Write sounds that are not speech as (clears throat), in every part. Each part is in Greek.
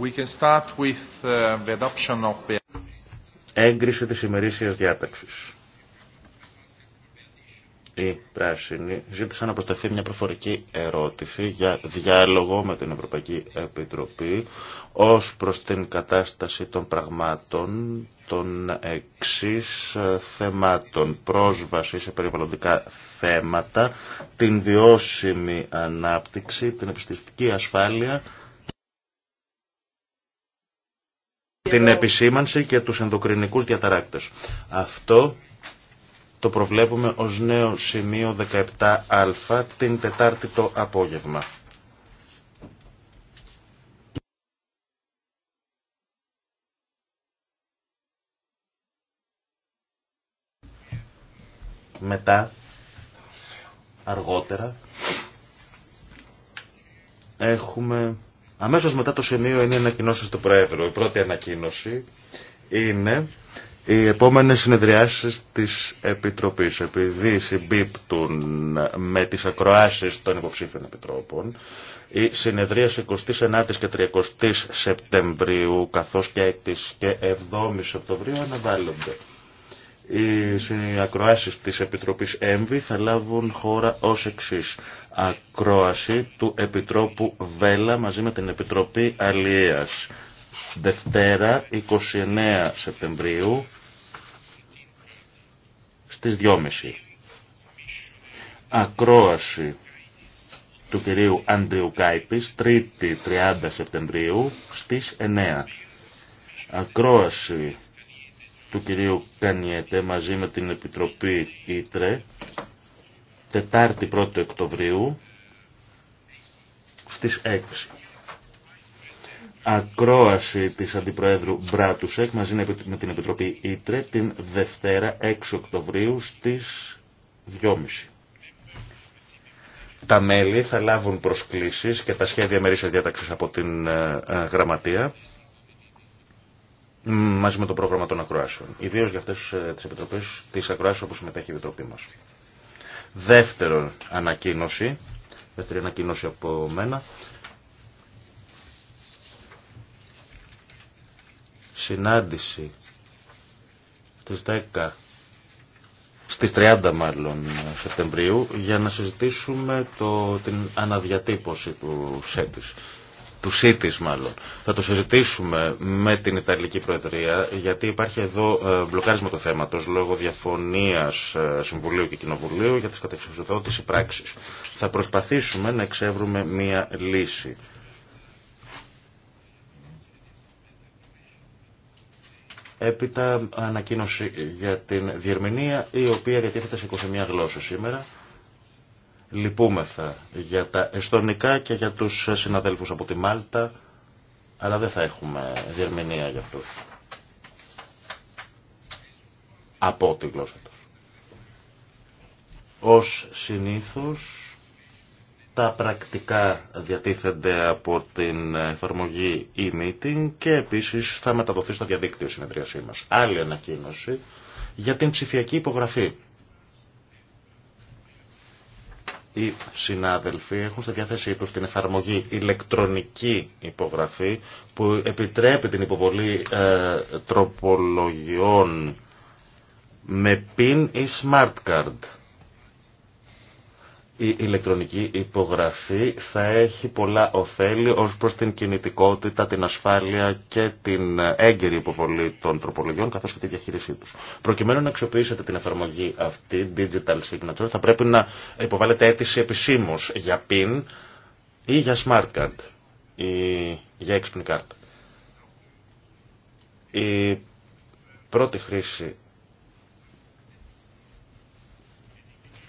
Uh, Έγκριση της ημερήσιας διάταξης. Οι πράσινοι ζήτησαν να προσταθεί μια προφορική ερώτηση για διάλογο με την Ευρωπαϊκή Επιτροπή ως προς την κατάσταση των πραγμάτων των εξή ε, θεμάτων. Πρόσβαση σε περιβαλλοντικά θέματα, την βιώσιμη ανάπτυξη, την επιστηστική ασφάλεια την επισήμανση και τους ενδοκρινικούς διαταράκτες. Αυτό το προβλέπουμε ως νέο σημείο 17α την Τετάρτη το απόγευμα. Μετά, αργότερα, έχουμε Αμέσως μετά το σημείο είναι οι ανακοινώσεις του Προέδρου. Η πρώτη ανακοίνωση είναι οι επόμενες συνεδριάσεις της Επιτροπής. Επειδή συμπίπτουν με τις ακροάσεις των υποψήφιων επιτρόπων, η συνεδρίαση η και 30 η Σεπτεμβρίου καθώς και 6 και 7 η Σεπτεμβρίου αναβάλλονται. Οι ακροάσεις της Επιτροπής ΕΜΒΗ θα λάβουν χώρα ως εξής. Ακρόαση του Επιτρόπου Βέλα μαζί με την Επιτροπή Αλίας. Δευτέρα 29 Σεπτεμβρίου στις 2.30. Ακρόαση του κυρίου Αντρίου Κάιπης, 3η 30 Σεπτεμβρίου στις 9. Ακρόαση του κυρίου Κανιέτε μαζί με την Επιτροπή Ήτρε, Τετάρτη 1η Οκτωβρίου, στις 6. Ακρόαση της Αντιπροέδρου Μπράτουσεκ μαζί με την Επιτροπή Ήτρε την Δευτέρα 6 Οκτωβρίου στις 2.30. Τα μέλη θα λάβουν προσκλήσεις και τα σχέδια μερίσες διάταξης από την ε, ε, Γραμματεία μαζί με το πρόγραμμα των ακροάσεων. Ιδίω για αυτέ ε, τι επιτροπέ τη ακροάσεων όπου συμμετέχει η επιτροπή μα. Δεύτερον ανακοίνωση, δεύτερη ανακοίνωση από μένα. Συνάντηση στις 10, στις 30 μάλλον Σεπτεμβρίου, για να συζητήσουμε το, την αναδιατύπωση του ΣΕΤΙΣ του ΣΥΤΙΣ μάλλον. Θα το συζητήσουμε με την Ιταλική Προεδρία, γιατί υπάρχει εδώ ε, μπλοκάρισμα του θέματος λόγω διαφωνίας ε, Συμβουλίου και Κοινοβουλίου για τις κατεξοδότηση πράξεις. Θα προσπαθήσουμε να εξεύρουμε μία λύση. Έπειτα ανακοίνωση για την διερμηνία, η οποία διατίθεται σε 21 γλώσσες σήμερα. Λυπούμεθα για τα εστονικά και για τους συναδέλφους από τη Μάλτα, αλλά δεν θα έχουμε διερμηνία για αυτούς. Από τη γλώσσα τους. Ως συνήθως, τα πρακτικά διατίθενται από την εφαρμογή e-meeting και επίσης θα μεταδοθεί στο διαδίκτυο συνεδρίασή μας. Άλλη ανακοίνωση για την ψηφιακή υπογραφή οι συνάδελφοι έχουν στη διάθεσή τους την εφαρμογή ηλεκτρονική υπογραφή που επιτρέπει την υποβολή ε, τροπολογιών με PIN ή smart card η ηλεκτρονική υπογραφή θα έχει πολλά ωφέλη ως προς την κινητικότητα, την ασφάλεια και την έγκαιρη υποβολή των τροπολογιών καθώς και τη διαχείρισή τους. Προκειμένου να αξιοποιήσετε την εφαρμογή αυτή, Digital Signature, θα πρέπει να υποβάλλετε αίτηση επισήμως για PIN ή για Smart Card ή για έξυπνη κάρτα. Η πρώτη χρήση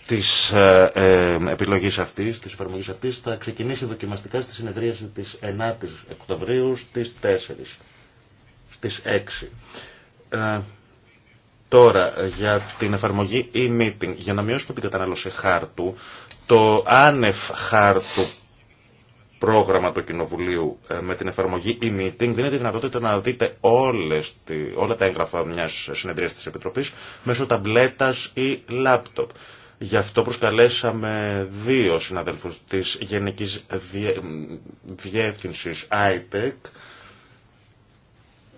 της ε, ε, επιλογής αυτής, της εφαρμογής αυτής, θα ξεκινήσει δοκιμαστικά στη συνεδρίαση της 9 η Οκτωβρίου στις 4, στις 6. Ε, τώρα, για την εφαρμογή e-meeting, για να μειώσουμε την κατανάλωση χάρτου, το άνευ χάρτου πρόγραμμα του Κοινοβουλίου με την εφαρμογή e-meeting δίνει τη δυνατότητα να δείτε όλες, όλα τα έγγραφα μιας συνεδρίας της Επιτροπής μέσω ταμπλέτας ή λάπτοπ. Γι' αυτό προσκαλέσαμε δύο συναδέλφους της Γενικής Διεύθυνσης ITEC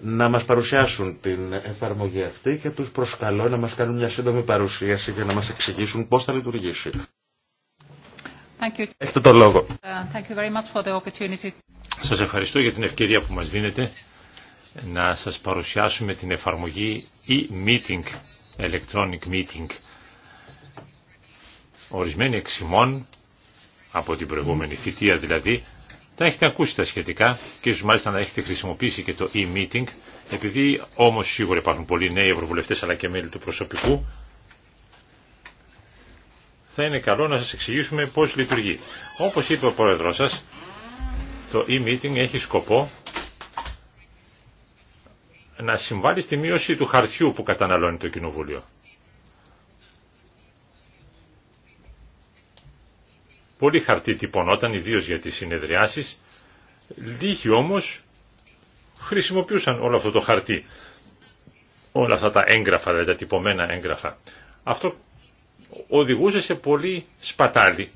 να μας παρουσιάσουν την εφαρμογή αυτή και τους προσκαλώ να μας κάνουν μια σύντομη παρουσίαση για να μας εξηγήσουν πώς θα λειτουργήσει. Thank Έχετε το λόγο. Uh, σας ευχαριστώ για την ευκαιρία που μας δίνετε να σας παρουσιάσουμε την εφαρμογή e-meeting, electronic meeting Ορισμένοι εξημών, από την προηγούμενη θητεία δηλαδή, τα έχετε ακούσει τα σχετικά και ίσως μάλιστα να έχετε χρησιμοποιήσει και το e-meeting, επειδή όμως σίγουρα υπάρχουν πολλοί νέοι ευρωβουλευτές αλλά και μέλη του προσωπικού, θα είναι καλό να σας εξηγήσουμε πώς λειτουργεί. Όπως είπε ο πρόεδρος σας, το e-meeting έχει σκοπό να συμβάλλει στη μείωση του χαρτιού που καταναλώνει το Κοινοβούλιο. Πολύ χαρτί τυπωνόταν, ιδίω για τις συνεδριάσεις. Λίγοι όμως χρησιμοποιούσαν όλο αυτό το χαρτί. Όλα αυτά τα έγγραφα, δηλαδή τα τυπωμένα έγγραφα. Αυτό οδηγούσε σε πολύ σπατάλη.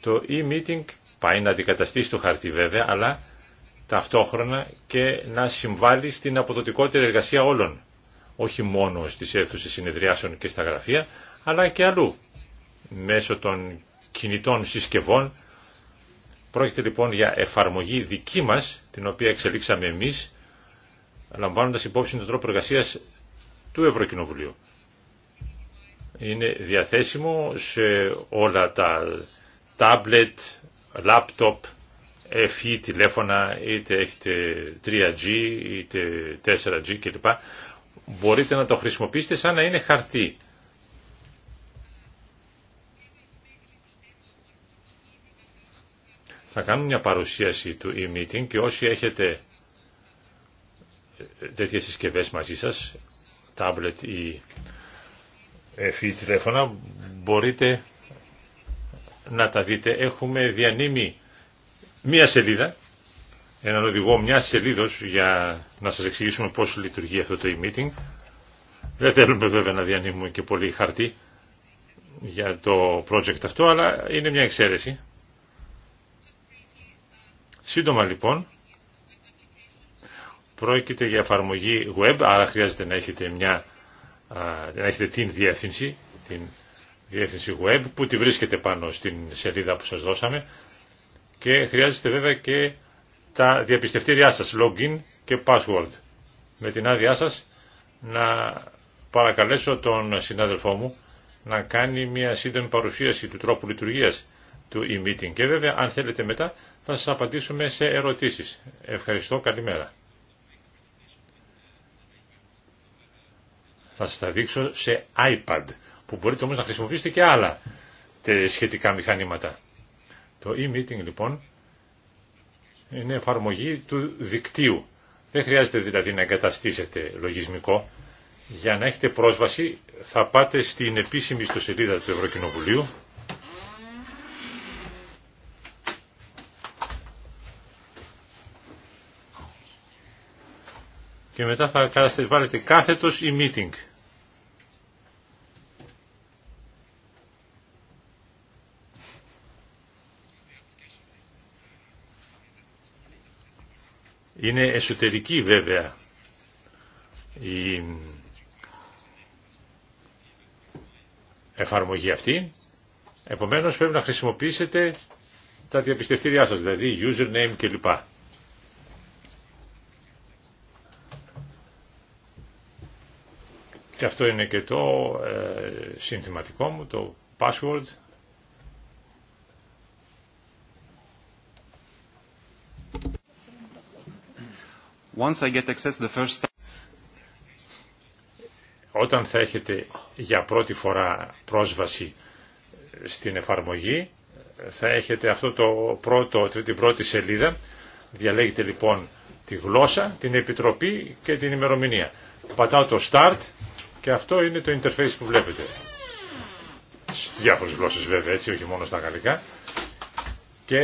Το e-meeting πάει να αντικαταστήσει το χαρτί βέβαια, αλλά ταυτόχρονα και να συμβάλλει στην αποδοτικότερη εργασία όλων. Όχι μόνο στις αίθουσες συνεδριάσεων και στα γραφεία, αλλά και αλλού, μέσω των κινητών συσκευών. Πρόκειται λοιπόν για εφαρμογή δική μας, την οποία εξελίξαμε εμείς, λαμβάνοντας υπόψη τον τρόπο εργασία του Ευρωκοινοβουλίου. Είναι διαθέσιμο σε όλα τα tablet, λάπτοπ, FE τηλέφωνα, είτε έχετε 3G, είτε 4G κλπ. Μπορείτε να το χρησιμοποιήσετε σαν να είναι χαρτί. θα κάνουμε μια παρουσίαση του e-meeting και όσοι έχετε τέτοιες συσκευές μαζί σας, τάμπλετ ή εφή τηλέφωνα, μπορείτε να τα δείτε. Έχουμε διανύμει μία σελίδα, έναν οδηγό μια σελίδος για να σας εξηγήσουμε πώς λειτουργεί αυτό το e-meeting. Δεν θέλουμε βέβαια να διανύμουμε και πολύ χαρτί για το project αυτό, αλλά είναι μια εξαίρεση. Σύντομα λοιπόν, πρόκειται για εφαρμογή web, άρα χρειάζεται να έχετε, μια, να έχετε την διεύθυνση, την διεύθυνση web που τη βρίσκεται πάνω στην σελίδα που σας δώσαμε και χρειάζεστε βέβαια και τα διαπιστευτήριά σας, login και password. Με την άδειά σας να παρακαλέσω τον συνάδελφό μου να κάνει μια σύντομη παρουσίαση του τρόπου λειτουργίας του e-meeting και βέβαια αν θέλετε μετά θα σας απαντήσουμε σε ερωτήσεις. Ευχαριστώ, καλημέρα. Θα σας τα δείξω σε iPad, που μπορείτε όμως να χρησιμοποιήσετε και άλλα σχετικά μηχανήματα. Το e-meeting λοιπόν είναι εφαρμογή του δικτύου. Δεν χρειάζεται δηλαδή να εγκαταστήσετε λογισμικό. Για να έχετε πρόσβαση θα πάτε στην επίσημη ιστοσελίδα του Ευρωκοινοβουλίου και μετά θα βάλετε κάθετος ή meeting. Είναι εσωτερική βέβαια η εφαρμογή αυτή. Επομένως πρέπει να χρησιμοποιήσετε τα διαπιστευτήριά σας, δηλαδή username κλπ. Και αυτό είναι και το ε, συνθηματικό μου, το password. Once the Όταν θα έχετε για πρώτη φορά πρόσβαση στην εφαρμογή, θα έχετε αυτό το πρώτο, την πρώτη σελίδα. Διαλέγετε λοιπόν τη γλώσσα, την επιτροπή και την ημερομηνία. Πατάω το start και αυτό είναι το interface που βλέπετε. Στις διάφορες γλώσσες βέβαια, έτσι, όχι μόνο στα γαλλικά. Και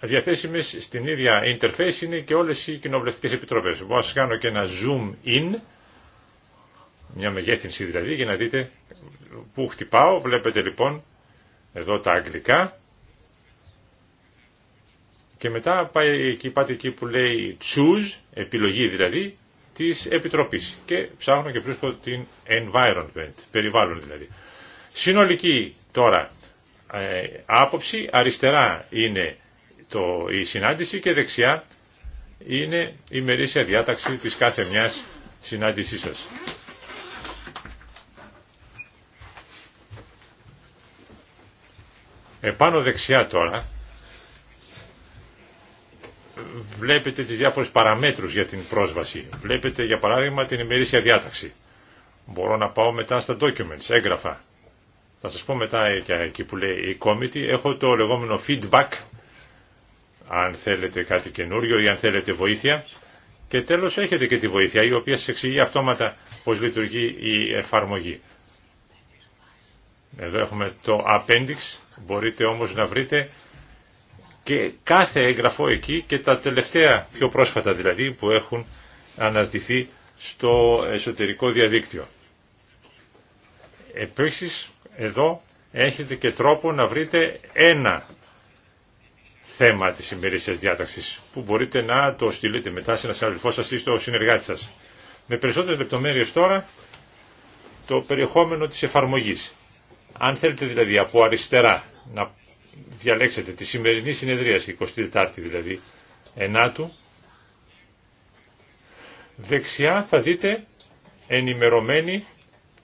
διαθέσιμες στην ίδια interface είναι και όλες οι κοινοβουλευτικές επιτροπές. Μπορώ να κάνω και ένα zoom in, μια μεγέθυνση δηλαδή, για να δείτε πού χτυπάω. Βλέπετε λοιπόν εδώ τα αγγλικά. Και μετά πάει εκεί, πάτε εκεί που λέει choose, επιλογή δηλαδή, της Επιτροπής και ψάχνω και βρίσκω την environment, περιβάλλον δηλαδή. Συνολική τώρα ε, άποψη, αριστερά είναι το, η συνάντηση και δεξιά είναι η μερίσια διάταξη της κάθε μιας συνάντησής σας. Επάνω δεξιά τώρα βλέπετε τις διάφορες παραμέτρους για την πρόσβαση. Βλέπετε για παράδειγμα την ημερήσια διάταξη. Μπορώ να πάω μετά στα documents, έγγραφα. Θα σας πω μετά και εκεί που λέει η committee. Έχω το λεγόμενο feedback, αν θέλετε κάτι καινούριο ή αν θέλετε βοήθεια. Και τέλος έχετε και τη βοήθεια, η οποία σας εξηγεί αυτόματα πώς λειτουργεί η εφαρμογή. Εδώ έχουμε το appendix, μπορείτε όμως να βρείτε και κάθε έγγραφο εκεί και τα τελευταία πιο πρόσφατα δηλαδή που έχουν αναρτηθεί στο εσωτερικό διαδίκτυο. Επίσης εδώ έχετε και τρόπο να βρείτε ένα θέμα της ημερήσιας διάταξης που μπορείτε να το στείλετε μετά σε ένα συναδελφό σας ή στο συνεργάτη σας. Με περισσότερες λεπτομέρειες τώρα το περιεχόμενο της εφαρμογής. Αν θέλετε δηλαδή από αριστερά να διαλέξετε τη σημερινή συνεδρίαση, 24η δηλαδή, 9 δεξιά θα δείτε ενημερωμένη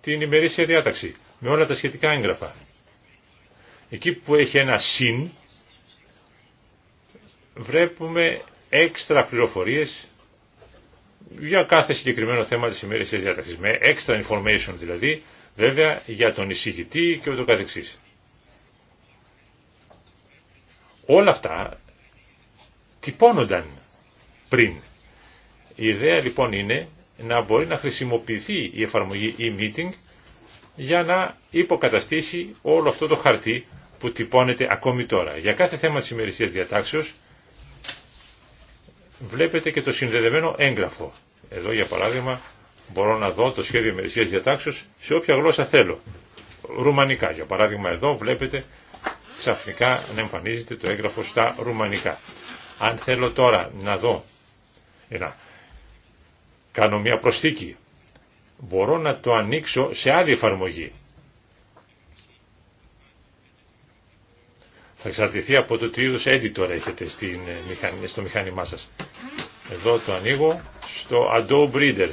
την ημερήσια διάταξη με όλα τα σχετικά έγγραφα. Εκεί που έχει ένα συν βλέπουμε έξτρα πληροφορίες για κάθε συγκεκριμένο θέμα της ημερήσιας διάταξης. Με έξτρα information δηλαδή βέβαια για τον εισηγητή και ούτω καθεξής. Όλα αυτά τυπώνονταν πριν. Η ιδέα λοιπόν είναι να μπορεί να χρησιμοποιηθεί η εφαρμογή e-meeting για να υποκαταστήσει όλο αυτό το χαρτί που τυπώνεται ακόμη τώρα. Για κάθε θέμα της ημερησίας διατάξεως βλέπετε και το συνδεδεμένο έγγραφο. Εδώ για παράδειγμα μπορώ να δω το σχέδιο ημερησίας διατάξεως σε όποια γλώσσα θέλω. Ρουμανικά για παράδειγμα εδώ βλέπετε ξαφνικά να εμφανίζεται το έγγραφο στα ρουμανικά. Αν θέλω τώρα να δω, να κάνω μια προσθήκη, μπορώ να το ανοίξω σε άλλη εφαρμογή. Θα εξαρτηθεί από το τι είδους editor έχετε ε, στο μηχάνημά σας. Εδώ το ανοίγω στο Adobe Reader.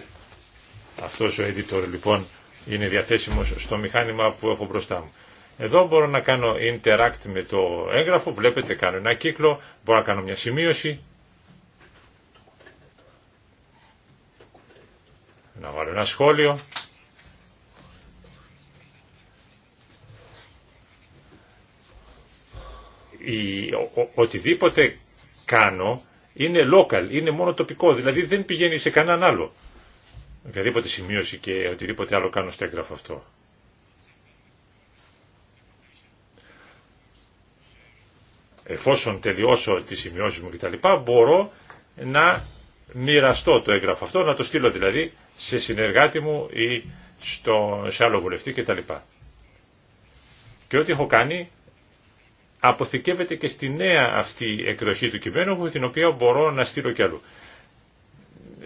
Αυτός ο editor λοιπόν είναι διαθέσιμος στο μηχάνημα που έχω μπροστά μου. Εδώ μπορώ να κάνω interact με το έγγραφο, βλέπετε κάνω ένα κύκλο, μπορώ να κάνω μια σημείωση. Να βάλω ένα σχόλιο. οτιδήποτε κάνω είναι local, είναι μόνο τοπικό, δηλαδή δεν πηγαίνει σε κανέναν άλλο. Οποιαδήποτε σημείωση και οτιδήποτε άλλο κάνω στο έγγραφο αυτό. εφόσον τελειώσω τις σημειώσει μου κτλ. μπορώ να μοιραστώ το έγγραφο αυτό, να το στείλω δηλαδή σε συνεργάτη μου ή στο, σε άλλο βουλευτή κτλ. Και ό,τι έχω κάνει αποθηκεύεται και στη νέα αυτή εκδοχή του κειμένου μου, την οποία μπορώ να στείλω κι αλλού.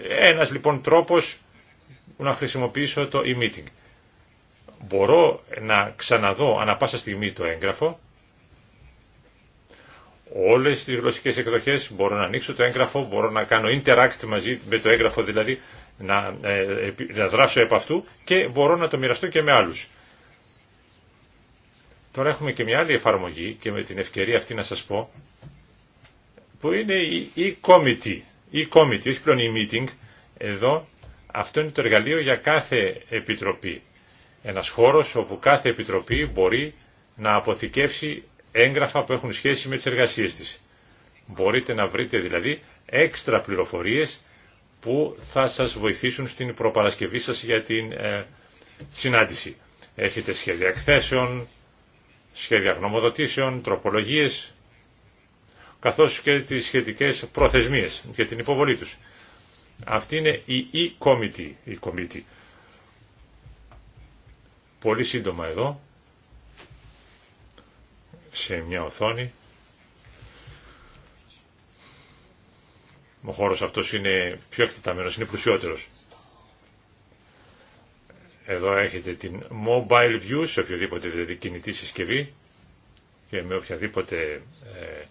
Ένας λοιπόν τρόπος να χρησιμοποιήσω το e-meeting. Μπορώ να ξαναδώ ανα πάσα στιγμή το έγγραφο όλες τις γλωσσικές εκδοχές, μπορώ να ανοίξω το έγγραφο, μπορώ να κάνω interact μαζί με το έγγραφο δηλαδή, να, ε, να δράσω επ' αυτού και μπορώ να το μοιραστώ και με άλλους. Τώρα έχουμε και μια άλλη εφαρμογή και με την ευκαιρία αυτή να σας πω, που είναι η e-committee, e-committee, όχι πλέον e-meeting, εδώ αυτό είναι το εργαλείο για κάθε επιτροπή. Ένας χώρος όπου κάθε επιτροπή μπορεί να αποθηκεύσει έγγραφα που έχουν σχέση με τις εργασίες της. Μπορείτε να βρείτε δηλαδή έξτρα πληροφορίες που θα σας βοηθήσουν στην προπαρασκευή σας για την ε, συνάντηση. Έχετε σχέδια εκθέσεων, σχέδια γνωμοδοτήσεων, τροπολογίες, καθώς και τις σχετικές προθεσμίες για την υποβολή τους. Αυτή είναι η e-committee. E πολύ σύντομα εδώ σε μια οθόνη. Ο χώρος αυτός είναι πιο εκτεταμένος, είναι πλουσιότερος. Εδώ έχετε την mobile view σε οποιοδήποτε δηλαδή κινητή συσκευή και με οποιαδήποτε ε,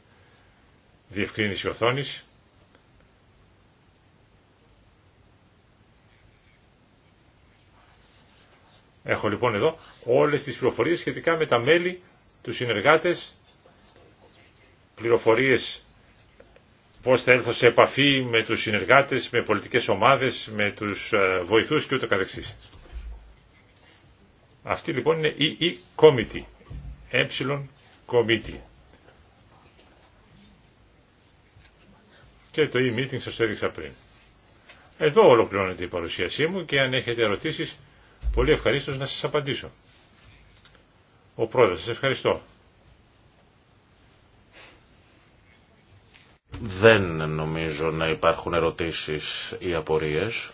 διευκρίνηση οθόνης. Έχω λοιπόν εδώ όλες τις πληροφορίες σχετικά με τα μέλη τους συνεργάτες, πληροφορίες πώς θα έλθω σε επαφή με τους συνεργάτες, με πολιτικές ομάδες, με τους ε, βοηθούς και ούτω καθεξής. Αυτή λοιπόν είναι η e committee, ε committee. Και το e-meeting σας το έδειξα πριν. Εδώ ολοκληρώνεται η παρουσίασή μου και αν έχετε ερωτήσεις, πολύ ευχαρίστως να σας απαντήσω. Ο πρόεδρος, σας ευχαριστώ. Δεν νομίζω να υπάρχουν ερωτήσεις ή απορίες.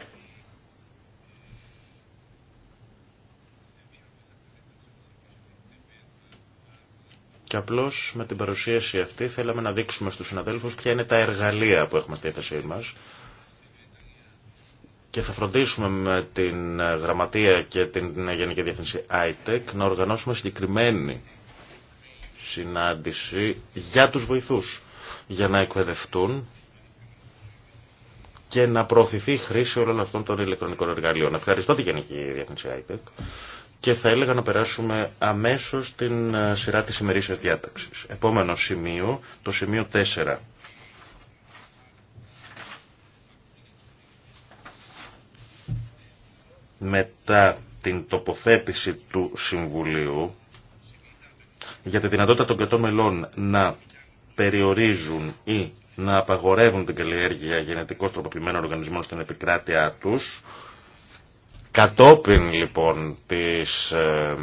Και απλώς με την παρουσίαση αυτή θέλαμε να δείξουμε στους συναδέλφους ποια είναι τα εργαλεία που έχουμε στη θέση μας. Και θα φροντίσουμε με την ε, Γραμματεία και την Γενική Διεύθυνση ITEC να οργανώσουμε συγκεκριμένη συνάντηση για τους βοηθούς, για να εκπαιδευτούν και να προωθηθεί χρήση όλων αυτών των ηλεκτρονικών εργαλείων. Ευχαριστώ τη Γενική Διεύθυνση ITEC και θα έλεγα να περάσουμε αμέσως στην ε, σειρά της ημερήσιας διάταξης. Επόμενο σημείο, το σημείο 4 μετά την τοποθέτηση του Συμβουλίου για τη δυνατότητα των κρατών μελών να περιορίζουν ή να απαγορεύουν την καλλιέργεια γενετικώς τροποποιημένων οργανισμών στην επικράτειά τους. Κατόπιν λοιπόν της ε,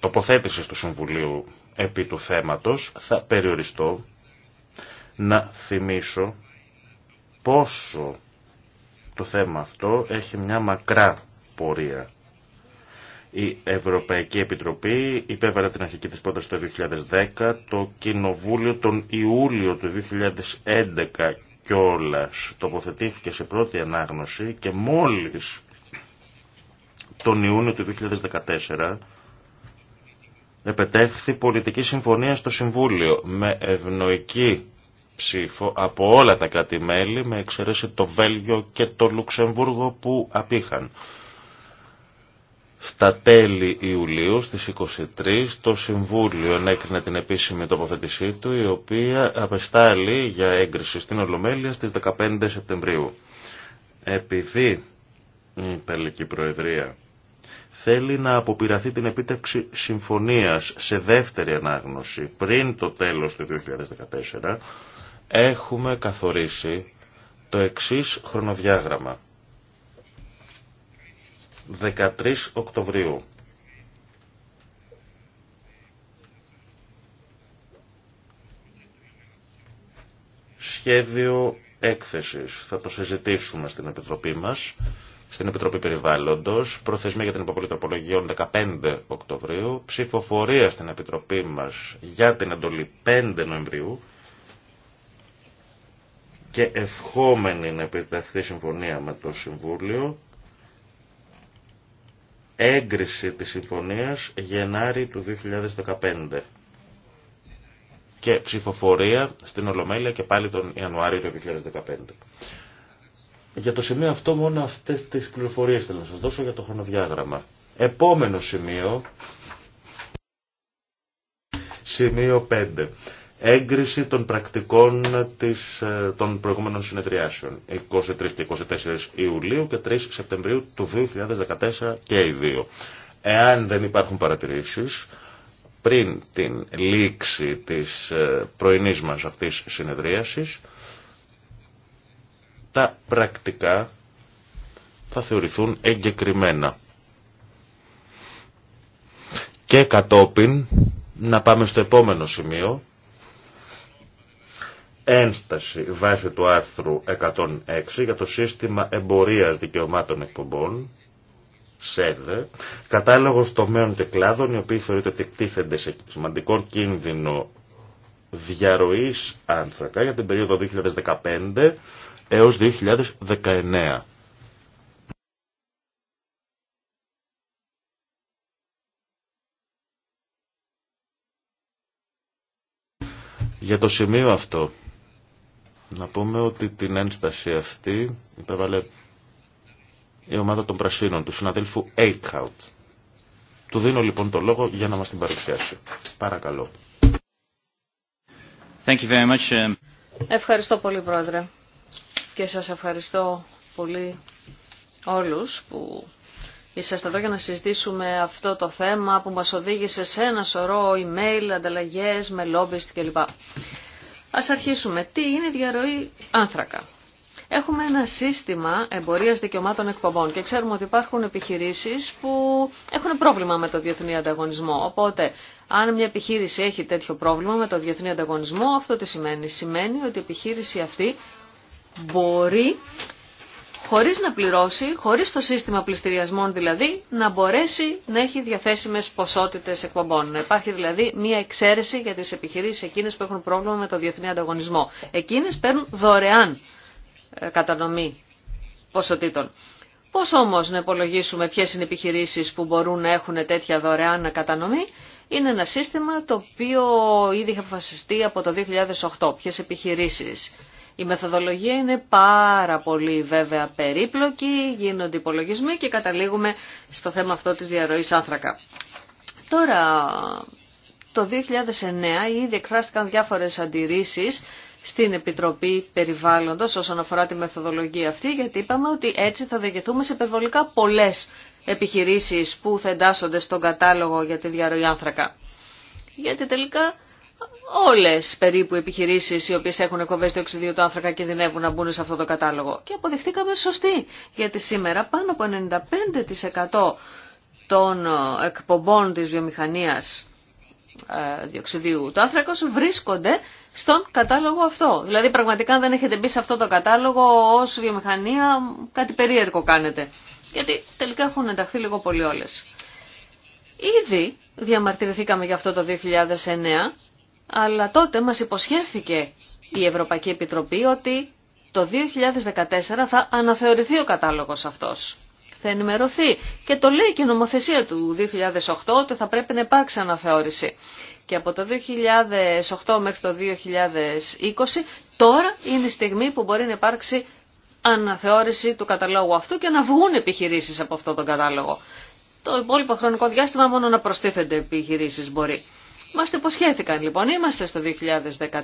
τοποθέτησης του Συμβουλίου επί του θέματος θα περιοριστώ να θυμίσω πόσο το θέμα αυτό έχει μια μακρά πορεία. Η Ευρωπαϊκή Επιτροπή υπέβαλε την αρχική της πρόταση το 2010, το Κοινοβούλιο τον Ιούλιο του 2011 κιόλας τοποθετήθηκε σε πρώτη ανάγνωση και μόλις τον Ιούνιο του 2014 επετέχθη πολιτική συμφωνία στο Συμβούλιο με ευνοϊκή ψήφο από όλα τα κράτη-μέλη με εξέρεσε το Βέλγιο και το Λουξεμβούργο που απήχαν. Στα τέλη Ιουλίου στις 23 το Συμβούλιο ενέκρινε την επίσημη τοποθετησή του η οποία απεστάλλει για έγκριση στην Ολομέλεια στις 15 Σεπτεμβρίου. Επειδή η Ιταλική Προεδρία θέλει να αποπειραθεί την επίτευξη συμφωνίας σε δεύτερη ανάγνωση πριν το τέλος του 2014 έχουμε καθορίσει το εξής χρονοδιάγραμμα. 13 Οκτωβρίου. Σχέδιο έκθεσης. Θα το συζητήσουμε στην Επιτροπή μας, στην Επιτροπή Περιβάλλοντος. Προθεσμία για την υποβολή τροπολογιών 15 Οκτωβρίου. Ψηφοφορία στην Επιτροπή μας για την εντολή 5 Νοεμβρίου και ευχόμενη να επιτευχθεί συμφωνία με το Συμβούλιο έγκριση της συμφωνίας Γενάρη του 2015 και ψηφοφορία στην Ολομέλεια και πάλι τον Ιανουάριο του 2015. Για το σημείο αυτό μόνο αυτές τις πληροφορίες θέλω να σας δώσω για το χρονοδιάγραμμα. Επόμενο σημείο, σημείο 5 έγκριση των πρακτικών της, ε, των προηγούμενων συνεδριάσεων 23 και 24 Ιουλίου και 3 Σεπτεμβρίου του 2014 και οι δύο. Εάν δεν υπάρχουν παρατηρήσεις, πριν την λήξη της ε, πρωινής μας αυτής συνεδρίασης, τα πρακτικά θα θεωρηθούν εγκεκριμένα. Και κατόπιν να πάμε στο επόμενο σημείο, ένσταση βάσει του άρθρου 106 για το σύστημα εμπορίας δικαιωμάτων εκπομπών, ΣΕΔΕ, κατάλογος τομέων και κλάδων οι οποίοι θεωρείται ότι εκτίθενται σε σημαντικό κίνδυνο διαρροής άνθρακα για την περίοδο 2015 έως 2019. Για το σημείο αυτό να πούμε ότι την ένσταση αυτή υπέβαλε η ομάδα των Πρασίνων, του συναδέλφου Eichhout. Του δίνω λοιπόν το λόγο για να μας την παρουσιάσει. Παρακαλώ. Thank you very ε, Ευχαριστώ πολύ Πρόεδρε και σας ευχαριστώ πολύ όλους που είσαστε εδώ για να συζητήσουμε αυτό το θέμα που μας οδήγησε σε ένα σωρό email, ανταλλαγές με lobbyist κλπ. Ας αρχίσουμε. Τι είναι η διαρροή άνθρακα. Έχουμε ένα σύστημα εμπορίας δικαιωμάτων εκπομπών και ξέρουμε ότι υπάρχουν επιχειρήσεις που έχουν πρόβλημα με το διεθνή ανταγωνισμό. Οπότε, αν μια επιχείρηση έχει τέτοιο πρόβλημα με το διεθνή ανταγωνισμό, αυτό τι σημαίνει. Σημαίνει ότι η επιχείρηση αυτή μπορεί χωρίς να πληρώσει, χωρίς το σύστημα πληστηριασμών δηλαδή, να μπορέσει να έχει διαθέσιμες ποσότητες εκπομπών. Να υπάρχει δηλαδή μία εξαίρεση για τις επιχειρήσεις εκείνες που έχουν πρόβλημα με το διεθνή ανταγωνισμό. Εκείνες παίρνουν δωρεάν ε, κατανομή ποσοτήτων. Πώς όμως να υπολογίσουμε ποιες είναι οι επιχειρήσεις που μπορούν να έχουν τέτοια δωρεάν κατανομή, είναι ένα σύστημα το οποίο ήδη είχε αποφασιστεί από το 2008. Ποιες επιχειρήσεις η μεθοδολογία είναι πάρα πολύ βέβαια περίπλοκη, γίνονται υπολογισμοί και καταλήγουμε στο θέμα αυτό της διαρροής άνθρακα. Τώρα, το 2009 ήδη εκφράστηκαν διάφορες αντιρρήσεις στην Επιτροπή Περιβάλλοντος όσον αφορά τη μεθοδολογία αυτή, γιατί είπαμε ότι έτσι θα διηγηθούμε σε περιβολικά πολλές επιχειρήσεις που θα εντάσσονται στον κατάλογο για τη διαρροή άνθρακα. Γιατί τελικά όλες περίπου επιχειρήσεις οι οποίες έχουν εκπομπές διοξιδίου του άνθρακα κινδυνεύουν να μπουν σε αυτό το κατάλογο. Και αποδεχτήκαμε σωστή, γιατί σήμερα πάνω από 95% των ε, εκπομπών της βιομηχανίας ε, διοξιδίου του άνθρακος βρίσκονται στον κατάλογο αυτό. Δηλαδή πραγματικά αν δεν έχετε μπει σε αυτό το κατάλογο ως βιομηχανία κάτι περίεργο κάνετε. Γιατί τελικά έχουν ενταχθεί λίγο πολύ όλες. Ήδη διαμαρτυρηθήκαμε για αυτό το 2009 αλλά τότε μας υποσχέθηκε η Ευρωπαϊκή Επιτροπή ότι το 2014 θα αναθεωρηθεί ο κατάλογος αυτός. Θα ενημερωθεί και το λέει και η νομοθεσία του 2008 ότι θα πρέπει να υπάρξει αναθεώρηση. Και από το 2008 μέχρι το 2020 τώρα είναι η στιγμή που μπορεί να υπάρξει αναθεώρηση του καταλόγου αυτού και να βγουν επιχειρήσεις από αυτόν τον κατάλογο. Το υπόλοιπο χρονικό διάστημα μόνο να προστίθενται επιχειρήσεις μπορεί. Μας το υποσχέθηκαν λοιπόν, είμαστε στο 2014,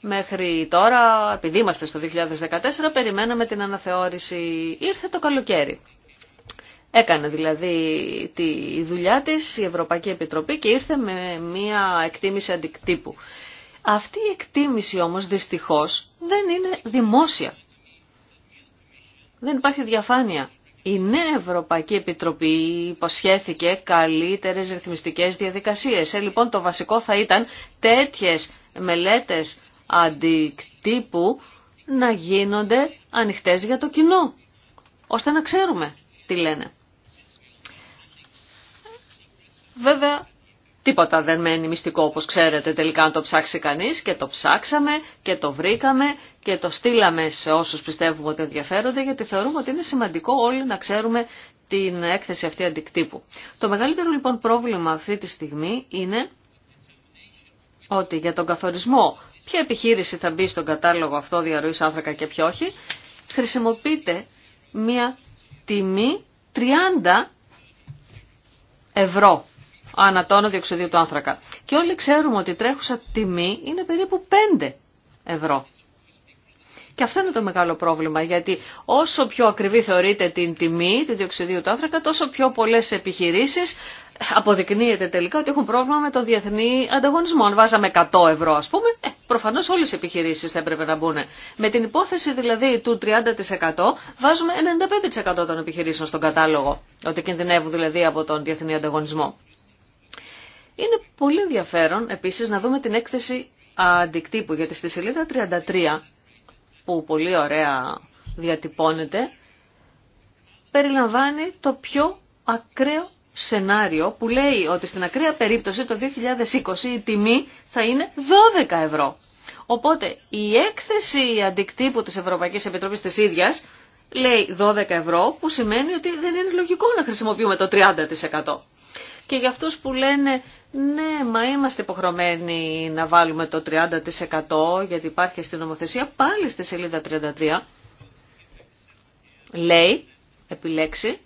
μέχρι τώρα, επειδή είμαστε στο 2014, περιμέναμε την αναθεώρηση, ήρθε το καλοκαίρι. Έκανε δηλαδή τη δουλειά της η Ευρωπαϊκή Επιτροπή και ήρθε με μία εκτίμηση αντικτύπου. Αυτή η εκτίμηση όμως δυστυχώς δεν είναι δημόσια. Δεν υπάρχει διαφάνεια η νέα Ευρωπαϊκή Επιτροπή υποσχέθηκε καλύτερες ρυθμιστικές διαδικασίες. Ε, λοιπόν, το βασικό θα ήταν τέτοιες μελέτες αντικτύπου να γίνονται ανοιχτές για το κοινό, ώστε να ξέρουμε τι λένε. Βέβαια, Τίποτα δεν μένει μυστικό όπως ξέρετε τελικά να το ψάξει κανείς και το ψάξαμε και το βρήκαμε και το στείλαμε σε όσους πιστεύουμε ότι ενδιαφέρονται γιατί θεωρούμε ότι είναι σημαντικό όλοι να ξέρουμε την έκθεση αυτή αντικτύπου. Το μεγαλύτερο λοιπόν πρόβλημα αυτή τη στιγμή είναι ότι για τον καθορισμό ποια επιχείρηση θα μπει στον κατάλογο αυτό διαρροής άνθρακα και ποιο όχι χρησιμοποιείται μια τιμή 30 ευρώ ανατόνο διοξιδίου του άνθρακα. Και όλοι ξέρουμε ότι η τρέχουσα τιμή είναι περίπου 5 ευρώ. Και αυτό είναι το μεγάλο πρόβλημα, γιατί όσο πιο ακριβή θεωρείται την τιμή του διοξιδίου του άνθρακα, τόσο πιο πολλές επιχειρήσεις αποδεικνύεται τελικά ότι έχουν πρόβλημα με τον διεθνή ανταγωνισμό. Αν βάζαμε 100 ευρώ, α πούμε, ε, προφανώ όλε οι επιχειρήσει θα έπρεπε να μπουν. Με την υπόθεση δηλαδή του 30% βάζουμε 95% των επιχειρήσεων στον κατάλογο, ότι κινδυνεύουν δηλαδή από τον διεθνή ανταγωνισμό. Είναι πολύ ενδιαφέρον επίσης να δούμε την έκθεση αντικτύπου, γιατί στη σελίδα 33, που πολύ ωραία διατυπώνεται, περιλαμβάνει το πιο ακραίο σενάριο που λέει ότι στην ακραία περίπτωση το 2020 η τιμή θα είναι 12 ευρώ. Οπότε η έκθεση αντικτύπου της Ευρωπαϊκής Επιτροπής της ίδιας λέει 12 ευρώ που σημαίνει ότι δεν είναι λογικό να χρησιμοποιούμε το 30% και για αυτούς που λένε ναι, μα είμαστε υποχρεωμένοι να βάλουμε το 30% γιατί υπάρχει στην νομοθεσία πάλι στη σελίδα 33 λέει, επιλέξει,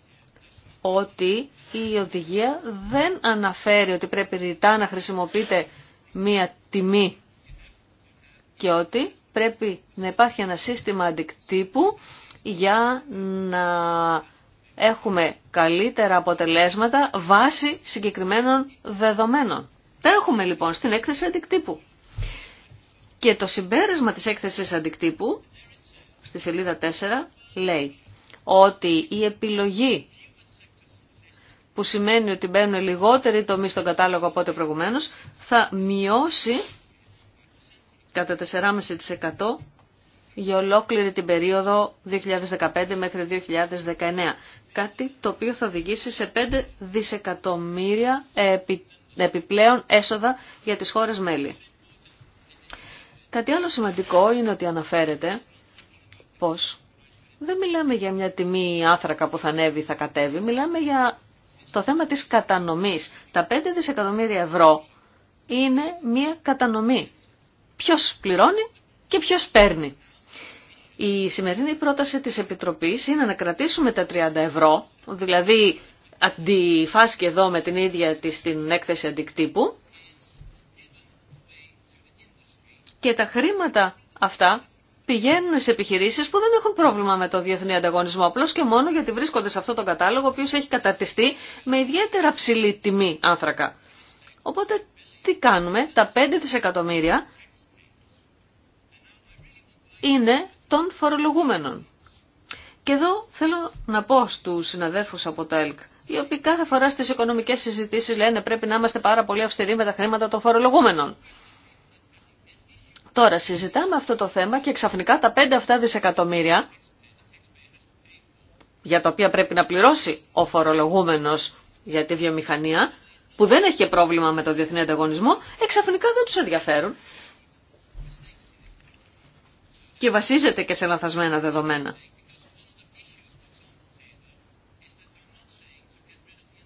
ότι η οδηγία δεν αναφέρει ότι πρέπει ρητά να χρησιμοποιείται μία τιμή και ότι πρέπει να υπάρχει ένα σύστημα αντικτύπου για να έχουμε καλύτερα αποτελέσματα βάσει συγκεκριμένων δεδομένων. Τα έχουμε λοιπόν στην έκθεση αντικτύπου. Και το συμπέρασμα της έκθεσης αντικτύπου, στη σελίδα 4, λέει ότι η επιλογή που σημαίνει ότι μπαίνουν λιγότεροι τομείς στον κατάλογο από ό,τι προηγουμένως, θα μειώσει κατά 4,5% για ολόκληρη την περίοδο 2015 μέχρι 2019. Κάτι το οποίο θα οδηγήσει σε 5 δισεκατομμύρια επιπλέον έσοδα για τις χώρες μέλη. Κάτι άλλο σημαντικό είναι ότι αναφέρεται πως δεν μιλάμε για μια τιμή άθρακα που θα ανέβει ή θα κατέβει, μιλάμε για το θέμα της κατανομής. Τα 5 δισεκατομμύρια ευρώ είναι μια κατανομή. Ποιος πληρώνει και ποιος παίρνει. Η σημερινή πρόταση της Επιτροπής είναι να κρατήσουμε τα 30 ευρώ, δηλαδή αντιφάσκει εδώ με την ίδια της την έκθεση αντικτύπου και τα χρήματα αυτά πηγαίνουν σε επιχειρήσεις που δεν έχουν πρόβλημα με το διεθνή ανταγωνισμό, απλώς και μόνο γιατί βρίσκονται σε αυτό το κατάλογο, ο οποίος έχει καταρτιστεί με ιδιαίτερα ψηλή τιμή άνθρακα. Οπότε τι κάνουμε, τα 5 δισεκατομμύρια είναι των φορολογούμενων. Και εδώ θέλω να πω στους συναδέλφους από το ΕΛΚ, οι οποίοι κάθε φορά στις οικονομικές συζητήσεις λένε πρέπει να είμαστε πάρα πολύ αυστηροί με τα χρήματα των φορολογούμενων. Τώρα συζητάμε αυτό το θέμα και ξαφνικά τα 5 αυτά δισεκατομμύρια για τα οποία πρέπει να πληρώσει ο φορολογούμενος για τη βιομηχανία, που δεν έχει πρόβλημα με το διεθνή ανταγωνισμό, εξαφνικά δεν τους ενδιαφέρουν και βασίζεται και σε λαθασμένα δεδομένα.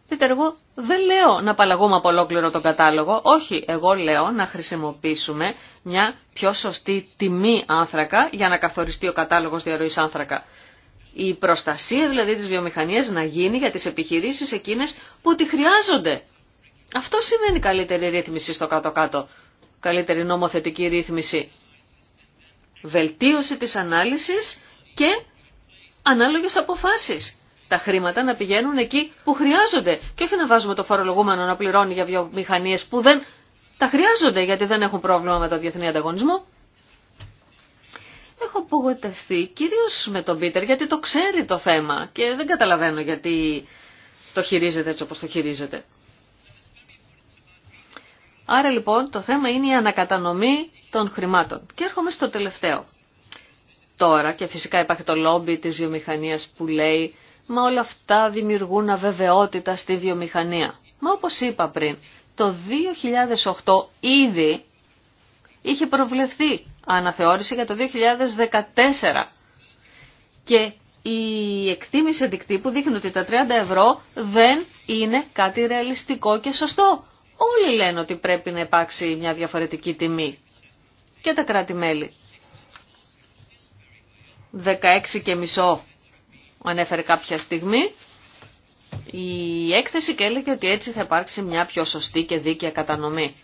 Δείτε, εγώ δεν λέω να απαλλαγούμε από ολόκληρο τον κατάλογο. Όχι, εγώ λέω να χρησιμοποιήσουμε μια πιο σωστή τιμή άνθρακα για να καθοριστεί ο κατάλογος διαρροής άνθρακα. Η προστασία δηλαδή της βιομηχανίας να γίνει για τις επιχειρήσεις εκείνες που τη χρειάζονται. Αυτό σημαίνει καλύτερη ρύθμιση στο κάτω-κάτω. Καλύτερη νομοθετική ρύθμιση βελτίωση της ανάλυσης και ανάλογες αποφάσεις. Τα χρήματα να πηγαίνουν εκεί που χρειάζονται και όχι να βάζουμε το φορολογούμενο να πληρώνει για βιομηχανίες που δεν τα χρειάζονται γιατί δεν έχουν πρόβλημα με το διεθνή ανταγωνισμό. Έχω απογοητευτεί κυρίως με τον Πίτερ γιατί το ξέρει το θέμα και δεν καταλαβαίνω γιατί το χειρίζεται έτσι όπως το χειρίζεται. Άρα λοιπόν το θέμα είναι η ανακατανομή των χρημάτων. Και έρχομαι στο τελευταίο. Τώρα και φυσικά υπάρχει το λόμπι της βιομηχανίας που λέει «Μα όλα αυτά δημιουργούν αβεβαιότητα στη βιομηχανία». Μα όπως είπα πριν, το 2008 ήδη είχε προβλεφθεί αναθεώρηση για το 2014 και η εκτίμηση δικτύπου δείχνει ότι τα 30 ευρώ δεν είναι κάτι ρεαλιστικό και σωστό. Όλοι λένε ότι πρέπει να υπάρξει μια διαφορετική τιμή. Και τα κράτη-μέλη. 16 και μισό ανέφερε κάποια στιγμή η έκθεση και έλεγε ότι έτσι θα υπάρξει μια πιο σωστή και δίκαια κατανομή.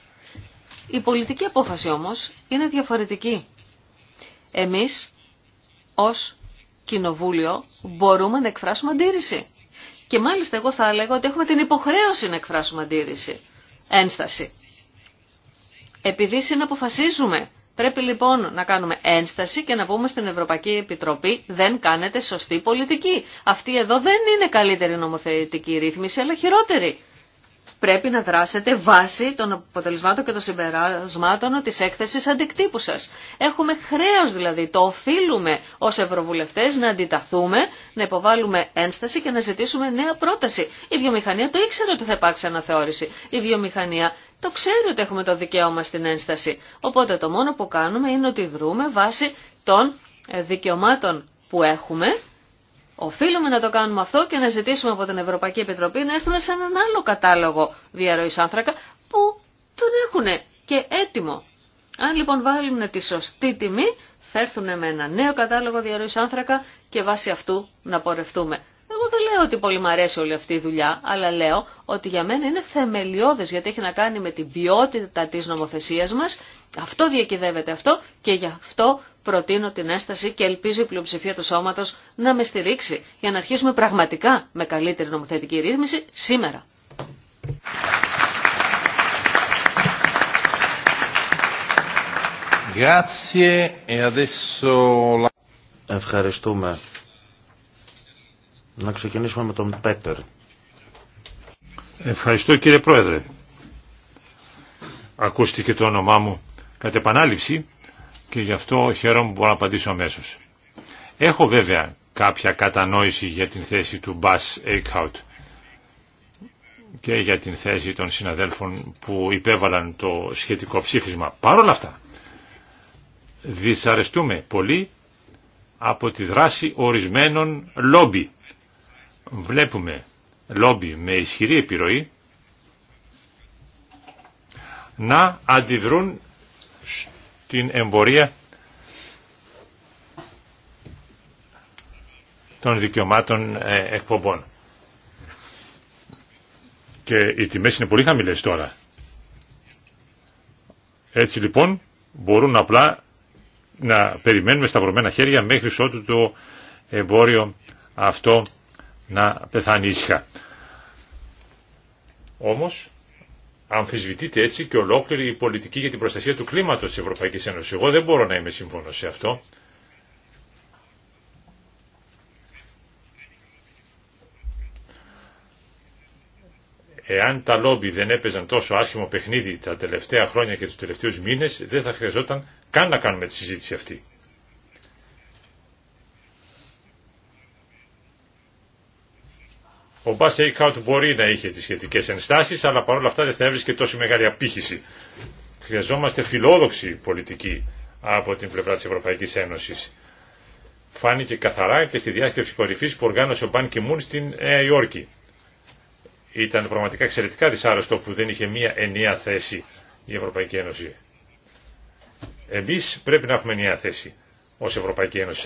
Η πολιτική απόφαση όμως είναι διαφορετική. Εμείς ως κοινοβούλιο μπορούμε να εκφράσουμε αντίρρηση. Και μάλιστα εγώ θα έλεγα ότι έχουμε την υποχρέωση να εκφράσουμε αντίρρηση ένσταση. Επειδή συναποφασίζουμε, πρέπει λοιπόν να κάνουμε ένσταση και να πούμε στην Ευρωπαϊκή Επιτροπή δεν κάνετε σωστή πολιτική. Αυτή εδώ δεν είναι καλύτερη νομοθετική ρύθμιση, αλλά χειρότερη πρέπει να δράσετε βάσει των αποτελεσμάτων και των συμπεράσματων τη έκθεσης αντικτύπου σα. Έχουμε χρέο, δηλαδή, το οφείλουμε ω ευρωβουλευτές να αντιταθούμε, να υποβάλουμε ένσταση και να ζητήσουμε νέα πρόταση. Η βιομηχανία το ήξερε ότι θα υπάρξει αναθεώρηση. Η βιομηχανία το ξέρει ότι έχουμε το δικαίωμα στην ένσταση. Οπότε το μόνο που κάνουμε είναι ότι δρούμε βάσει των δικαιωμάτων που έχουμε Οφείλουμε να το κάνουμε αυτό και να ζητήσουμε από την Ευρωπαϊκή Επιτροπή να έρθουμε σε έναν άλλο κατάλογο διαρροής άνθρακα που τον έχουν και έτοιμο. Αν λοιπόν βάλουν τη σωστή τιμή θα έρθουν με ένα νέο κατάλογο διαρροής άνθρακα και βάσει αυτού να πορευτούμε. Εγώ δεν λέω ότι πολύ μου αρέσει όλη αυτή η δουλειά, αλλά λέω ότι για μένα είναι θεμελιώδες γιατί έχει να κάνει με την ποιότητα της νομοθεσίας μας. Αυτό διακυδεύεται αυτό και γι' αυτό προτείνω την έσταση και ελπίζω η πλειοψηφία του σώματος να με στηρίξει για να αρχίσουμε πραγματικά με καλύτερη νομοθετική ρύθμιση σήμερα. E Ευχαριστούμε. Να ξεκινήσουμε με τον Πέτερ. Ευχαριστώ κύριε Πρόεδρε. Ακούστηκε το όνομά μου κατ' επανάληψη και γι' αυτό χαίρομαι που μπορώ να απαντήσω αμέσω. Έχω βέβαια κάποια κατανόηση για την θέση του Μπάς Eichhout και για την θέση των συναδέλφων που υπέβαλαν το σχετικό ψήφισμα. Παρ' όλα αυτά, δυσαρεστούμε πολύ από τη δράση ορισμένων λόμπι. Βλέπουμε λόμπι με ισχυρή επιρροή να αντιδρούν την εμπορία των δικαιωμάτων ε, εκπομπών. Και οι τιμές είναι πολύ χαμηλές τώρα. Έτσι λοιπόν μπορούν απλά να περιμένουμε στα σταυρωμένα χέρια μέχρι ότου το εμπόριο αυτό να πεθάνει ήσυχα. Όμως αμφισβητείται έτσι και ολόκληρη η πολιτική για την προστασία του κλίματος της Ευρωπαϊκής Ένωσης. Εγώ δεν μπορώ να είμαι σύμφωνος σε αυτό. Εάν τα λόμπι δεν έπαιζαν τόσο άσχημο παιχνίδι τα τελευταία χρόνια και τους τελευταίους μήνες, δεν θα χρειαζόταν καν να κάνουμε τη συζήτηση αυτή. Ο Μπάς Σέικχαουτ μπορεί να είχε τι σχετικέ ενστάσει, αλλά παρόλα αυτά δεν θα έβρισκε τόση μεγάλη απήχηση. Χρειαζόμαστε φιλόδοξη πολιτική από την πλευρά τη Ευρωπαϊκή Ένωση. Φάνηκε καθαρά και στη διάσκεψη κορυφή που οργάνωσε ο Μπάν Κιμούν στην Νέα Υόρκη. Ήταν πραγματικά εξαιρετικά δυσάρεστο που δεν είχε μία ενιαία θέση η Ευρωπαϊκή Ένωση. Εμεί πρέπει να έχουμε ενιαία θέση ως Ευρωπαϊκή Ένωση.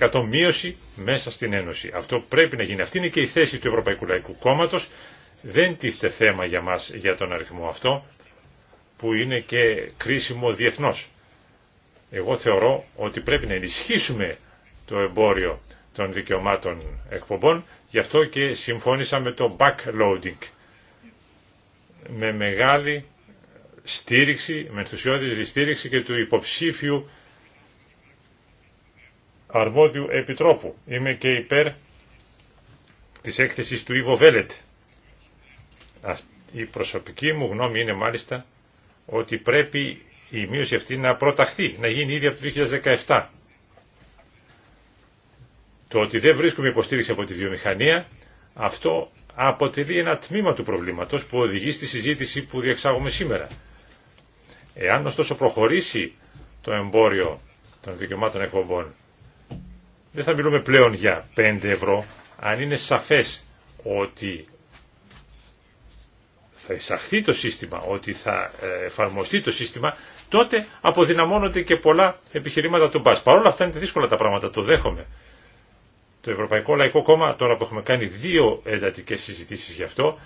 40% μείωση μέσα στην Ένωση. Αυτό πρέπει να γίνει. Αυτή είναι και η θέση του Ευρωπαϊκού Λαϊκού Κόμματος. Δεν τίθεται θέμα για μας για τον αριθμό αυτό που είναι και κρίσιμο διεθνώς. Εγώ θεωρώ ότι πρέπει να ενισχύσουμε το εμπόριο των δικαιωμάτων εκπομπών. Γι' αυτό και συμφώνησα με το backloading. Με μεγάλη στήριξη, με ενθουσιώδη στήριξη και του υποψήφιου αρμόδιου επιτρόπου. Είμαι και υπέρ της έκθεσης του Ιβο Βέλετ. Η προσωπική μου γνώμη είναι μάλιστα ότι πρέπει η μείωση αυτή να προταχθεί, να γίνει ήδη από το 2017. Το ότι δεν βρίσκουμε υποστήριξη από τη βιομηχανία, αυτό αποτελεί ένα τμήμα του προβλήματος που οδηγεί στη συζήτηση που διεξάγουμε σήμερα. Εάν ωστόσο προχωρήσει το εμπόριο των δικαιωμάτων εκπομπών δεν θα μιλούμε πλέον για 5 ευρώ, αν είναι σαφές ότι θα εισαχθεί το σύστημα, ότι θα ε, εφαρμοστεί το σύστημα, τότε αποδυναμώνονται και πολλά επιχειρήματα του μπας. Παρ' όλα αυτά είναι δύσκολα τα πράγματα, το δέχομαι. Το Ευρωπαϊκό Λαϊκό Κόμμα, τώρα που έχουμε κάνει δύο εντατικές συζητήσεις γι' αυτό,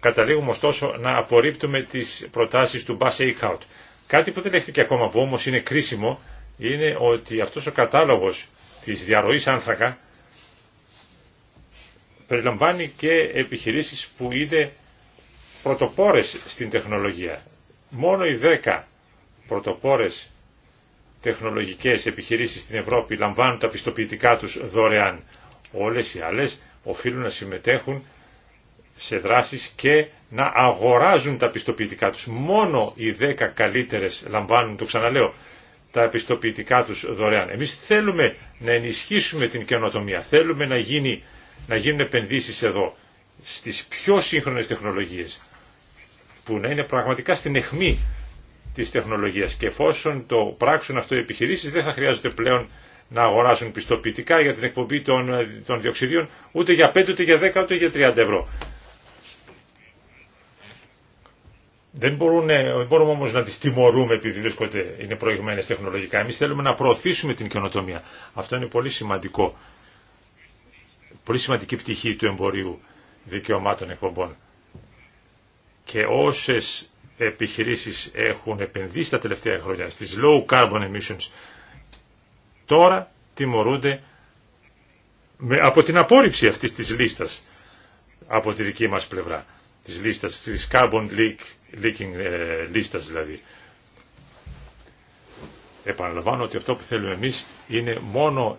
καταλήγουμε ωστόσο να απορρίπτουμε τις προτάσεις του Bas Out. Κάτι που δεν έχετε και ακόμα που όμως είναι κρίσιμο, είναι ότι αυτός ο κατάλογος της διαρροής άνθρακα περιλαμβάνει και επιχειρήσεις που είναι πρωτοπόρες στην τεχνολογία. Μόνο οι 10 πρωτοπόρες τεχνολογικές επιχειρήσεις στην Ευρώπη λαμβάνουν τα πιστοποιητικά τους δωρεάν. Όλες οι άλλες οφείλουν να συμμετέχουν σε δράσεις και να αγοράζουν τα πιστοποιητικά τους. Μόνο οι 10 καλύτερες λαμβάνουν, το ξαναλέω, τα πιστοποιητικά τους δωρεάν. Εμείς θέλουμε να ενισχύσουμε την καινοτομία. Θέλουμε να, γίνει, να γίνουν επενδύσεις εδώ στις πιο σύγχρονες τεχνολογίες που να είναι πραγματικά στην αιχμή της τεχνολογίας και εφόσον το πράξουν αυτό οι επιχειρήσεις δεν θα χρειάζονται πλέον να αγοράσουν πιστοποιητικά για την εκπομπή των, των διοξιδίων ούτε για 5, ούτε για 10, ούτε για 30 ευρώ. Δεν μπορούμε, μπορούμε όμως να τις τιμωρούμε επειδή βρίσκονται, είναι προηγμένες τεχνολογικά. Εμείς θέλουμε να προωθήσουμε την καινοτομία. Αυτό είναι πολύ σημαντικό. Πολύ σημαντική πτυχή του εμπορίου δικαιωμάτων εκπομπών. Και όσες επιχειρήσεις έχουν επενδύσει τα τελευταία χρόνια στις low carbon emissions, τώρα τιμωρούνται με, από την απόρριψη αυτής της λίστας από τη δική μας πλευρά της λίστας, της carbon leak, leaking ε, λίστας δηλαδή. Επαναλαμβάνω ότι αυτό που θέλουμε εμείς είναι μόνο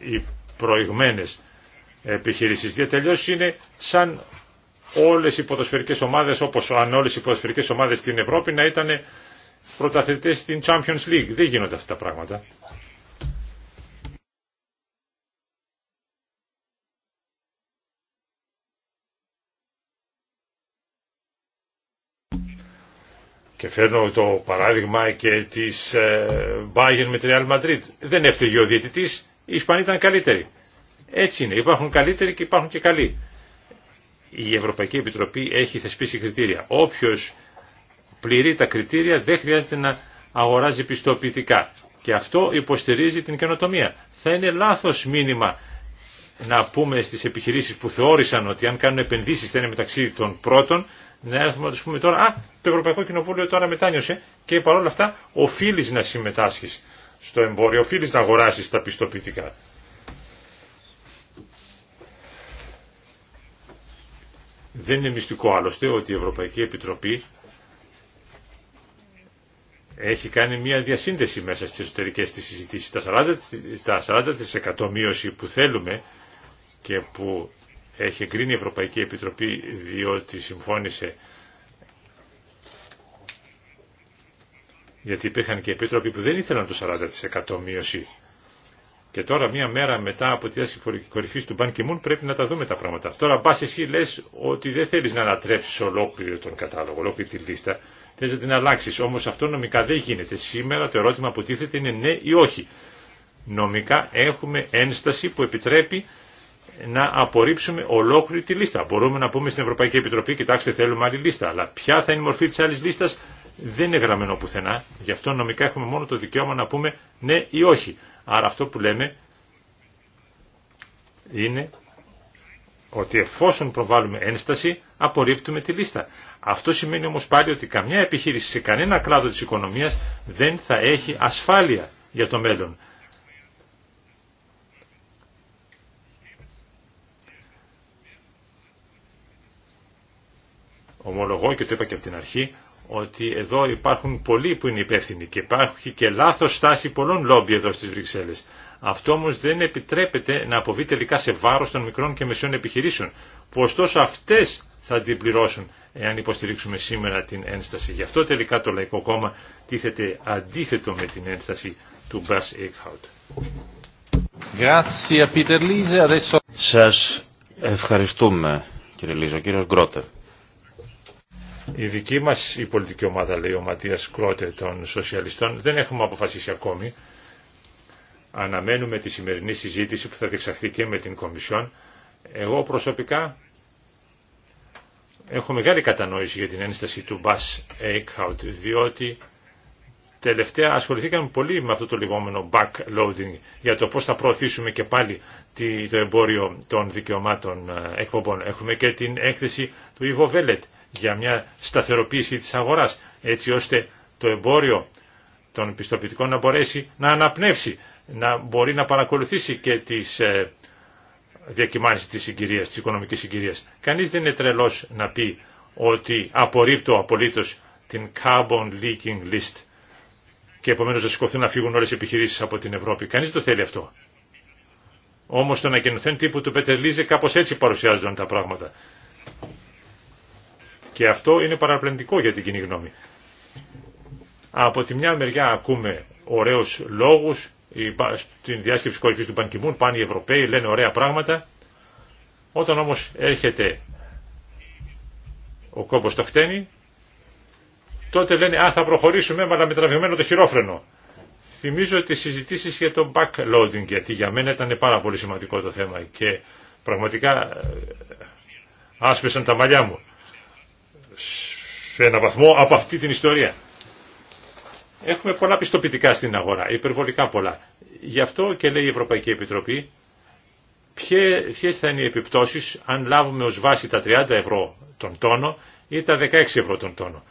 οι προηγμένες επιχειρήσεις. Διατελώς είναι σαν όλες οι ποδοσφαιρικές ομάδες, όπως αν όλες οι ποδοσφαιρικές ομάδες στην Ευρώπη να ήταν πρωταθλητές στην Champions League. Δεν γίνονται αυτά τα πράγματα. Και φέρνω το παράδειγμα και της ε, Bayern με τη Real Madrid. Δεν έφταιγε ο διαιτητής, οι Ισπανοί ήταν καλύτεροι. Έτσι είναι, υπάρχουν καλύτεροι και υπάρχουν και καλοί. Η Ευρωπαϊκή Επιτροπή έχει θεσπίσει κριτήρια. Όποιος πληρεί τα κριτήρια δεν χρειάζεται να αγοράζει πιστοποιητικά. Και αυτό υποστηρίζει την καινοτομία. Θα είναι λάθος μήνυμα να πούμε στις επιχειρήσεις που θεώρησαν ότι αν κάνουν επενδύσεις θα είναι μεταξύ των πρώτων, να έρθουμε να τους πούμε τώρα, α, το Ευρωπαϊκό Κοινοβούλιο τώρα μετάνιωσε και παρόλα αυτά οφείλει να συμμετάσχεις στο εμπόριο, οφείλει να αγοράσεις τα πιστοποιητικά. Δεν είναι μυστικό άλλωστε ότι η Ευρωπαϊκή Επιτροπή έχει κάνει μια διασύνδεση μέσα στις εσωτερικές της συζητήσεις. Τα 40%, τα 40 μείωση που θέλουμε και που έχει εγκρίνει η Ευρωπαϊκή Επιτροπή διότι συμφώνησε γιατί υπήρχαν και επίτροποι που δεν ήθελαν το 40% μείωση. Και τώρα μία μέρα μετά από τη διάσκεψη κορυφής του Μπαν Κιμούν πρέπει να τα δούμε τα πράγματα. Τώρα πας εσύ λες ότι δεν θέλεις να ανατρέψεις ολόκληρο τον κατάλογο, ολόκληρη τη λίστα. Θες να την αλλάξεις, όμως αυτό νομικά δεν γίνεται. Σήμερα το ερώτημα που τίθεται είναι ναι ή όχι. Νομικά έχουμε ένσταση που επιτρέπει να απορρίψουμε ολόκληρη τη λίστα. Μπορούμε να πούμε στην Ευρωπαϊκή Επιτροπή, κοιτάξτε θέλουμε άλλη λίστα, αλλά ποια θα είναι η μορφή τη άλλη λίστας δεν είναι γραμμένο πουθενά, γι' αυτό νομικά έχουμε μόνο το δικαίωμα να πούμε ναι ή όχι. Άρα αυτό που λέμε είναι ότι εφόσον προβάλλουμε ένσταση, απορρίπτουμε τη λίστα. Αυτό σημαίνει όμως πάλι ότι καμιά επιχείρηση σε κανένα κλάδο της οικονομίας δεν θα έχει ασφάλεια για το μέλλον. ομολογώ και το είπα και από την αρχή ότι εδώ υπάρχουν πολλοί που είναι υπεύθυνοι και υπάρχει και λάθος στάση πολλών λόμπι εδώ στις Βρυξέλλες. Αυτό όμως δεν επιτρέπεται να αποβεί τελικά σε βάρος των μικρών και μεσαίων επιχειρήσεων, που ωστόσο αυτές θα την πληρώσουν εάν υποστηρίξουμε σήμερα την ένσταση. Γι' αυτό τελικά το Λαϊκό Κόμμα τίθεται αντίθετο με την ένσταση του Μπρας Eichhout. Σας ευχαριστούμε κύριε Λίζα. Κύριος Γκρότερ. Η δική μας η πολιτική ομάδα, λέει ο Ματίας Κρότε των Σοσιαλιστών, δεν έχουμε αποφασίσει ακόμη. Αναμένουμε τη σημερινή συζήτηση που θα διεξαχθεί και με την Κομισιόν. Εγώ προσωπικά έχω μεγάλη κατανόηση για την ένσταση του Bass Eichhout, διότι τελευταία ασχοληθήκαμε πολύ με αυτό το λεγόμενο backloading για το πώς θα προωθήσουμε και πάλι το εμπόριο των δικαιωμάτων ε, εκπομπών. Έχουμε και την έκθεση του Ιβο για μια σταθεροποίηση της αγοράς, έτσι ώστε το εμπόριο των πιστοποιητικών να μπορέσει να αναπνεύσει, να μπορεί να παρακολουθήσει και τις ε, διακυμάνσεις της συγκυρίας, της οικονομικής συγκυρίας. Κανείς δεν είναι τρελός να πει ότι απορρίπτω απολύτως την Carbon Leaking List και επομένως να σηκωθούν να φύγουν όλες οι επιχειρήσεις από την Ευρώπη. Κανείς το θέλει αυτό. Όμως το ανακοινωθέν τύπου του Λίζε κάπως έτσι παρουσιάζονταν τα πράγματα. Και αυτό είναι παραπλανητικό για την κοινή γνώμη. Από τη μια μεριά ακούμε ωραίους λόγους, στην διάσκεψη κορυφής του Πανκιμούν πάνε οι Ευρωπαίοι, λένε ωραία πράγματα. Όταν όμως έρχεται ο κόπος το χταίνει, τότε λένε «Α, θα προχωρήσουμε, αλλά με τραβηγμένο το χειρόφρενο». Θυμίζω τις συζητήσεις για το backloading, γιατί για μένα ήταν πάρα πολύ σημαντικό το θέμα και πραγματικά ε, άσπεσαν τα μαλλιά μου σε ένα βαθμό από αυτή την ιστορία. Έχουμε πολλά πιστοποιητικά στην αγορά, υπερβολικά πολλά. Γι' αυτό και λέει η Ευρωπαϊκή Επιτροπή ποιε θα είναι οι επιπτώσεις αν λάβουμε ως βάση τα 30 ευρώ τον τόνο ή τα 16 ευρώ τον τόνο.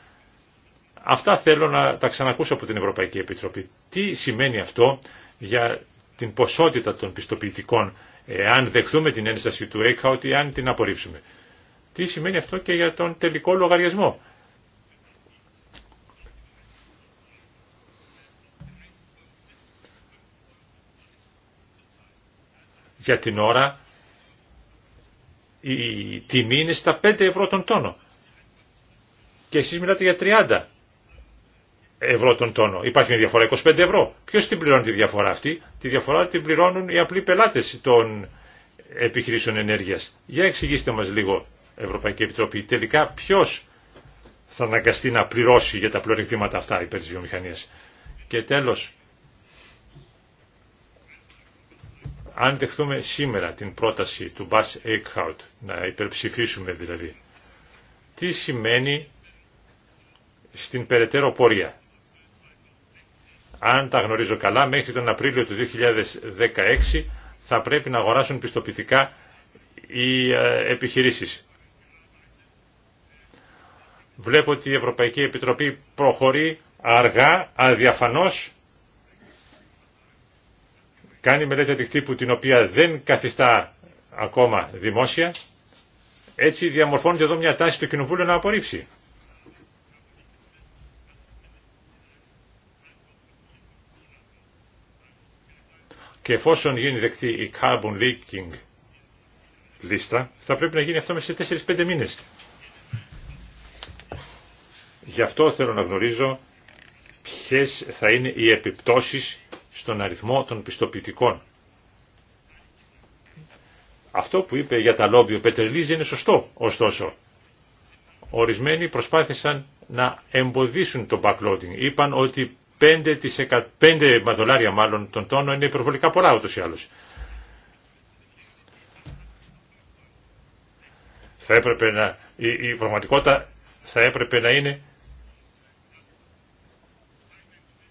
Αυτά θέλω να τα ξανακούσω από την Ευρωπαϊκή Επιτροπή. Τι σημαίνει αυτό για την ποσότητα των πιστοποιητικών εάν δεχθούμε την ένσταση του ΕΚΑ ότι αν την απορρίψουμε. Τι σημαίνει αυτό και για τον τελικό λογαριασμό. Για την ώρα η τιμή είναι στα 5 ευρώ τον τόνο. Και εσείς μιλάτε για 30 ευρώ τον τόνο. Υπάρχει μια διαφορά 25 ευρώ. Ποιος την πληρώνει τη διαφορά αυτή. Τη διαφορά την πληρώνουν οι απλοί πελάτες των επιχειρήσεων ενέργειας. Για εξηγήστε μας λίγο Ευρωπαϊκή Επιτροπή. Τελικά ποιος θα αναγκαστεί να πληρώσει για τα πλεονεκτήματα αυτά υπέρ της βιομηχανίας. Και τέλος, αν δεχθούμε σήμερα την πρόταση του Μπάς Eichhout, να υπερψηφίσουμε δηλαδή, τι σημαίνει στην περαιτέρω πορεία. Αν τα γνωρίζω καλά, μέχρι τον Απρίλιο του 2016 θα πρέπει να αγοράσουν πιστοποιητικά οι ε, επιχειρήσεις. Βλέπω ότι η Ευρωπαϊκή Επιτροπή προχωρεί αργά, αδιαφανώς κάνει μελέτη που την οποία δεν καθιστά ακόμα δημόσια, έτσι διαμορφώνεται εδώ μια τάση του Κοινοβούλου να απορρίψει. Και εφόσον γίνει δεκτή η carbon leaking λίστα, θα πρέπει να γίνει αυτό μέσα σε 4-5 μήνες. Γι' αυτό θέλω να γνωρίζω ποιες θα είναι οι επιπτώσεις στον αριθμό των πιστοποιητικών. Αυτό που είπε για τα λόμπι ο Πετρελίζη είναι σωστό, ωστόσο. Ορισμένοι προσπάθησαν να εμποδίσουν το backloading. Είπαν ότι 5, 5 δολάρια μάλλον τον τόνο είναι υπερβολικά πολλά ούτως ή άλλως. Θα έπρεπε να, η, η πραγματικότητα θα έπρεπε να είναι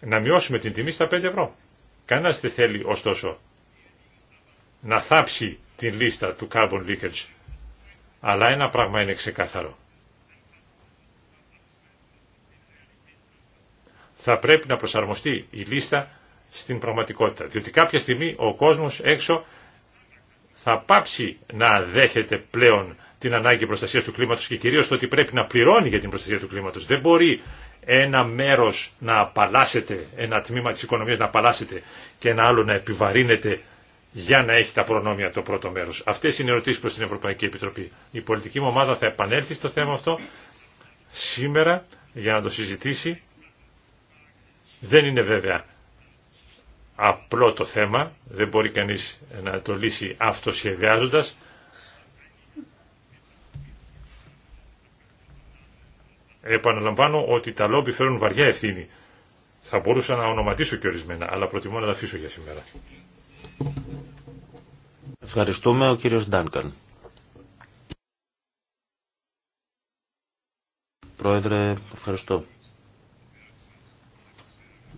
να μειώσουμε την τιμή στα 5 ευρώ. Κανένα δεν θέλει ωστόσο να θάψει την λίστα του carbon leakage. Αλλά ένα πράγμα είναι ξεκάθαρο. Θα πρέπει να προσαρμοστεί η λίστα στην πραγματικότητα. Διότι κάποια στιγμή ο κόσμος έξω θα πάψει να δέχεται πλέον την ανάγκη προστασίας του κλίματος και κυρίως το ότι πρέπει να πληρώνει για την προστασία του κλίματος. Δεν μπορεί ένα μέρος να απαλλάσσεται, ένα τμήμα της οικονομίας να απαλλάσσεται και ένα άλλο να επιβαρύνεται για να έχει τα προνόμια το πρώτο μέρος. Αυτές είναι οι ερωτήσεις προς την Ευρωπαϊκή Επιτροπή. Η πολιτική μου ομάδα θα επανέλθει στο θέμα αυτό σήμερα για να το συζητήσει. Δεν είναι βέβαια απλό το θέμα, δεν μπορεί κανείς να το λύσει αυτοσχεδιάζοντας. Επαναλαμβάνω ότι τα λόμπι φέρουν βαριά ευθύνη. Θα μπορούσα να ονοματίσω και ορισμένα, αλλά προτιμώ να τα αφήσω για σήμερα. Ευχαριστούμε ο κύριος Ντάνκαν. Πρόεδρε, ευχαριστώ.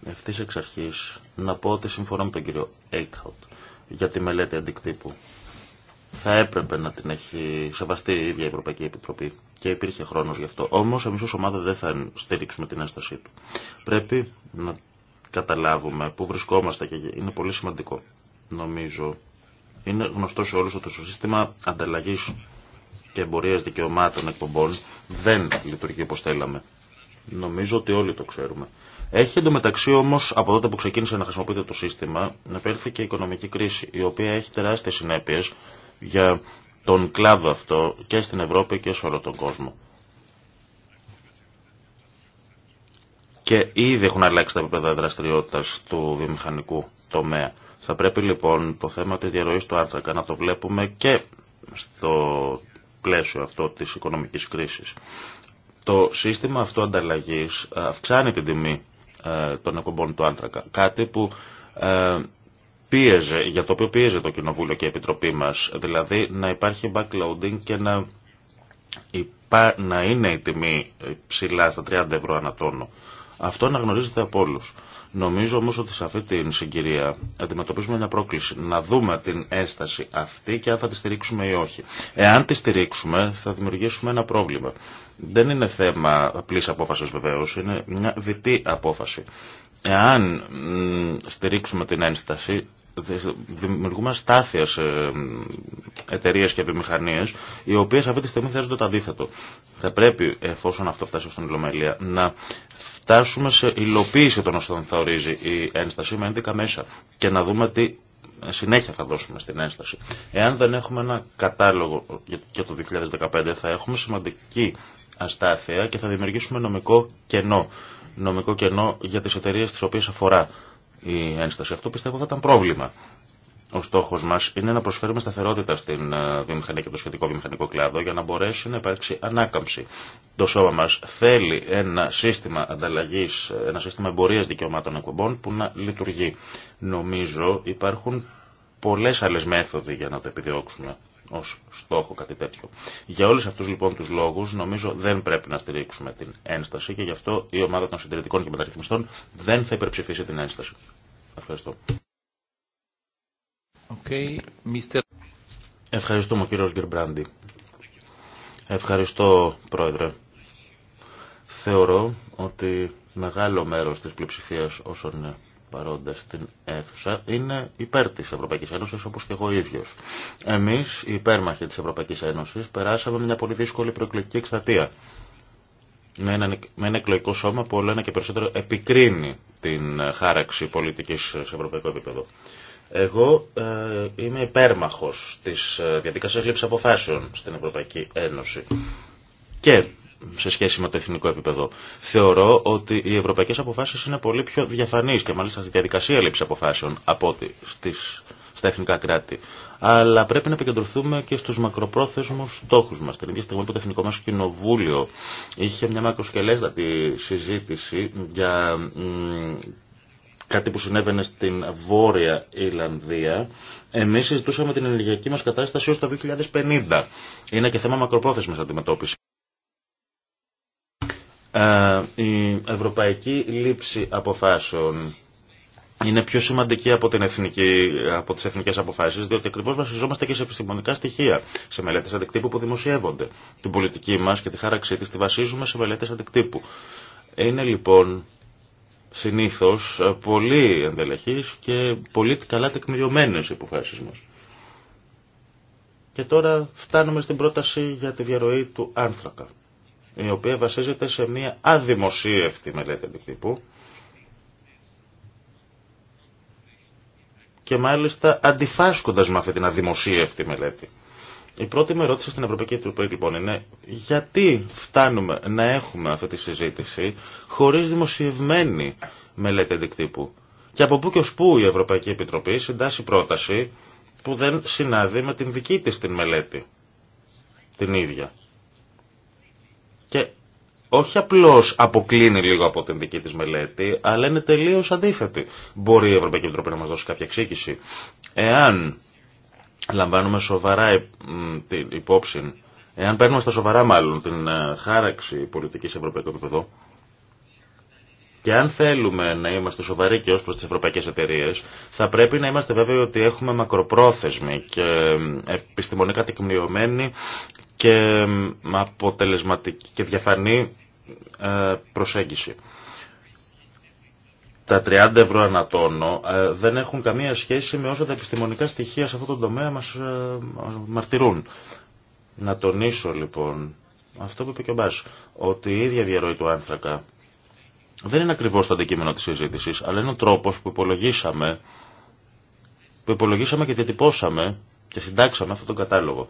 Ευθύ εξ αρχή να πω ότι συμφωνώ με τον κύριο Έικχαουτ για τη μελέτη αντικτύπου θα έπρεπε να την έχει σεβαστεί η ίδια η Ευρωπαϊκή Επιτροπή και υπήρχε χρόνο γι' αυτό. Όμω, εμεί ω ομάδα δεν θα στηρίξουμε την ένστασή του. Πρέπει να καταλάβουμε πού βρισκόμαστε και είναι πολύ σημαντικό. Νομίζω είναι γνωστό σε όλου ότι το σύστημα ανταλλαγή και εμπορία δικαιωμάτων εκπομπών δεν λειτουργεί όπω θέλαμε. Νομίζω ότι όλοι το ξέρουμε. Έχει εντωμεταξύ όμω από τότε που ξεκίνησε να χρησιμοποιείται το σύστημα, επέλθει και η οικονομική κρίση, η οποία έχει τεράστιε συνέπειε για τον κλάδο αυτό και στην Ευρώπη και σε όλο τον κόσμο. Και ήδη έχουν αλλάξει τα επίπεδα δραστηριότητα του βιομηχανικού τομέα. Θα πρέπει λοιπόν το θέμα της διαρροής του άνθρακα να το βλέπουμε και στο πλαίσιο αυτό της οικονομικής κρίσης. Το σύστημα αυτό ανταλλαγής αυξάνει την τιμή ε, των εκπομπών του άνθρακα. Κάτι που ε, πίεζε, για το οποίο πίεζε το Κοινοβούλιο και η Επιτροπή μας, δηλαδή να υπάρχει backloading και να, υπά, να είναι η τιμή ψηλά στα 30 ευρώ ανά τόνο. Αυτό αναγνωρίζεται από όλους. Νομίζω όμως ότι σε αυτή την συγκυρία αντιμετωπίζουμε μια πρόκληση. Να δούμε την έσταση αυτή και αν θα τη στηρίξουμε ή όχι. Εάν τη στηρίξουμε θα δημιουργήσουμε ένα πρόβλημα. Δεν είναι θέμα απλής απόφασης βεβαίως, είναι μια διτή απόφαση. Εάν στηρίξουμε την ένσταση, δημιουργούμε στάθειες σε εταιρείε και βιομηχανίε, οι οποίε αυτή τη στιγμή χρειάζονται το αντίθετο. Θα πρέπει, εφόσον αυτό φτάσει στον Ιλομελία, να φτάσουμε σε υλοποίηση των όσων θα ορίζει η ένσταση με ένδικα μέσα και να δούμε τι συνέχεια θα δώσουμε στην ένσταση. Εάν δεν έχουμε ένα κατάλογο για το 2015, θα έχουμε σημαντική αστάθεια και θα δημιουργήσουμε νομικό κενό. Νομικό κενό για τι εταιρείε τι οποίε αφορά η ένσταση. Αυτό πιστεύω θα ήταν πρόβλημα. Ο στόχο μα είναι να προσφέρουμε σταθερότητα στην ε, βιομηχανία και το σχετικό βιομηχανικό κλάδο για να μπορέσει να υπάρξει ανάκαμψη. Το σώμα μα θέλει ένα σύστημα ανταλλαγή, ένα σύστημα εμπορία δικαιωμάτων εκπομπών που να λειτουργεί. Νομίζω υπάρχουν πολλέ άλλε μέθοδοι για να το επιδιώξουμε ως στόχο κάτι τέτοιο. Για όλους αυτούς λοιπόν τους λόγους νομίζω δεν πρέπει να στηρίξουμε την ένσταση και γι' αυτό η ομάδα των συντηρητικών και μεταρρυθμιστών δεν θα υπερψηφίσει την ένσταση. Ευχαριστώ. Okay, Mr. Ευχαριστούμε κύριος Γκυρμπράντη. Ευχαριστώ πρόεδρε. Θεωρώ ότι μεγάλο μέρος της πλειοψηφίας όσων παρόντα την αίθουσα είναι υπέρ τη Ευρωπαϊκή Ένωση όπω και εγώ ίδιο. Εμεί, οι υπέρμαχοι τη Ευρωπαϊκή Ένωση, περάσαμε μια πολύ δύσκολη προεκλογική εκστατεία. Με ένα, με ένα εκλογικό σώμα που όλο ένα και περισσότερο επικρίνει την χάραξη πολιτική σε ευρωπαϊκό επίπεδο. Εγώ ε, είμαι υπέρμαχος της ε, διαδικασίας λήψης αποφάσεων στην Ευρωπαϊκή Ένωση. Και σε σχέση με το εθνικό επίπεδο. Θεωρώ ότι οι ευρωπαϊκές αποφάσει είναι πολύ πιο διαφανεί και μάλιστα στη διαδικασία λήψη αποφάσεων από ότι στις, στα εθνικά κράτη. Αλλά πρέπει να επικεντρωθούμε και στου μακροπρόθεσμου στόχου μα. Την ίδια στιγμή που το Εθνικό μα Κοινοβούλιο είχε μια μακροσκελέστατη συζήτηση για κάτι που συνέβαινε στην Βόρεια Ιλλανδία, εμεί συζητούσαμε την ενεργειακή μα κατάσταση ω το 2050. Είναι και θέμα μακροπρόθεσμη αντιμετώπιση. Ε, η ευρωπαϊκή λήψη αποφάσεων είναι πιο σημαντική από, την εθνική, από τις εθνικές αποφάσεις, διότι ακριβώ βασιζόμαστε και σε επιστημονικά στοιχεία, σε μελέτες αντικτύπου που δημοσιεύονται. Την πολιτική μας και τη χάραξή της τη βασίζουμε σε μελέτες αντικτύπου. Είναι λοιπόν συνήθως ε, πολύ ενδελεχείς και πολύ καλά τεκμηριωμένες οι αποφάσεις μας. Και τώρα φτάνουμε στην πρόταση για τη διαρροή του άνθρακα η οποία βασίζεται σε μια αδημοσίευτη μελέτη αντικτύπου και μάλιστα αντιφάσκοντας με αυτή την αδημοσίευτη μελέτη. Η πρώτη μου ερώτηση στην Ευρωπαϊκή Επιτροπή λοιπόν είναι γιατί φτάνουμε να έχουμε αυτή τη συζήτηση χωρίς δημοσιευμένη μελέτη αντικτύπου. Και από πού και ως πού η Ευρωπαϊκή Επιτροπή συντάσσει πρόταση που δεν συνάδει με την δική της την μελέτη, την ίδια όχι απλώς αποκλίνει λίγο από την δική της μελέτη, αλλά είναι τελείως αντίθετη. Μπορεί η Ευρωπαϊκή Επιτροπή να μας δώσει κάποια εξήγηση. Εάν λαμβάνουμε σοβαρά ε, την υπόψη, εάν παίρνουμε στα σοβαρά μάλλον την ε, χάραξη πολιτικής σε ευρωπαϊκό επίπεδο, και αν θέλουμε να είμαστε σοβαροί και ω προ τι ευρωπαϊκέ εταιρείε, θα πρέπει να είμαστε βέβαιοι ότι έχουμε μακροπρόθεσμη και επιστημονικά τεκμηριωμένη και αποτελεσματική και διαφανή ε, προσέγγιση. Τα 30 ευρώ ανά ε, δεν έχουν καμία σχέση με όσα τα επιστημονικά στοιχεία σε αυτό το τομέα μας ε, μαρτυρούν. Να τονίσω λοιπόν αυτό που είπε και ο Μπάς, ότι η ίδια διαρροή του άνθρακα δεν είναι ακριβώς το αντικείμενο της συζήτηση, αλλά είναι ο τρόπος που υπολογίσαμε, που υπολογίσαμε και διατυπώσαμε και συντάξαμε αυτόν τον κατάλογο.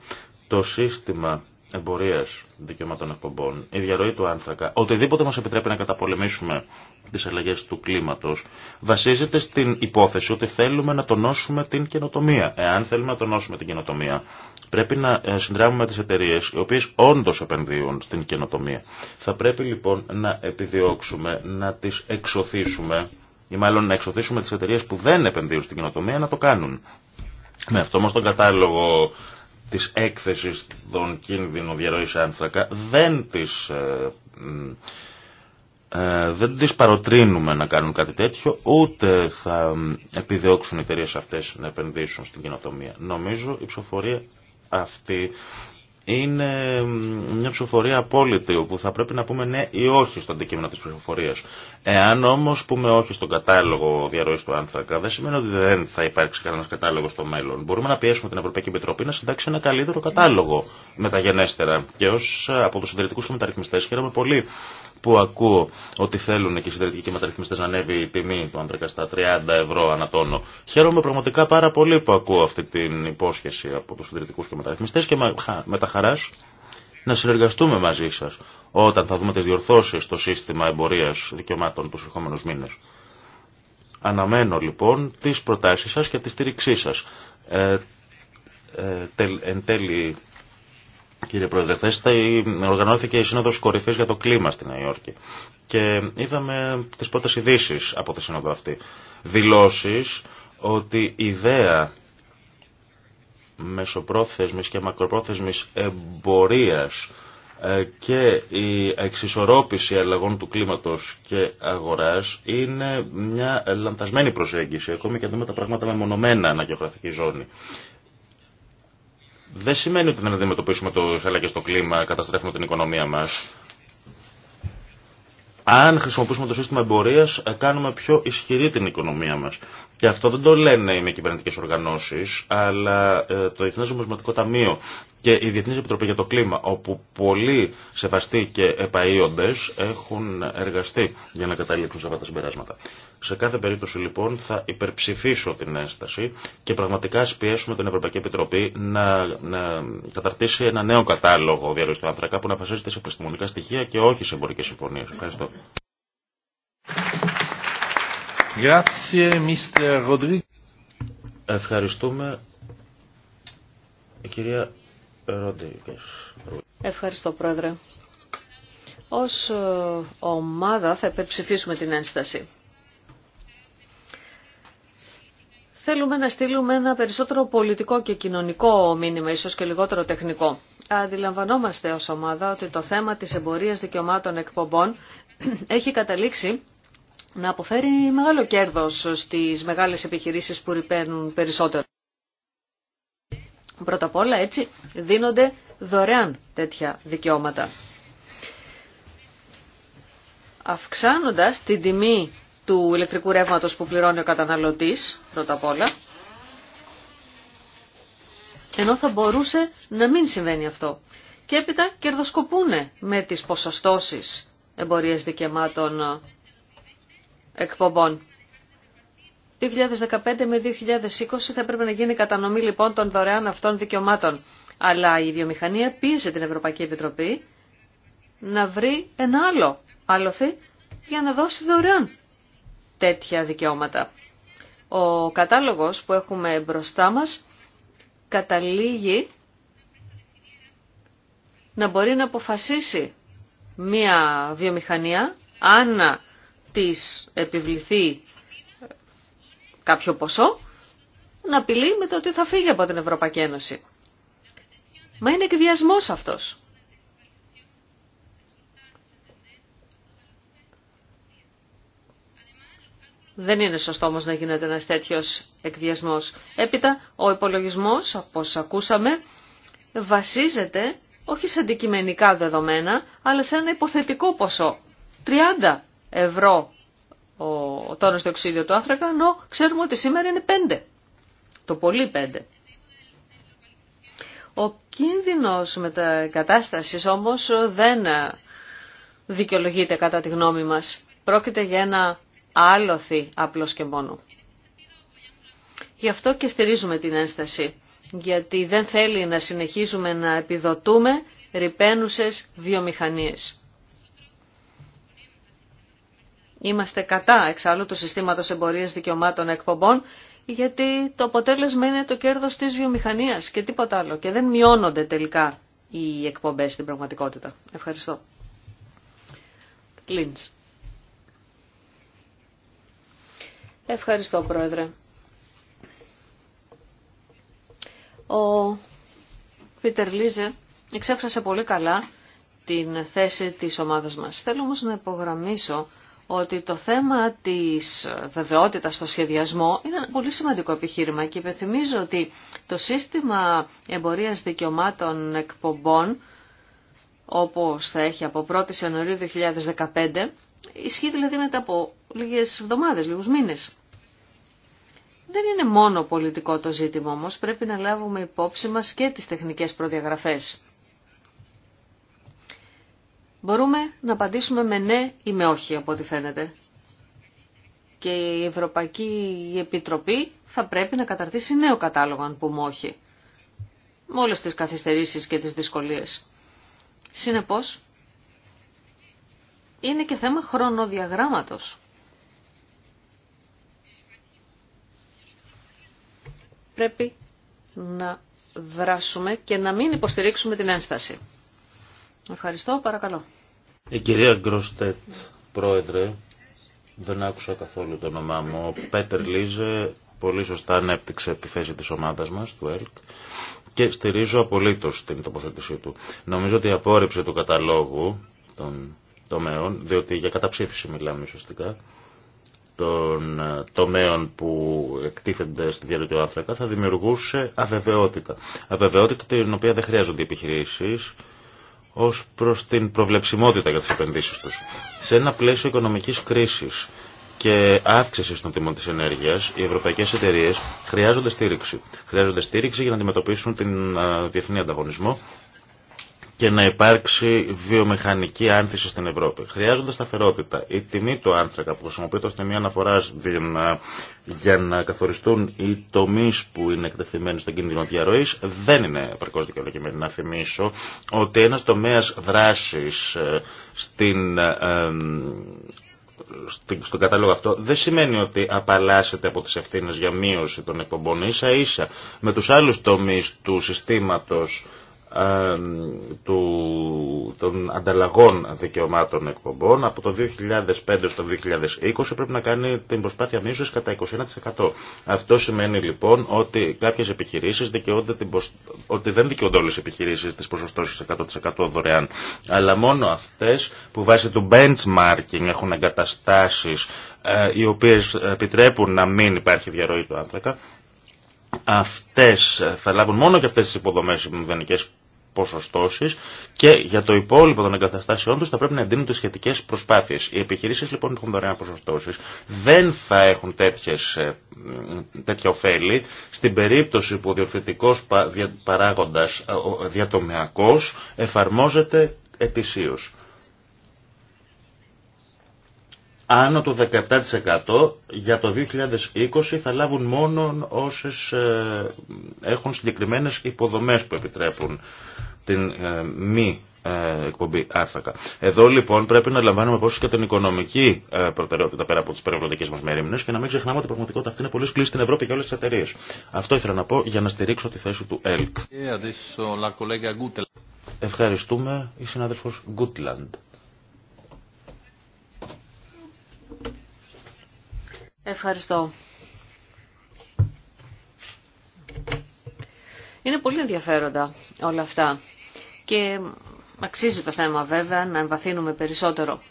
Το σύστημα εμπορία δικαιωμάτων εκπομπών, η διαρροή του άνθρακα, οτιδήποτε μα επιτρέπει να καταπολεμήσουμε τι αλλαγέ του κλίματο, βασίζεται στην υπόθεση ότι θέλουμε να τονώσουμε την καινοτομία. Εάν θέλουμε να τονώσουμε την καινοτομία, Πρέπει να ε, συνδράμουμε τις εταιρείες οι οποίες όντως επενδύουν στην καινοτομία. Θα πρέπει λοιπόν να επιδιώξουμε, να τις εξωθήσουμε ή μάλλον να εξωθήσουμε τις εταιρείες που δεν επενδύουν στην καινοτομία να το κάνουν. Με αυτό όμως τον κατάλογο της έκθεσης των κίνδυνων διαρροής άνθρακα δεν τις, ε, ε, δεν τις παροτρύνουμε να κάνουν κάτι τέτοιο ούτε θα επιδιώξουν οι εταιρείε αυτές να επενδύσουν στην καινοτομία. Νομίζω η ψηφοφορία αυτή είναι μια ψηφοφορία απόλυτη όπου θα πρέπει να πούμε ναι ή όχι στο αντικείμενο της ψηφοφορίας. Εάν όμως πούμε όχι στον κατάλογο διαρροής του άνθρακα δεν σημαίνει ότι δεν θα υπάρξει κανένας κατάλογος στο μέλλον. Μπορούμε να πιέσουμε την Ευρωπαϊκή Επιτροπή να συντάξει ένα καλύτερο κατάλογο μεταγενέστερα. Και ως ε, από τους συντηρητικούς και μεταρρυθμιστές χαίρομαι πολύ που ακούω ότι θέλουν και οι συντηρητικοί μεταρρυθμιστέ να ανέβει η τιμή του άντρακα στα 30 ευρώ ανά τόνο. Χαίρομαι πραγματικά πάρα πολύ που ακούω αυτή την υπόσχεση από του συντηρητικού και μεταρρυθμιστέ και με τα χαρά να συνεργαστούμε μαζί σα όταν θα δούμε τι διορθώσει στο σύστημα εμπορία δικαιωμάτων του ερχόμενου μήνε. Αναμένω λοιπόν τι προτάσει σα και τη στήριξή σα. Ε, ε εν τέλει Κύριε Πρόεδρε, χθε οργανώθηκε η Σύνοδο Κορυφή για το Κλίμα στην Νέα Υόρκη. Και είδαμε τι πρώτε ειδήσει από τη Σύνοδο αυτή. Δηλώσει ότι η ιδέα μεσοπρόθεσμη και μακροπρόθεσμη εμπορίας ε, και η εξισορρόπηση αλλαγών του κλίματος και αγοράς είναι μια λανθασμένη προσέγγιση, ακόμη και αν δούμε τα πράγματα μονομένα αναγεωγραφική ζώνη δεν σημαίνει ότι δεν αντιμετωπίσουμε το και στο κλίμα, καταστρέφουμε την οικονομία μας. Αν χρησιμοποιήσουμε το σύστημα εμπορία, ε, κάνουμε πιο ισχυρή την οικονομία μα. Και αυτό δεν το λένε οι μη κυβερνητικέ οργανώσει, αλλά ε, το Διεθνέ Νομισματικό Ταμείο και η Διεθνή Επιτροπή για το Κλίμα, όπου πολλοί σεβαστοί και επαείοντε έχουν εργαστεί για να καταλήξουν σε αυτά τα συμπεράσματα. Σε κάθε περίπτωση λοιπόν θα υπερψηφίσω την ένσταση και πραγματικά σπιέσουμε πιέσουμε την Ευρωπαϊκή Επιτροπή να, να καταρτήσει ένα νέο κατάλογο διαρροής του άνθρακα που να βασίζεται σε επιστημονικά στοιχεία και όχι σε εμπορικέ συμφωνίες. Ευχαριστώ. Ευχαριστούμε. κυρία Ευχαριστώ πρόεδρε. Ως ε, ομάδα θα υπερψηφίσουμε την ένσταση. Θέλουμε να στείλουμε ένα περισσότερο πολιτικό και κοινωνικό μήνυμα, ίσως και λιγότερο τεχνικό. Αντιλαμβανόμαστε ως ομάδα ότι το θέμα της εμπορίας δικαιωμάτων εκπομπών (clears throat) έχει καταλήξει να αποφέρει μεγάλο κέρδος στις μεγάλες επιχειρήσεις που ρηπαίνουν περισσότερο. Πρώτα απ' όλα έτσι δίνονται δωρεάν τέτοια δικαιώματα. Αυξάνοντας την τιμή του ηλεκτρικού ρεύματος που πληρώνει ο καταναλωτής, πρώτα απ' όλα, ενώ θα μπορούσε να μην συμβαίνει αυτό. Και έπειτα κερδοσκοπούνε με τις ποσοστώσεις εμπορίες δικαιωμάτων ε, εκπομπών. 2015 με 2020 θα έπρεπε να γίνει η κατανομή λοιπόν των δωρεάν αυτών δικαιωμάτων. Αλλά η βιομηχανία πίεσε την Ευρωπαϊκή Επιτροπή να βρει ένα άλλο άλοθη για να δώσει δωρεάν τέτοια δικαιώματα. Ο κατάλογος που έχουμε μπροστά μας καταλήγει να μπορεί να αποφασίσει μία βιομηχανία αν της επιβληθεί κάποιο ποσό να απειλεί με το ότι θα φύγει από την Ευρωπαϊκή Ένωση. Μα είναι εκβιασμός αυτός. Δεν είναι σωστό όμως να γίνεται ένας τέτοιος εκβιασμός. Έπειτα, ο υπολογισμός, όπως ακούσαμε, βασίζεται όχι σε αντικειμενικά δεδομένα, αλλά σε ένα υποθετικό ποσό. 30 ευρώ ο τόνος του οξύδιου του άνθρακα, ενώ ξέρουμε ότι σήμερα είναι 5. Το πολύ 5. Ο κίνδυνος μετακατάστασης όμως δεν δικαιολογείται κατά τη γνώμη μας. Πρόκειται για ένα άλοθη απλώς και μόνο. Γι' αυτό και στηρίζουμε την ένσταση, γιατί δεν θέλει να συνεχίζουμε να επιδοτούμε ρηπαίνουσες βιομηχανίες. Είμαστε κατά εξάλλου του συστήματος εμπορίας δικαιωμάτων εκπομπών, γιατί το αποτέλεσμα είναι το κέρδος της βιομηχανίας και τίποτα άλλο. Και δεν μειώνονται τελικά οι εκπομπές στην πραγματικότητα. Ευχαριστώ. Ευχαριστώ, Πρόεδρε. Ο Πίτερ Λίζε εξέφρασε πολύ καλά την θέση της ομάδας μας. Θέλω όμως να υπογραμμίσω ότι το θέμα της βεβαιότητας στο σχεδιασμό είναι ένα πολύ σημαντικό επιχείρημα και υπενθυμίζω ότι το σύστημα εμπορίας δικαιωμάτων εκπομπών όπως θα έχει από 1η Ιανουαρίου 2015 Ισχύει δηλαδή μετά από λίγες εβδομάδες, λίγους μήνες. Δεν είναι μόνο πολιτικό το ζήτημα όμως, πρέπει να λάβουμε υπόψη μας και τις τεχνικές προδιαγραφές. Μπορούμε να απαντήσουμε με ναι ή με όχι από ό,τι φαίνεται. Και η Ευρωπαϊκή Επιτροπή θα πρέπει να καταρτήσει νέο κατάλογο αν πούμε όχι. Με όλες τις καθυστερήσεις και τις δυσκολίες. Συνεπώς, είναι και θέμα χρονοδιαγράμματος. Πρέπει να δράσουμε και να μην υποστηρίξουμε την ένσταση. Ευχαριστώ, παρακαλώ. Η κυρία Γκροστέτ, πρόεδρε, δεν άκουσα καθόλου το όνομά μου. Ο Πέτερ Λίζε πολύ σωστά ανέπτυξε τη θέση της ομάδας μας, του ΕΛΚ, και στηρίζω απολύτως την τοποθέτησή του. Νομίζω ότι η απόρριψη του καταλόγου των τομέων, διότι για καταψήφιση μιλάμε ουσιαστικά, των ε, τομέων που εκτίθενται στη διάρκεια του άνθρακα θα δημιουργούσε αβεβαιότητα. Αβεβαιότητα την οποία δεν χρειάζονται οι επιχειρήσεις ως προς την προβλεψιμότητα για τις επενδύσεις τους. Σε ένα πλαίσιο οικονομικής κρίσης και αύξηση των τιμών της ενέργειας, οι ευρωπαϊκές εταιρείες χρειάζονται στήριξη. Χρειάζονται στήριξη για να αντιμετωπίσουν την ε, διεθνή ανταγωνισμό και να υπάρξει βιομηχανική άνθηση στην Ευρώπη. Χρειάζονται σταθερότητα. Η τιμή του άνθρακα που χρησιμοποιείται ω τιμή αναφορά για να καθοριστούν οι τομεί που είναι εκτεθειμένοι στον κίνδυνο διαρροή δεν είναι επαρκώ δικαιολογημένη. Να θυμίσω ότι ένα τομέα δράση στην στον κατάλογο αυτό δεν σημαίνει ότι απαλλάσσεται από τις ευθύνες για μείωση των εκπομπών ίσα ίσα με τους άλλους τομείς του συστήματος ε, του, των ανταλλαγών δικαιωμάτων εκπομπών από το 2005 στο 2020 πρέπει να κάνει την προσπάθεια μείωσης κατά 21%. Αυτό σημαίνει λοιπόν ότι κάποιες επιχειρήσεις δικαιούνται την ότι δεν δικαιούνται όλες οι επιχειρήσεις της ποσοστώσεις 100% δωρεάν αλλά μόνο αυτές που βάσει του benchmarking έχουν εγκαταστάσεις ε, οι οποίες επιτρέπουν να μην υπάρχει διαρροή του άνθρακα αυτές θα λάβουν μόνο και αυτές τις υποδομές και για το υπόλοιπο των εγκαταστάσεών τους θα πρέπει να δίνουν τις σχετικές προσπάθειες. Οι επιχειρήσεις λοιπόν που έχουν δωρεάν ποσοστώσεις δεν θα έχουν τέτοιες, ε, τέτοια ωφέλη στην περίπτωση που ο διορθωτικός παράγοντας ε, διατομιακός εφαρμόζεται ετησίως άνω του 17% για το 2020 θα λάβουν μόνο όσες ε, έχουν συγκεκριμένες υποδομές που επιτρέπουν την ε, μη ε, εκπομπή άρθρακα. Εδώ λοιπόν πρέπει να λαμβάνουμε πόσο και την οικονομική προτεραιότητα πέρα από τις περιβαλλοντικές μας μερίμνες και να μην ξεχνάμε ότι η πραγματικότητα αυτή είναι πολύ σκληρή στην Ευρώπη και όλε τι εταιρείε. Αυτό ήθελα να πω για να στηρίξω τη θέση του ΕΛΚ. Ευχαριστούμε η συνάδελφος Γκούτλαντ. Ευχαριστώ. Είναι πολύ ενδιαφέροντα όλα αυτά και αξίζει το θέμα βέβαια να εμβαθύνουμε περισσότερο.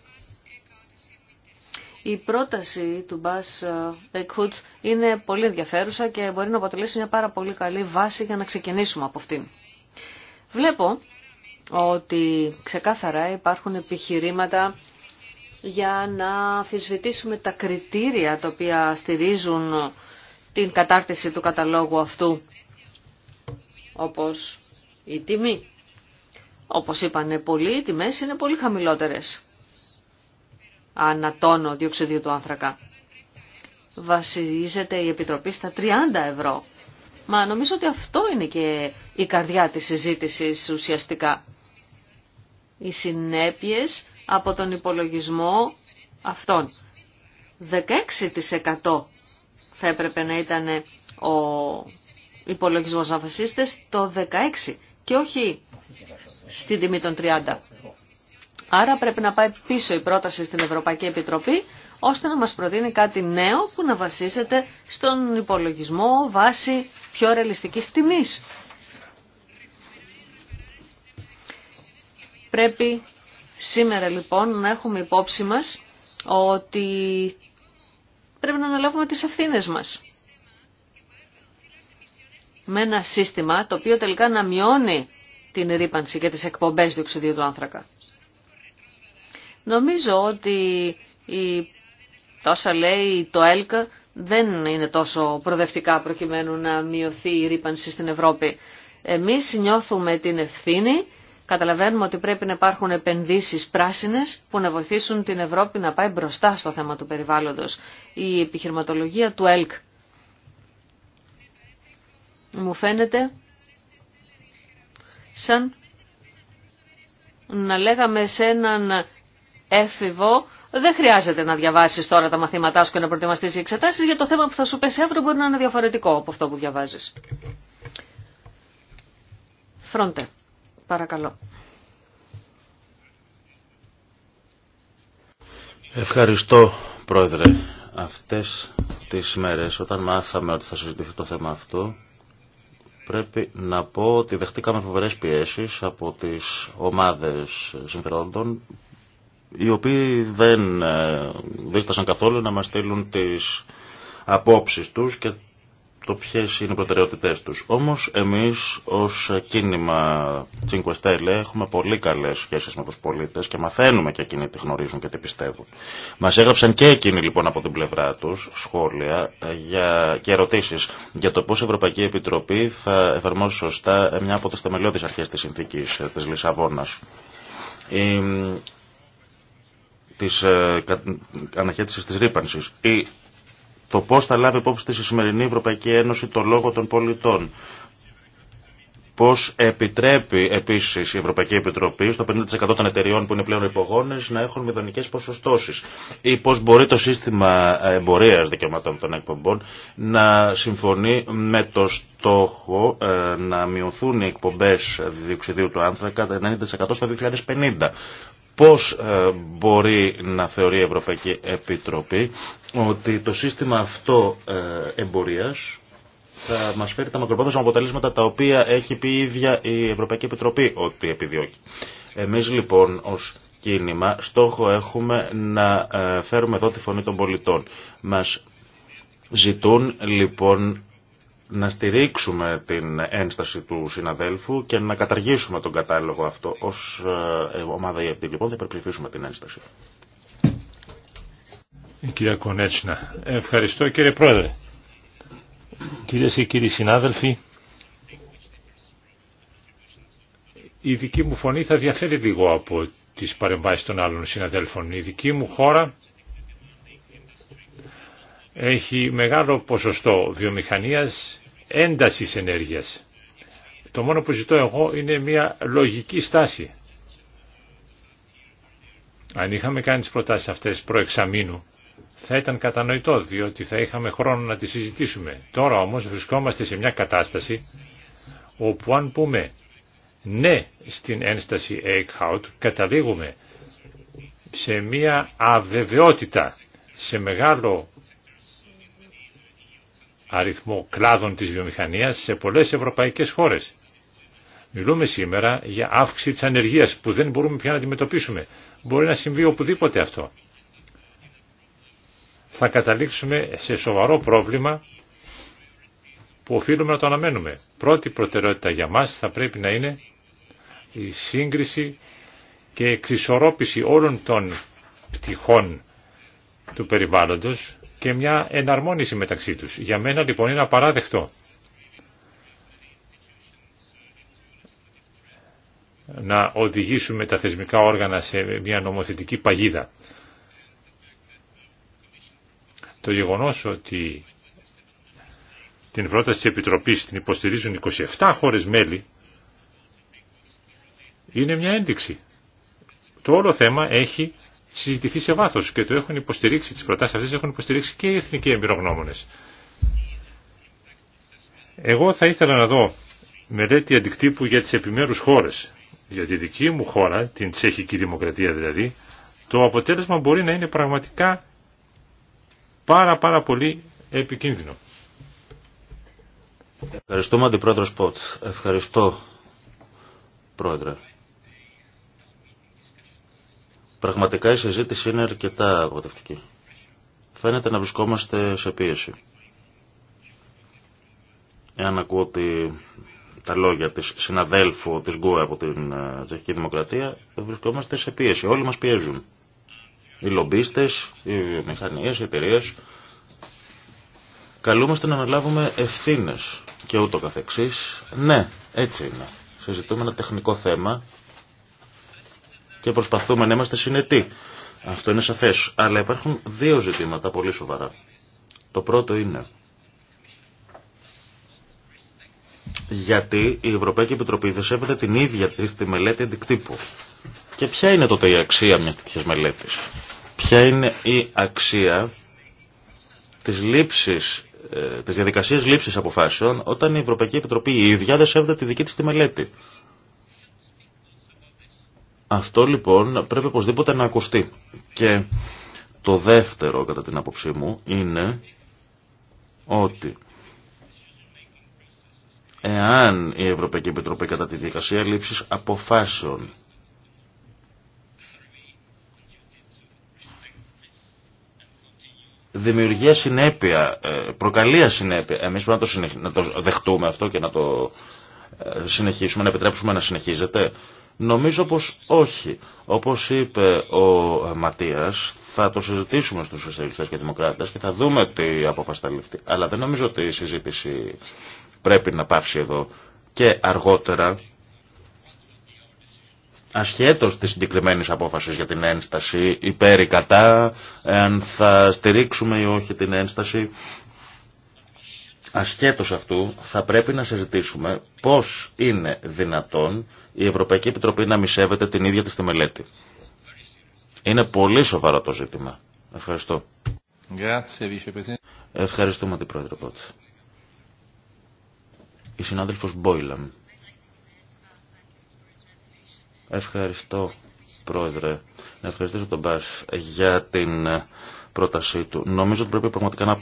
Η πρόταση του Μπάς Εκχούτ είναι πολύ ενδιαφέρουσα και μπορεί να αποτελέσει μια πάρα πολύ καλή βάση για να ξεκινήσουμε από αυτήν. Βλέπω ότι ξεκάθαρα υπάρχουν επιχειρήματα για να αφισβητήσουμε τα κριτήρια τα οποία στηρίζουν την κατάρτιση του καταλόγου αυτού, όπως η τιμή. Όπως είπανε πολλοί, οι τιμές είναι πολύ χαμηλότερες ανατόνο τόνο διοξιδίου του άνθρακα. Βασίζεται η Επιτροπή στα 30 ευρώ. Μα νομίζω ότι αυτό είναι και η καρδιά της συζήτησης ουσιαστικά. Οι συνέπειες από τον υπολογισμό αυτών. 16% θα έπρεπε να ήταν ο υπολογισμός να βασίστε το 16% και όχι στην τιμή των 30%. Άρα πρέπει να πάει πίσω η πρόταση στην Ευρωπαϊκή Επιτροπή ώστε να μας προτείνει κάτι νέο που να βασίζεται στον υπολογισμό βάσει πιο ρεαλιστικής τιμής. Πρέπει Σήμερα λοιπόν να έχουμε υπόψη μας ότι πρέπει να αναλάβουμε τις ευθύνε μας. Με ένα σύστημα το οποίο τελικά να μειώνει την ρήπανση και τις εκπομπές του του άνθρακα. Νομίζω ότι η... τόσα λέει το ΕΛΚ δεν είναι τόσο προδευτικά προκειμένου να μειωθεί η ρήπανση στην Ευρώπη. Εμείς νιώθουμε την ευθύνη Καταλαβαίνουμε ότι πρέπει να υπάρχουν επενδύσεις πράσινες που να βοηθήσουν την Ευρώπη να πάει μπροστά στο θέμα του περιβάλλοντος. Η επιχειρηματολογία του ΕΛΚ. Μου φαίνεται σαν να λέγαμε σε έναν έφηβο δεν χρειάζεται να διαβάσει τώρα τα μαθήματά σου και να προετοιμαστεί για εξετάσει, για το θέμα που θα σου πέσει αύριο μπορεί να είναι διαφορετικό από αυτό που διαβάζει. Φρόντε. Παρακαλώ. Ευχαριστώ, Πρόεδρε. Αυτές τις μέρες, όταν μάθαμε ότι θα συζητηθεί το θέμα αυτό, πρέπει να πω ότι δεχτήκαμε φοβέρε πιέσεις από τις ομάδες συμφερόντων, οι οποίοι δεν ε, δίστασαν καθόλου να μας στείλουν τις απόψεις τους και το ποιε είναι οι προτεραιότητέ του. Όμω, εμεί ω κίνημα Τσίνκου Εστέλε έχουμε πολύ καλέ σχέσει με του πολίτε και μαθαίνουμε και εκείνοι τι γνωρίζουν και τι πιστεύουν. Μα έγραψαν και εκείνοι λοιπόν από την πλευρά του σχόλια ε, για... και ερωτήσει για το πώ η Ευρωπαϊκή Επιτροπή θα εφαρμόσει σωστά ε, μια από τι θεμελιώδει αρχέ τη συνθήκη ε, τη Λισαβόνα. Η... Τη ε, αναχέτηση τη ρήπανση. Η το πώς θα λάβει υπόψη στη σημερινή Ευρωπαϊκή Ένωση το λόγο των πολιτών. Πώς επιτρέπει επίση η Ευρωπαϊκή Επιτροπή στο 50% των εταιριών που είναι πλέον υπογόνες να έχουν μηδενικέ ποσοστώσεις. Ή πώς μπορεί το σύστημα εμπορία δικαιωμάτων των εκπομπών να συμφωνεί με το στόχο ε, να μειωθούν οι εκπομπές διοξιδίου του άνθρακα 90% στο 2050. Πώς ε, μπορεί να θεωρεί η Ευρωπαϊκή Επιτροπή ότι το σύστημα αυτό ε, εμπορίας θα μας φέρει τα μακροπρόθεσμα αποτελέσματα τα οποία έχει πει η ίδια η Ευρωπαϊκή Επιτροπή ότι επιδιώκει. Εμείς λοιπόν ως κίνημα στόχο έχουμε να ε, φέρουμε εδώ τη φωνή των πολιτών. Μας ζητούν λοιπόν να στηρίξουμε την ένσταση του συναδέλφου και να καταργήσουμε τον κατάλογο αυτό. Ως ε, ομάδα EFD λοιπόν θα υπερψηφίσουμε την ένσταση. Η κυρία Κονέτσινα. Ευχαριστώ κύριε Πρόεδρε. Κυρίε και κύριοι συνάδελφοι, η δική μου φωνή θα διαφέρει λίγο από τις παρεμβάσεις των άλλων συναδέλφων. Η δική μου χώρα έχει μεγάλο ποσοστό βιομηχανίας έντασης ενέργειας. Το μόνο που ζητώ εγώ είναι μια λογική στάση. Αν είχαμε κάνει τις προτάσεις αυτές προεξαμήνου, θα ήταν κατανοητό, διότι θα είχαμε χρόνο να τις συζητήσουμε. Τώρα όμως βρισκόμαστε σε μια κατάσταση όπου αν πούμε ναι στην ένσταση Eichhout, καταλήγουμε σε μια αβεβαιότητα, σε μεγάλο αριθμό κλάδων της βιομηχανίας σε πολλές ευρωπαϊκές χώρες. Μιλούμε σήμερα για αύξηση της ανεργίας που δεν μπορούμε πια να αντιμετωπίσουμε. Μπορεί να συμβεί οπουδήποτε αυτό. Θα καταλήξουμε σε σοβαρό πρόβλημα που οφείλουμε να το αναμένουμε. Πρώτη προτεραιότητα για μας θα πρέπει να είναι η σύγκριση και εξισορρόπηση όλων των πτυχών του περιβάλλοντος και μια εναρμόνιση μεταξύ τους. Για μένα λοιπόν είναι απαράδεκτο να οδηγήσουμε τα θεσμικά όργανα σε μια νομοθετική παγίδα. Το γεγονός ότι την πρόταση της Επιτροπής την υποστηρίζουν 27 χώρες μέλη είναι μια ένδειξη. Το όλο θέμα έχει συζητηθεί σε βάθος και το έχουν υποστηρίξει, τις προτάσεις αυτές έχουν υποστηρίξει και οι εθνικοί εμπειρογνώμονε. Εγώ θα ήθελα να δω μελέτη αντικτύπου για τις επιμέρους χώρες. Για τη δική μου χώρα, την τσεχική δημοκρατία δηλαδή, το αποτέλεσμα μπορεί να είναι πραγματικά πάρα πάρα πολύ επικίνδυνο. Ευχαριστούμε Αντιπρόεδρο Σποτ. Ευχαριστώ Πρόεδρε. Πραγματικά η συζήτηση είναι αρκετά απογοητευτική. Φαίνεται να βρισκόμαστε σε πίεση. Εάν ακούω ότι τα λόγια της συναδέλφου της ΓΚΟΕ από την ε, Τσεχική Δημοκρατία, βρισκόμαστε σε πίεση. Όλοι μας πιέζουν. Οι λομπίστες, οι μηχανίες, οι εταιρείε. Καλούμαστε να αναλάβουμε ευθύνες και ούτω καθεξής. Ναι, έτσι είναι. Συζητούμε ένα τεχνικό θέμα και προσπαθούμε να είμαστε συνετοί. Αυτό είναι σαφές. Αλλά υπάρχουν δύο ζητήματα πολύ σοβαρά. Το πρώτο είναι γιατί η Ευρωπαϊκή Επιτροπή δεσέβεται την ίδια της τη μελέτη αντικτύπου. Και ποια είναι τότε η αξία μιας τέτοιας μελέτης. Ποια είναι η αξία της λήψης ε, ...της διαδικασίας λήψης αποφάσεων, όταν η Ευρωπαϊκή Επιτροπή η ίδια δεσέβεται τη δική της τη μελέτη. Αυτό λοιπόν πρέπει οπωσδήποτε να ακουστεί. Και το δεύτερο κατά την άποψή μου είναι ότι εάν η Ευρωπαϊκή Επιτροπή κατά τη διαδικασία λήψης αποφάσεων δημιουργεί συνέπεια, ε, προκαλεί ασυνέπεια. Εμείς πρέπει να το, να το δεχτούμε αυτό και να το ε, συνεχίσουμε, να επιτρέψουμε να συνεχίζεται. Νομίζω πως όχι. Όπως είπε ο ε, Ματίας, θα το συζητήσουμε στους σοσιαλιστές και δημοκράτες και θα δούμε τι απόφαση θα Αλλά δεν νομίζω ότι η συζήτηση πρέπει να πάψει εδώ και αργότερα ασχέτως της συγκεκριμένη απόφασης για την ένσταση, υπέρ ή κατά, αν θα στηρίξουμε ή όχι την ένσταση, Ασχέτως αυτού θα πρέπει να συζητήσουμε πώς είναι δυνατόν η Ευρωπαϊκή Επιτροπή να μισεύεται την ίδια της τη μελέτη. Είναι πολύ σοβαρό το ζήτημα. Ευχαριστώ. Ευχαριστούμε την Πρόεδρε Πότ. Η συνάδελφος Μπόιλαμ. Ευχαριστώ Πρόεδρε. Να ευχαριστήσω τον Μπάς για την πρότασή του. Νομίζω ότι πρέπει πραγματικά να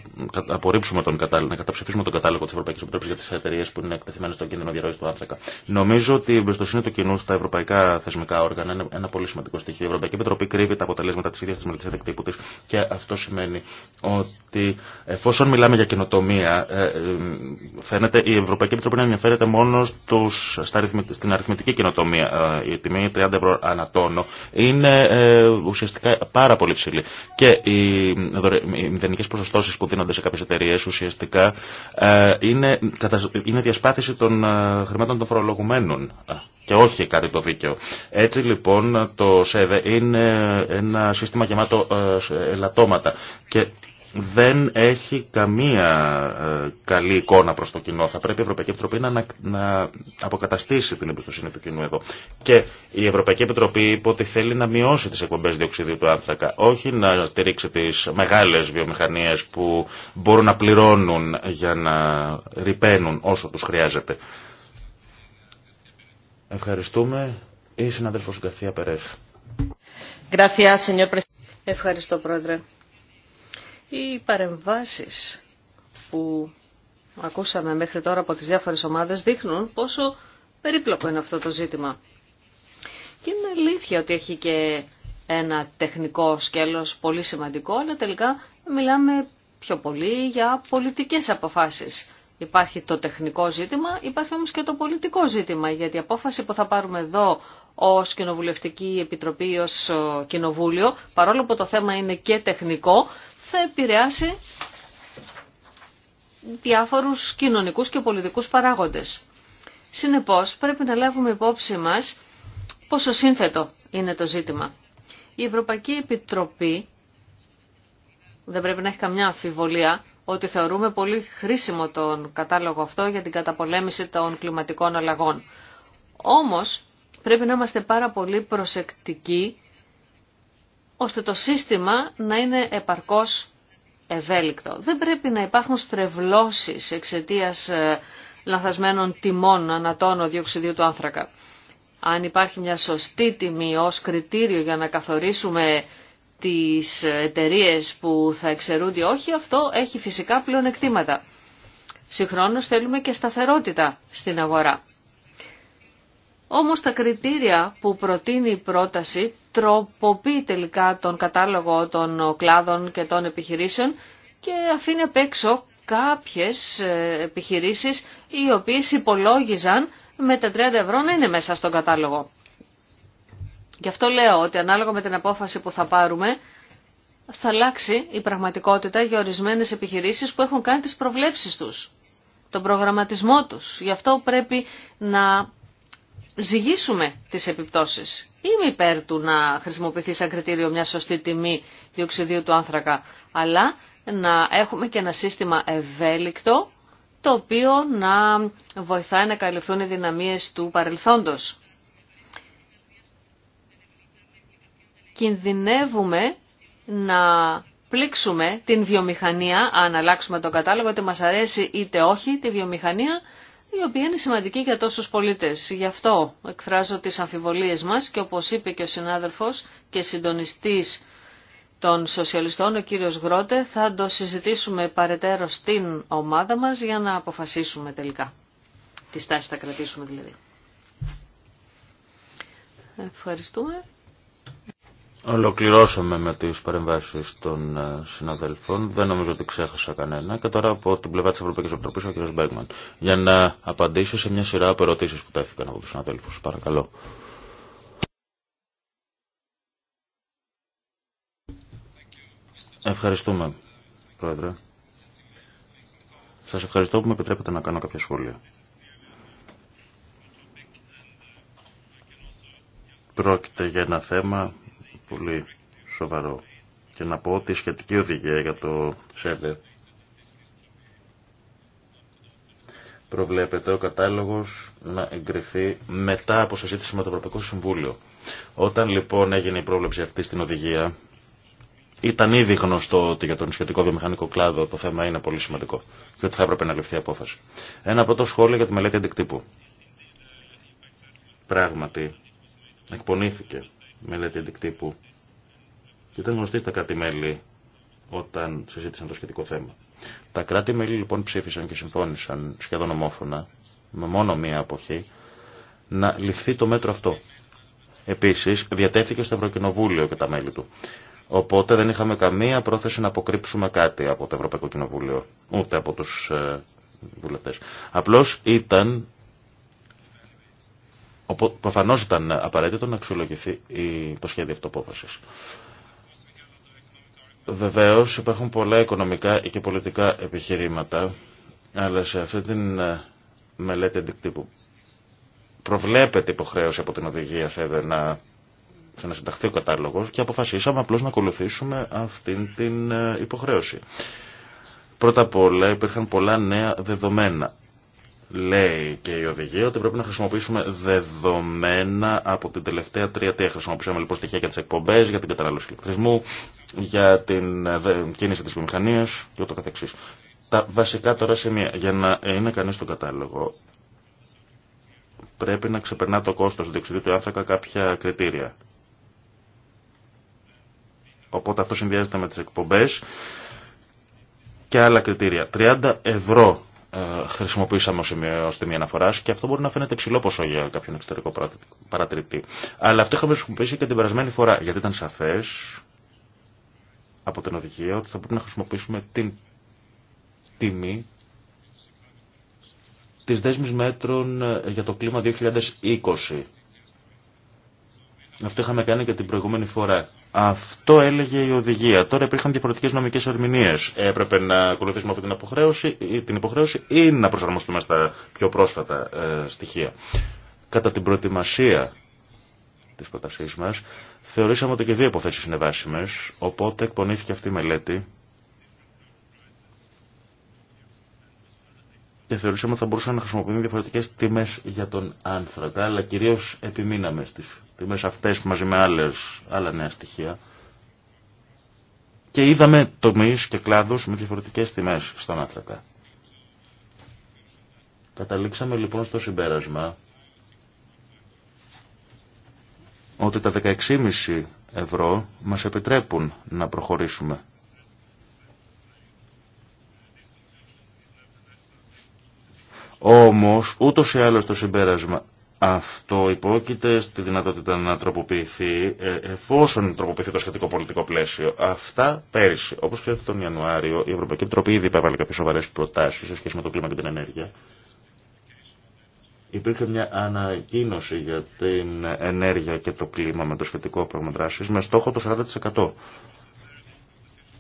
απορρίψουμε τον κατάλογο, να καταψηφίσουμε τον κατάλογο τη Ευρωπαϊκή Επιτροπή για τι εταιρείε που είναι εκτεθειμένε στον κίνδυνο διαρροή του άνθρακα. Νομίζω ότι η εμπιστοσύνη του κοινού στα ευρωπαϊκά θεσμικά όργανα είναι ένα πολύ σημαντικό στοιχείο. Η Ευρωπαϊκή Επιτροπή κρύβει τα αποτελέσματα τη ίδια τη μελετή αντικτύπου τη και αυτό σημαίνει ότι εφόσον μιλάμε για καινοτομία, ε, ε, φαίνεται η Ευρωπαϊκή Επιτροπή να ενδιαφέρεται μόνο στους, στην αριθμητική καινοτομία. Ε, η τιμή 30 ευρώ ανατόνο είναι ουσιαστικά πάρα πολύ ψηλή. Και η οι μηδενικέ ποσοστώσει που δίνονται σε κάποιε εταιρείε ουσιαστικά ε, είναι, είναι διασπάθηση των ε, χρημάτων των φορολογουμένων και όχι κάτι το δίκαιο. Έτσι λοιπόν το ΣΕΔΕ είναι ένα σύστημα γεμάτο ε, ελαττώματα. Και δεν έχει καμία ε, καλή εικόνα προς το κοινό. Θα πρέπει η Ευρωπαϊκή Επιτροπή να, να αποκαταστήσει την εμπιστοσύνη του κοινού εδώ. Και η Ευρωπαϊκή Επιτροπή είπε ότι θέλει να μειώσει τις εκπομπές διοξιδίου του άνθρακα, όχι να στηρίξει τις μεγάλες βιομηχανίες που μπορούν να πληρώνουν για να ρηπαίνουν όσο τους χρειάζεται. Ευχαριστούμε. Η συναδελφός Γκαρθία Περέφ. Ευχαριστώ, Πρόεδρε. Οι παρεμβάσεις που ακούσαμε μέχρι τώρα από τις διάφορες ομάδες δείχνουν πόσο περίπλοκο είναι αυτό το ζήτημα. Και είναι αλήθεια ότι έχει και ένα τεχνικό σκέλος πολύ σημαντικό, αλλά τελικά μιλάμε πιο πολύ για πολιτικές αποφάσεις. Υπάρχει το τεχνικό ζήτημα, υπάρχει όμως και το πολιτικό ζήτημα, γιατί η απόφαση που θα πάρουμε εδώ ως Κοινοβουλευτική Επιτροπή, ως ε, Κοινοβούλιο, παρόλο που το θέμα είναι και τεχνικό, θα επηρεάσει διάφορους κοινωνικούς και πολιτικούς παράγοντες. Συνεπώς πρέπει να λάβουμε υπόψη μας πόσο σύνθετο είναι το ζήτημα. Η Ευρωπαϊκή Επιτροπή δεν πρέπει να έχει καμιά αμφιβολία ότι θεωρούμε πολύ χρήσιμο τον κατάλογο αυτό για την καταπολέμηση των κλιματικών αλλαγών. Όμως πρέπει να είμαστε πάρα πολύ προσεκτικοί ώστε το σύστημα να είναι επαρκώς ευέλικτο. Δεν πρέπει να υπάρχουν στρεβλώσεις εξαιτίας ε, λανθασμένων τιμών ανατόνο διοξιδίου του άνθρακα. Αν υπάρχει μια σωστή τιμή ως κριτήριο για να καθορίσουμε τις εταιρείε που θα εξαιρούνται ή όχι, αυτό έχει φυσικά πλεονεκτήματα. Συγχρόνως θέλουμε και σταθερότητα στην αγορά. Όμως τα κριτήρια που προτείνει πρόταση τροποποιεί τελικά τον κατάλογο των κλάδων και των επιχειρήσεων και αφήνει απ' έξω κάποιες ε, επιχειρήσεις οι οποίες υπολόγιζαν με τα 30 ευρώ να είναι μέσα στον κατάλογο. Γι' αυτό λέω ότι ανάλογα με την απόφαση που θα πάρουμε θα αλλάξει η πραγματικότητα για ορισμένες επιχειρήσεις που έχουν κάνει τις προβλέψεις τους, τον προγραμματισμό τους. Γι' αυτό πρέπει να ζυγίσουμε τις επιπτώσεις. Είμαι υπέρ του να χρησιμοποιηθεί σαν κριτήριο μια σωστή τιμή διοξιδίου του άνθρακα, αλλά να έχουμε και ένα σύστημα ευέλικτο το οποίο να βοηθάει να καλυφθούν οι δυναμίες του παρελθόντος. Κινδυνεύουμε να πλήξουμε την βιομηχανία, αν αλλάξουμε τον κατάλογο, ότι μας αρέσει είτε όχι τη βιομηχανία, η οποία είναι σημαντική για τόσους πολίτες. Γι' αυτό εκφράζω τις αμφιβολίες μας και όπως είπε και ο συνάδελφος και συντονιστής των σοσιαλιστών, ο κύριος Γρότε, θα το συζητήσουμε παρετέρω στην ομάδα μας για να αποφασίσουμε τελικά. Τη στάση θα κρατήσουμε δηλαδή. Ευχαριστούμε. Ολοκληρώσαμε με τις παρεμβάσεις των ε, συναδελφών. Δεν νομίζω ότι ξέχασα κανένα. Και τώρα από την πλευρά της Ευρωπαϊκής Επιτροπής ο κ. Μπέγκμαν. Για να απαντήσει σε μια σειρά από ερωτήσεις που τέθηκαν από τους συναδέλφους. Παρακαλώ. Ευχαριστούμε, Πρόεδρε. Σας ευχαριστώ που με επιτρέπετε να κάνω κάποια σχόλια. Πρόκειται για ένα θέμα πολύ σοβαρό. Και να πω ότι η σχετική οδηγία για το ΣΕΔΕ προβλέπεται ο κατάλογος να εγκριθεί μετά από συζήτηση με το Ευρωπαϊκό Συμβούλιο. Όταν λοιπόν έγινε η πρόβλεψη αυτή στην οδηγία, ήταν ήδη γνωστό ότι για τον σχετικό βιομηχανικό κλάδο το θέμα είναι πολύ σημαντικό και ότι θα έπρεπε να ληφθεί απόφαση. Ένα πρώτο σχόλιο για τη μελέτη αντικτύπου. Πράγματι, εκπονήθηκε μελέτη αντικτύπου ήταν γνωστή στα κράτη-μέλη όταν συζήτησαν το σχετικό θέμα. Τα κράτη-μέλη λοιπόν ψήφισαν και συμφώνησαν σχεδόν ομόφωνα, με μόνο μία αποχή, να ληφθεί το μέτρο αυτό. Επίσης, διατέθηκε στο Ευρωκοινοβούλιο και τα μέλη του. Οπότε δεν είχαμε καμία πρόθεση να αποκρύψουμε κάτι από το Ευρωπαϊκό Κοινοβούλιο, ούτε από τους ε, βουλευτέ. Απλώ ήταν Προφανώ προφανώς ήταν απαραίτητο να αξιολογηθεί το σχέδιο αυτοπόφαση. Βεβαίω υπάρχουν πολλά οικονομικά και πολιτικά επιχειρήματα, αλλά σε αυτή την ε, μελέτη αντικτύπου προβλέπεται υποχρέωση από την οδηγία ΦΕΔΕ να να συνταχθεί ο κατάλογο και αποφασίσαμε απλώ να ακολουθήσουμε αυτή την ε, υποχρέωση. Πρώτα απ' όλα υπήρχαν πολλά νέα δεδομένα λέει και η οδηγία ότι πρέπει να χρησιμοποιήσουμε δεδομένα από την τελευταία τριετία. Χρησιμοποιήσαμε λοιπόν στοιχεία για τι εκπομπέ, για την κατανάλωση ηλεκτρισμού, για την κίνηση τη βιομηχανία και ούτω καθεξής. Τα βασικά τώρα σημεία για να είναι κανεί στον κατάλογο πρέπει να ξεπερνά το κόστος διοξιδίου του άνθρακα κάποια κριτήρια. Οπότε αυτό συνδυάζεται με τις εκπομπές και άλλα κριτήρια. 30 ευρώ ε, χρησιμοποίησαμε ως σημείο μία αναφορά και αυτό μπορεί να φαίνεται ψηλό ποσό για κάποιον εξωτερικό παρατηρητή. Αλλά αυτό είχαμε χρησιμοποιήσει και την περασμένη φορά, γιατί ήταν σαφέ από την οδηγία ότι θα πρέπει να χρησιμοποιήσουμε την τιμή τη δέσμη μέτρων ε, για το κλίμα 2020. Αυτό είχαμε κάνει και την προηγούμενη φορά. Αυτό έλεγε η οδηγία. Τώρα υπήρχαν διαφορετικέ νομικέ ερμηνείε. Έπρεπε να ακολουθήσουμε αυτή την υποχρέωση, την υποχρέωση ή να προσαρμοστούμε στα πιο πρόσφατα ε, στοιχεία. Κατά την προετοιμασία τη πρότασή μα, θεωρήσαμε ότι και δύο υποθέσει είναι βάσιμε, οπότε εκπονήθηκε αυτή η μελέτη και θεωρήσαμε ότι θα μπορούσαν να χρησιμοποιούν διαφορετικές τιμέ για τον άνθρακα, αλλά κυρίως επιμείναμε στις τιμές αυτές μαζί με άλλες, άλλα νέα στοιχεία. Και είδαμε τομεί και κλάδους με διαφορετικές τιμέ στον άνθρακα. Καταλήξαμε λοιπόν στο συμπέρασμα ότι τα 16,5 ευρώ μας επιτρέπουν να προχωρήσουμε Όμως, ούτως ή άλλως το συμπέρασμα αυτό υπόκειται στη δυνατότητα να τροποποιηθεί ε, εφόσον τροποποιηθεί το σχετικό πολιτικό πλαίσιο. Αυτά πέρυσι. Όπως ξέρετε τον Ιανουάριο η Ευρωπαϊκή Επιτροπή ήδη υπέβαλε κάποιες σοβαρές προτάσεις σε σχέση με το κλίμα και την ενέργεια. Υπήρχε μια ανακοίνωση για την ενέργεια και το κλίμα με το σχετικό πρόγραμμα δράσης με στόχο το 40%.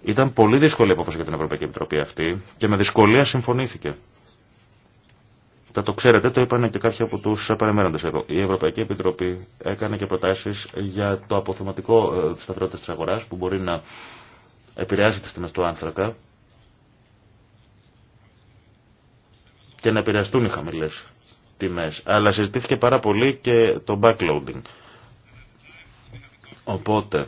Ήταν πολύ δύσκολη η απόφαση για την Ευρωπαϊκή Επιτροπή αυτή και με δυσκολία συμφωνήθηκε. Θα το ξέρετε, το είπαν και κάποιοι από τους παρεμένοντε εδώ. Η Ευρωπαϊκή Επιτροπή έκανε και προτάσεις για το αποθεματικό ε, σταθερότητα τη Αγορά που μπορεί να επηρεάσει τι τιμέ του άνθρακα και να επηρεαστούν οι χαμηλέ τιμές. Αλλά συζητήθηκε πάρα πολύ και το backloading. Οπότε,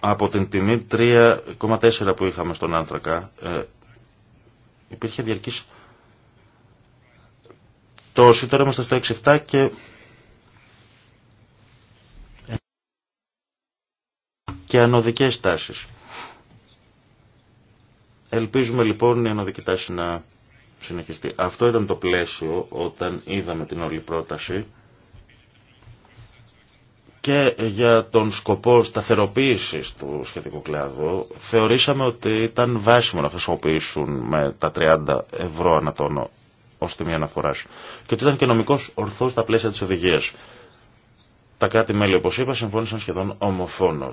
από την τιμή 3,4 που είχαμε στον άνθρακα, ε, υπήρχε διαρκής το Τώρα είμαστε στο 6-7 και... και ανωδικές τάσεις. Ελπίζουμε λοιπόν η ανωδική τάση να συνεχιστεί. Αυτό ήταν το πλαίσιο όταν είδαμε την όλη πρόταση και για τον σκοπό σταθεροποίησης του σχετικού κλάδου θεωρήσαμε ότι ήταν βάσιμο να χρησιμοποιήσουν με τα 30 ευρώ ανατόνο ω τιμή αναφορά. Και ότι ήταν και νομικό ορθό στα πλαίσια τη οδηγία. Τα κράτη-μέλη, όπω είπα, συμφώνησαν σχεδόν ομοφόνο.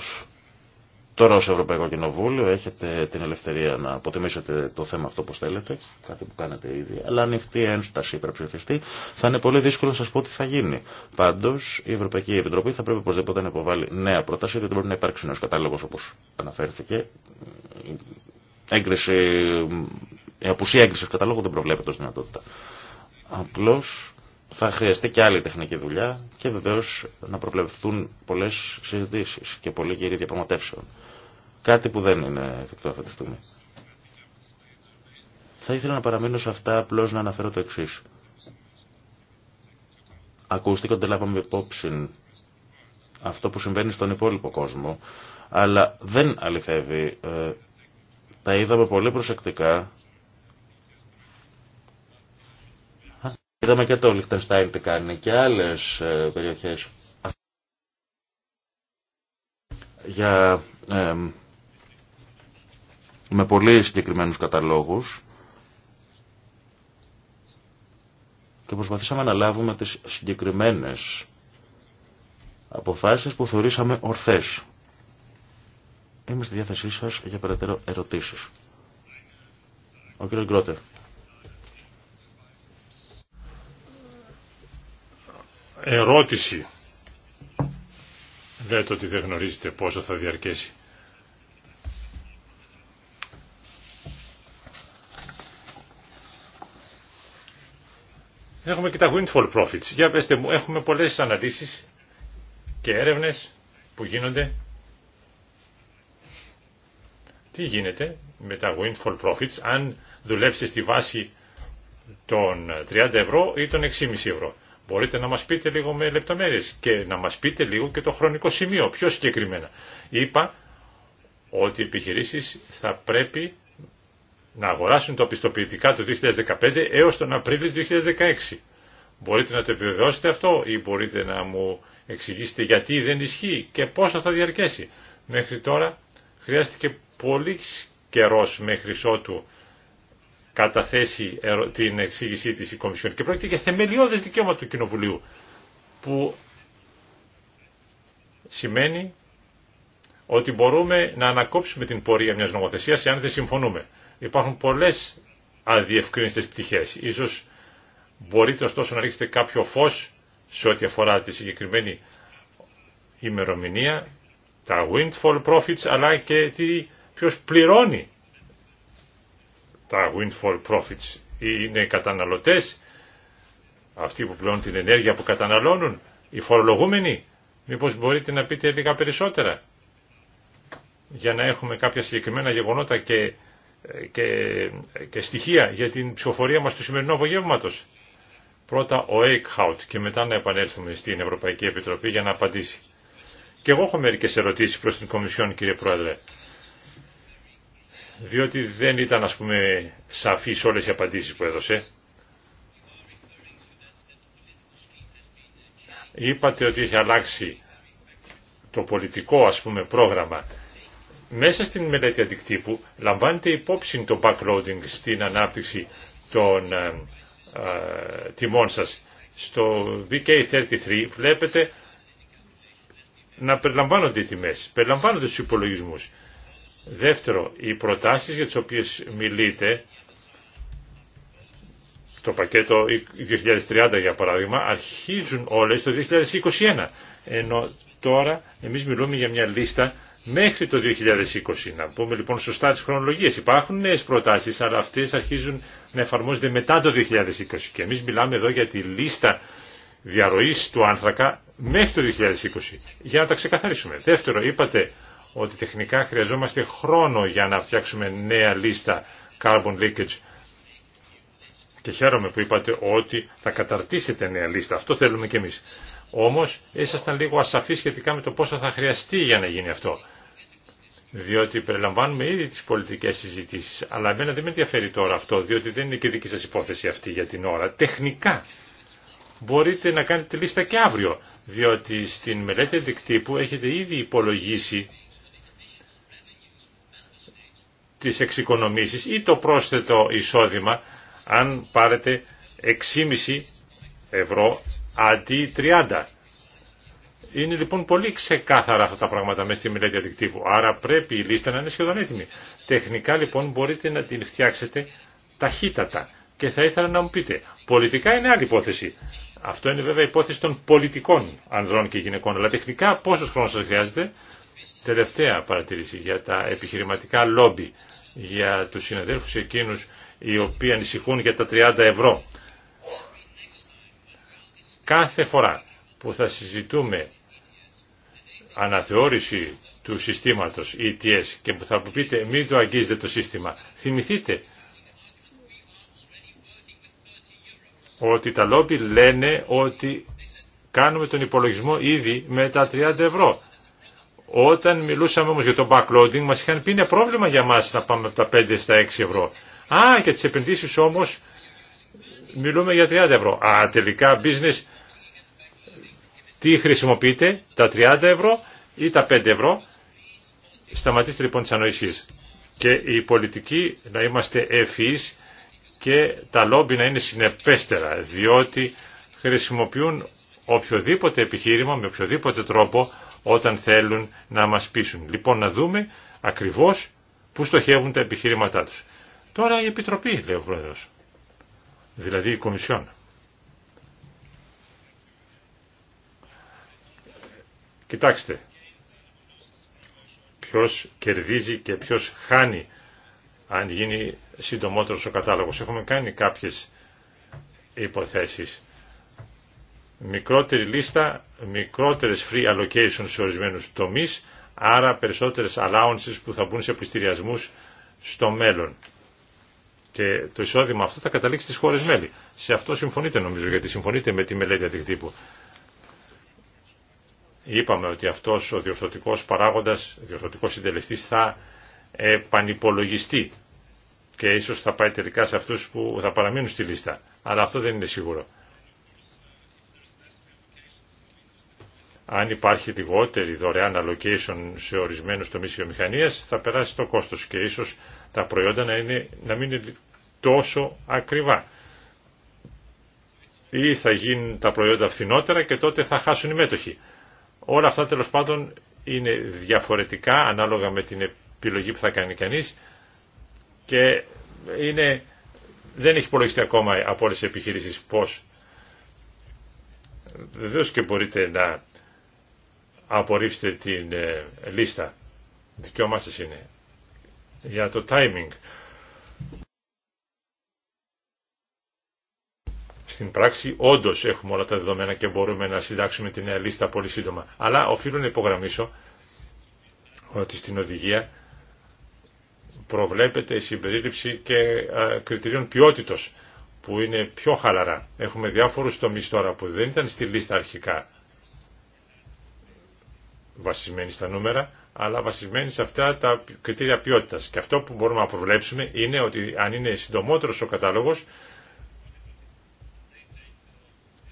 Τώρα ω Ευρωπαϊκό Κοινοβούλιο έχετε την ελευθερία να αποτιμήσετε το θέμα αυτό όπω θέλετε, κάτι που κάνετε ήδη, αλλά αν αυτή η ένσταση υπερψηφιστεί θα είναι πολύ δύσκολο να σα πω τι θα γίνει. πάντω, η Ευρωπαϊκή Επιτροπή θα πρέπει οπωσδήποτε να υποβάλει νέα πρόταση, διότι μπορεί να υπάρξει νέο κατάλογο όπω αναφέρθηκε, έγκριση η απουσία έγκρισης καταλόγου δεν προβλέπεται ως δυνατότητα. Απλώς θα χρειαστεί και άλλη τεχνική δουλειά και βεβαίως να προβλεφθούν πολλές συζητήσεις και πολλοί γύροι διαπραγματεύσεων. Κάτι που δεν είναι εφικτό αυτή τη στιγμή. Θα ήθελα να παραμείνω σε αυτά απλώ να αναφέρω το εξή. Ακούστηκε ότι λάβαμε υπόψη αυτό που συμβαίνει στον υπόλοιπο κόσμο, αλλά δεν αληθεύει. Ε, τα είδαμε πολύ προσεκτικά Είδαμε και το Λιχτενστάιν τι κάνει και άλλες ε, περιοχές για, με πολύ συγκεκριμένους καταλόγους και προσπαθήσαμε να λάβουμε τις συγκεκριμένες αποφάσεις που θεωρήσαμε ορθές. Είμαι στη διάθεσή σας για περαιτέρω ερωτήσεις. Ο κύριος Γκρότερ. ερώτηση. Λέτε ότι δεν γνωρίζετε πόσο θα διαρκέσει. Έχουμε και τα windfall profits. Για πέστε μου, έχουμε πολλές αναλύσεις και έρευνες που γίνονται. Τι γίνεται με τα windfall profits αν δουλέψετε στη βάση των 30 ευρώ ή των 6,5 ευρώ. Μπορείτε να μας πείτε λίγο με λεπτομέρειες και να μας πείτε λίγο και το χρονικό σημείο, πιο συγκεκριμένα. Είπα ότι οι επιχειρήσεις θα πρέπει να αγοράσουν τα πιστοποιητικά του 2015 έως τον Απρίλιο 2016. Μπορείτε να το επιβεβαιώσετε αυτό ή μπορείτε να μου εξηγήσετε γιατί δεν ισχύει και πόσο θα διαρκέσει. Μέχρι τώρα χρειάστηκε πολύ καιρός μέχρι ότου καταθέσει την εξήγησή της η Κομισιόν και πρόκειται για θεμελιώδες δικαίωμα του Κοινοβουλίου που σημαίνει ότι μπορούμε να ανακόψουμε την πορεία μιας νομοθεσίας εάν δεν συμφωνούμε. Υπάρχουν πολλές αδιευκρίνιστες πτυχές. Ίσως μπορείτε ωστόσο να ρίξετε κάποιο φως σε ό,τι αφορά τη συγκεκριμένη ημερομηνία, τα windfall profits αλλά και τι, ποιος πληρώνει τα windfall profits είναι οι καταναλωτές, αυτοί που πλέον την ενέργεια που καταναλώνουν, οι φορολογούμενοι. Μήπως μπορείτε να πείτε λίγα περισσότερα για να έχουμε κάποια συγκεκριμένα γεγονότα και, και, στοιχεία για την ψηφοφορία μας του σημερινού απογεύματο. Πρώτα ο Eichhout και μετά να επανέλθουμε στην Ευρωπαϊκή Επιτροπή για να απαντήσει. Και εγώ έχω μερικές ερωτήσεις προς την Κομισιόν κύριε Πρόεδρε διότι δεν ήταν ας πούμε σαφής όλες οι απαντήσεις που έδωσε. Είπατε ότι έχει αλλάξει το πολιτικό ας πούμε πρόγραμμα. Μέσα στην μελέτη αντικτύπου λαμβάνετε υπόψη το backloading στην ανάπτυξη των ε, ε, τιμών σας. Στο VK33 βλέπετε να περιλαμβάνονται οι τιμές, περιλαμβάνονται στους υπολογισμούς. Δεύτερο, οι προτάσεις για τις οποίες μιλείτε, το πακέτο 2030 για παράδειγμα, αρχίζουν όλες το 2021. Ενώ τώρα εμείς μιλούμε για μια λίστα μέχρι το 2020. Να πούμε λοιπόν σωστά τις χρονολογίες. Υπάρχουν νέες προτάσεις, αλλά αυτές αρχίζουν να εφαρμόζονται μετά το 2020. Και εμείς μιλάμε εδώ για τη λίστα διαρροής του άνθρακα μέχρι το 2020. Για να τα ξεκαθαρίσουμε. Δεύτερο, είπατε ότι τεχνικά χρειαζόμαστε χρόνο για να φτιάξουμε νέα λίστα carbon leakage. Και χαίρομαι που είπατε ότι θα καταρτήσετε νέα λίστα. Αυτό θέλουμε κι εμείς. Όμως ήσασταν λίγο ασαφείς σχετικά με το πόσο θα χρειαστεί για να γίνει αυτό. Διότι περιλαμβάνουμε ήδη τις πολιτικές συζητήσεις. Αλλά εμένα δεν με ενδιαφέρει τώρα αυτό, διότι δεν είναι και δική σας υπόθεση αυτή για την ώρα. Τεχνικά μπορείτε να κάνετε λίστα και αύριο. Διότι στην μελέτη αντικτύπου έχετε ήδη υπολογίσει τις εξοικονομήσεις ή το πρόσθετο εισόδημα αν πάρετε 6,5 ευρώ αντί 30. Είναι λοιπόν πολύ ξεκάθαρα αυτά τα πράγματα μέσα στη μελέτη αντικτύπου. Άρα πρέπει η λίστα να είναι σχεδόν έτοιμη. Τεχνικά λοιπόν μπορείτε να την φτιάξετε ταχύτατα. Και θα ήθελα να μου πείτε, πολιτικά είναι άλλη υπόθεση. Αυτό είναι βέβαια υπόθεση των πολιτικών ανδρών και γυναικών. Αλλά τεχνικά πόσο χρόνο σας χρειάζεται Τελευταία παρατήρηση για τα επιχειρηματικά λόμπι για τους συναδέλφους εκείνους οι οποίοι ανησυχούν για τα 30 ευρώ. Κάθε φορά που θα συζητούμε αναθεώρηση του συστήματος ETS και που θα πείτε μην το αγγίζετε το σύστημα, θυμηθείτε ότι τα λόμπι λένε ότι κάνουμε τον υπολογισμό ήδη με τα 30 ευρώ. Όταν μιλούσαμε όμως για το backloading μας είχαν πει είναι πρόβλημα για μας να πάμε από τα 5 στα 6 ευρώ. Α, και τις επενδύσεις όμως μιλούμε για 30 ευρώ. Α, τελικά business τι χρησιμοποιείτε, τα 30 ευρώ ή τα 5 ευρώ. Σταματήστε λοιπόν τις ανοησίες. Και η πολιτική να είμαστε ευφυείς και τα λόμπι να είναι συνεπέστερα, διότι χρησιμοποιούν οποιοδήποτε επιχείρημα, με οποιοδήποτε τρόπο, όταν θέλουν να μας πείσουν. Λοιπόν, να δούμε ακριβώς πού στοχεύουν τα επιχείρηματά τους. Τώρα η Επιτροπή, λέει ο Πρόεδρος, δηλαδή η Κομισιόν. Κοιτάξτε, ποιος κερδίζει και ποιος χάνει αν γίνει συντομότερος ο κατάλογος. Έχουμε κάνει κάποιες υποθέσεις μικρότερη λίστα, μικρότερες free allocations σε ορισμένους τομείς, άρα περισσότερες allowances που θα μπουν σε πληστηριασμούς στο μέλλον. Και το εισόδημα αυτό θα καταλήξει στις χώρες μέλη. Σε αυτό συμφωνείτε νομίζω, γιατί συμφωνείτε με τη μελέτη αντικτύπου. Είπαμε ότι αυτός ο διορθωτικός παράγοντας, ο διορθωτικός συντελεστής θα επανυπολογιστεί και ίσως θα πάει τελικά σε αυτούς που θα παραμείνουν στη λίστα. Αλλά αυτό δεν είναι σίγουρο. αν υπάρχει λιγότερη δωρεάν allocation σε ορισμένους τομείς βιομηχανίας θα περάσει το κόστος και ίσως τα προϊόντα να, είναι, να μην είναι τόσο ακριβά. Ή θα γίνουν τα προϊόντα φθηνότερα και τότε θα χάσουν οι μέτοχοι. Όλα αυτά τέλος πάντων είναι διαφορετικά ανάλογα με την επιλογή που θα κάνει κανείς και είναι, δεν έχει υπολογιστεί ακόμα από όλες τις επιχειρήσεις πώς. Βεβαίω και μπορείτε να απορρίψετε την ε, λίστα. Δικαίωμά σας είναι. Για το timing. Στην πράξη όντως έχουμε όλα τα δεδομένα και μπορούμε να συντάξουμε την νέα λίστα πολύ σύντομα. Αλλά οφείλω να υπογραμμίσω ότι στην οδηγία προβλέπεται η συμπερίληψη και κριτηρίων ποιότητος που είναι πιο χαλαρά. Έχουμε διάφορους τομείς τώρα που δεν ήταν στη λίστα αρχικά βασισμένη στα νούμερα, αλλά βασισμένη σε αυτά τα κριτήρια ποιότητα. Και αυτό που μπορούμε να προβλέψουμε είναι ότι αν είναι συντομότερο ο κατάλογο,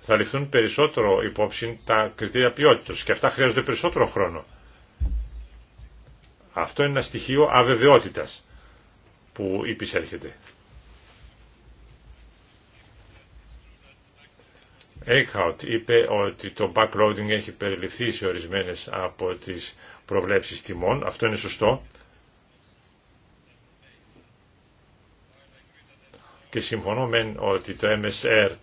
θα ληφθούν περισσότερο υπόψη τα κριτήρια ποιότητα. Και αυτά χρειάζονται περισσότερο χρόνο. Αυτό είναι ένα στοιχείο αβεβαιότητας που υπησέρχεται. Eichhout είπε ότι το backloading έχει περιληφθεί σε ορισμένες από τις προβλέψεις τιμών. Αυτό είναι σωστό. Και συμφωνώ μεν ότι το MSR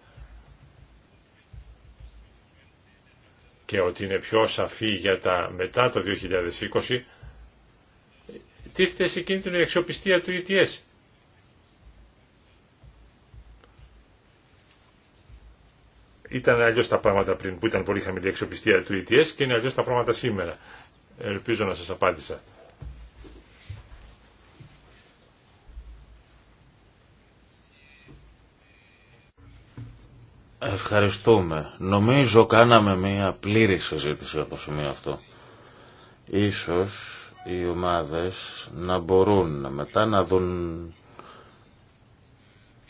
και ότι είναι πιο σαφή για τα μετά το 2020 τίθεται σε κίνδυνο η αξιοπιστία του ETS. Ήταν αλλιώ τα πράγματα πριν που ήταν πολύ χαμηλή αξιοπιστία του ETS και είναι αλλιώ τα πράγματα σήμερα. Ελπίζω να σα απάντησα. Ευχαριστούμε. Νομίζω κάναμε μία πλήρη συζήτηση από το σημείο αυτό. Ίσως οι ομάδες να μπορούν μετά να δουν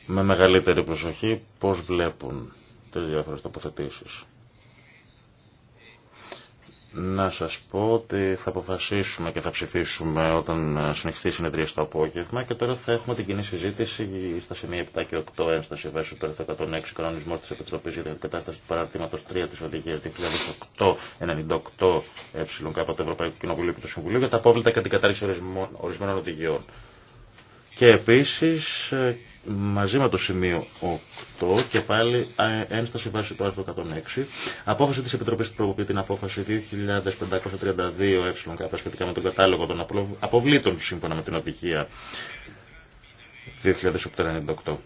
με μεγαλύτερη προσοχή πώς βλέπουν τις διάφορες τοποθετήσει. Να σας πω ότι θα αποφασίσουμε και θα ψηφίσουμε όταν συνεχιστεί η συνεδρία στο απόγευμα και τώρα θα έχουμε την κοινή συζήτηση στα σημεία 7 και 8 ένσταση βέσου του 106 κανονισμό της Επιτροπής για την κατάσταση του παράρτηματος 3 της οδηγίας 2008-98 ε, του Ευρωπαϊκού Κοινοβουλίου και του Συμβουλίου για τα απόβλητα και την κατάρριξη ορισμένων οδηγιών. Και επίσης μαζί με το σημείο 8 και πάλι ένσταση βάση του άρθρου 106 απόφαση της Επιτροπής που προβοποιεί την απόφαση 2532 ΕΚ σχετικά με τον κατάλογο των αποβλήτων σύμφωνα με την οδηγία 2898.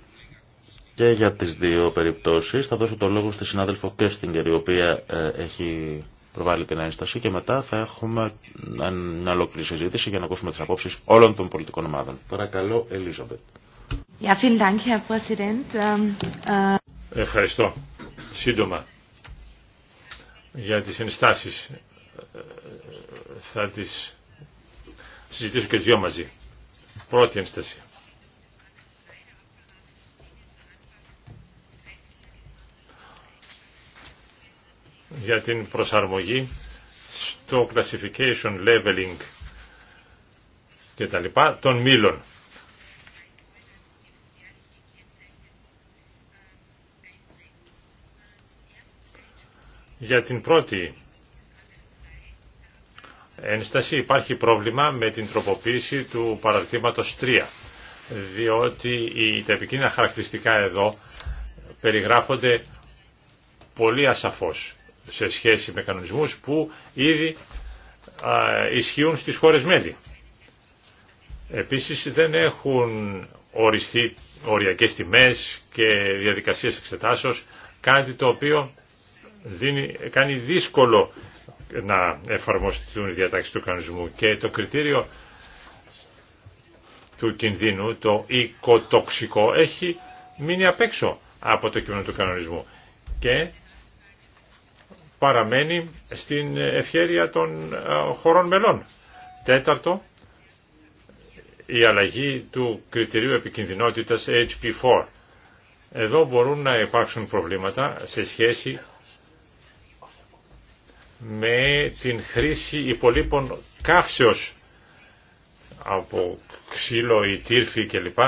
Και για τις δύο περιπτώσεις θα δώσω το λόγο στη συνάδελφο Κέστιγκερ η οποία ε, έχει προβάλλει την ένσταση και μετά θα έχουμε μια ολόκληρη συζήτηση για να ακούσουμε τι απόψει όλων των πολιτικών ομάδων. Παρακαλώ, Ελίζαμπετ. Ähm, äh, Ευχαριστώ. Σύντομα για τις ενστάσεις ε, θα τις συζητήσω και δυο μαζί. Πρώτη ενστασία. για την προσαρμογή στο classification leveling και τα λοιπά των μήλων. Για την πρώτη ένσταση υπάρχει πρόβλημα με την τροποποίηση του παραρτήματος 3, διότι τα επικίνδυνα χαρακτηριστικά εδώ περιγράφονται πολύ ασαφώς σε σχέση με κανονισμούς που ήδη ισχύουν στις χώρες μέλη. Επίσης δεν έχουν οριστεί οριακές τιμές και διαδικασίες εξετάσεως, κάτι το οποίο δίνει, κάνει δύσκολο να εφαρμοστούν οι διατάξεις του κανονισμού και το κριτήριο του κινδύνου, το οικοτοξικό, έχει μείνει απ' έξω από το κείμενο του κανονισμού. Και παραμένει στην ευχέρεια των ε, χωρών μελών. Τέταρτο, η αλλαγή του κριτηρίου επικινδυνότητας HP4. Εδώ μπορούν να υπάρξουν προβλήματα σε σχέση με την χρήση υπολείπων καύσεως από ξύλο ή τύρφη κλπ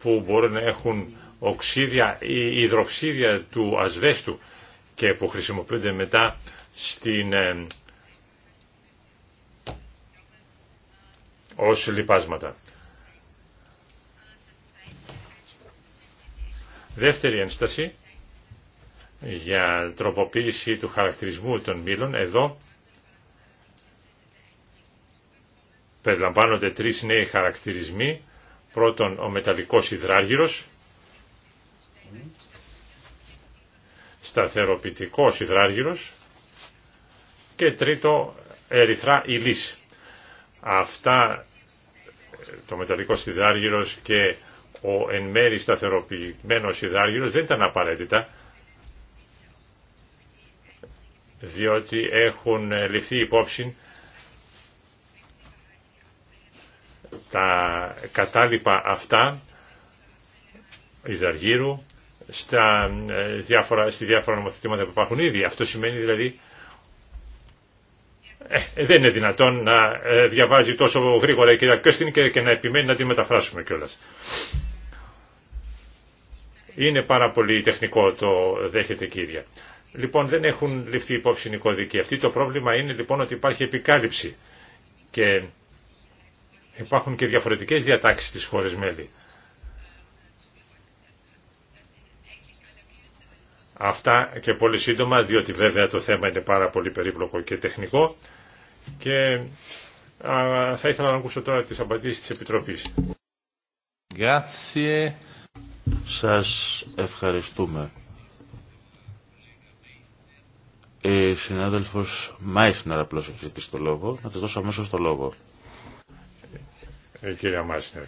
που μπορούν να έχουν οξύδια ή υδροξίδια του ασβέστου και που χρησιμοποιούνται μετά στην, ε, ως λιπάσματα. Δεύτερη ένσταση για τροποποίηση του χαρακτηρισμού των μήλων. Εδώ περιλαμβάνονται τρεις νέοι χαρακτηρισμοί. Πρώτον, ο μεταλλικός υδράργυρος σταθεροποιητικός υδράργυρος και τρίτο ερυθρά υλής. Αυτά το μεταλλικό σιδάργυρος και ο εν μέρη σταθεροποιημένος σιδάργυρος δεν ήταν απαραίτητα διότι έχουν ληφθεί υπόψη τα κατάλοιπα αυτά υδαργύρου στα ε, διάφορα, στη διάφορα νομοθετήματα που υπάρχουν ήδη. Αυτό σημαίνει δηλαδή ε, ε, δεν είναι δυνατόν να διαβάζει τόσο γρήγορα η κυρία Κέστιν και, να επιμένει να τη μεταφράσουμε κιόλα. Είναι πάρα πολύ τεχνικό το δέχεται κύρια. Λοιπόν δεν έχουν ληφθεί υπόψη οι κωδικοί αυτοί. Το πρόβλημα είναι λοιπόν ότι υπάρχει επικάλυψη και υπάρχουν και διαφορετικές διατάξεις στις χώρες μέλη. Αυτά και πολύ σύντομα, διότι βέβαια το θέμα είναι πάρα πολύ περίπλοκο και τεχνικό και θα ήθελα να ακούσω τώρα τις απαντήσεις της Επιτροπής. Grazie. Σας ευχαριστούμε. Η ε, συνάδελφος Μάισνερ απλώς έχει ζητήσει το λόγο. Να τη δώσω αμέσως το λόγο. Ε, κυρία Μάισνερ,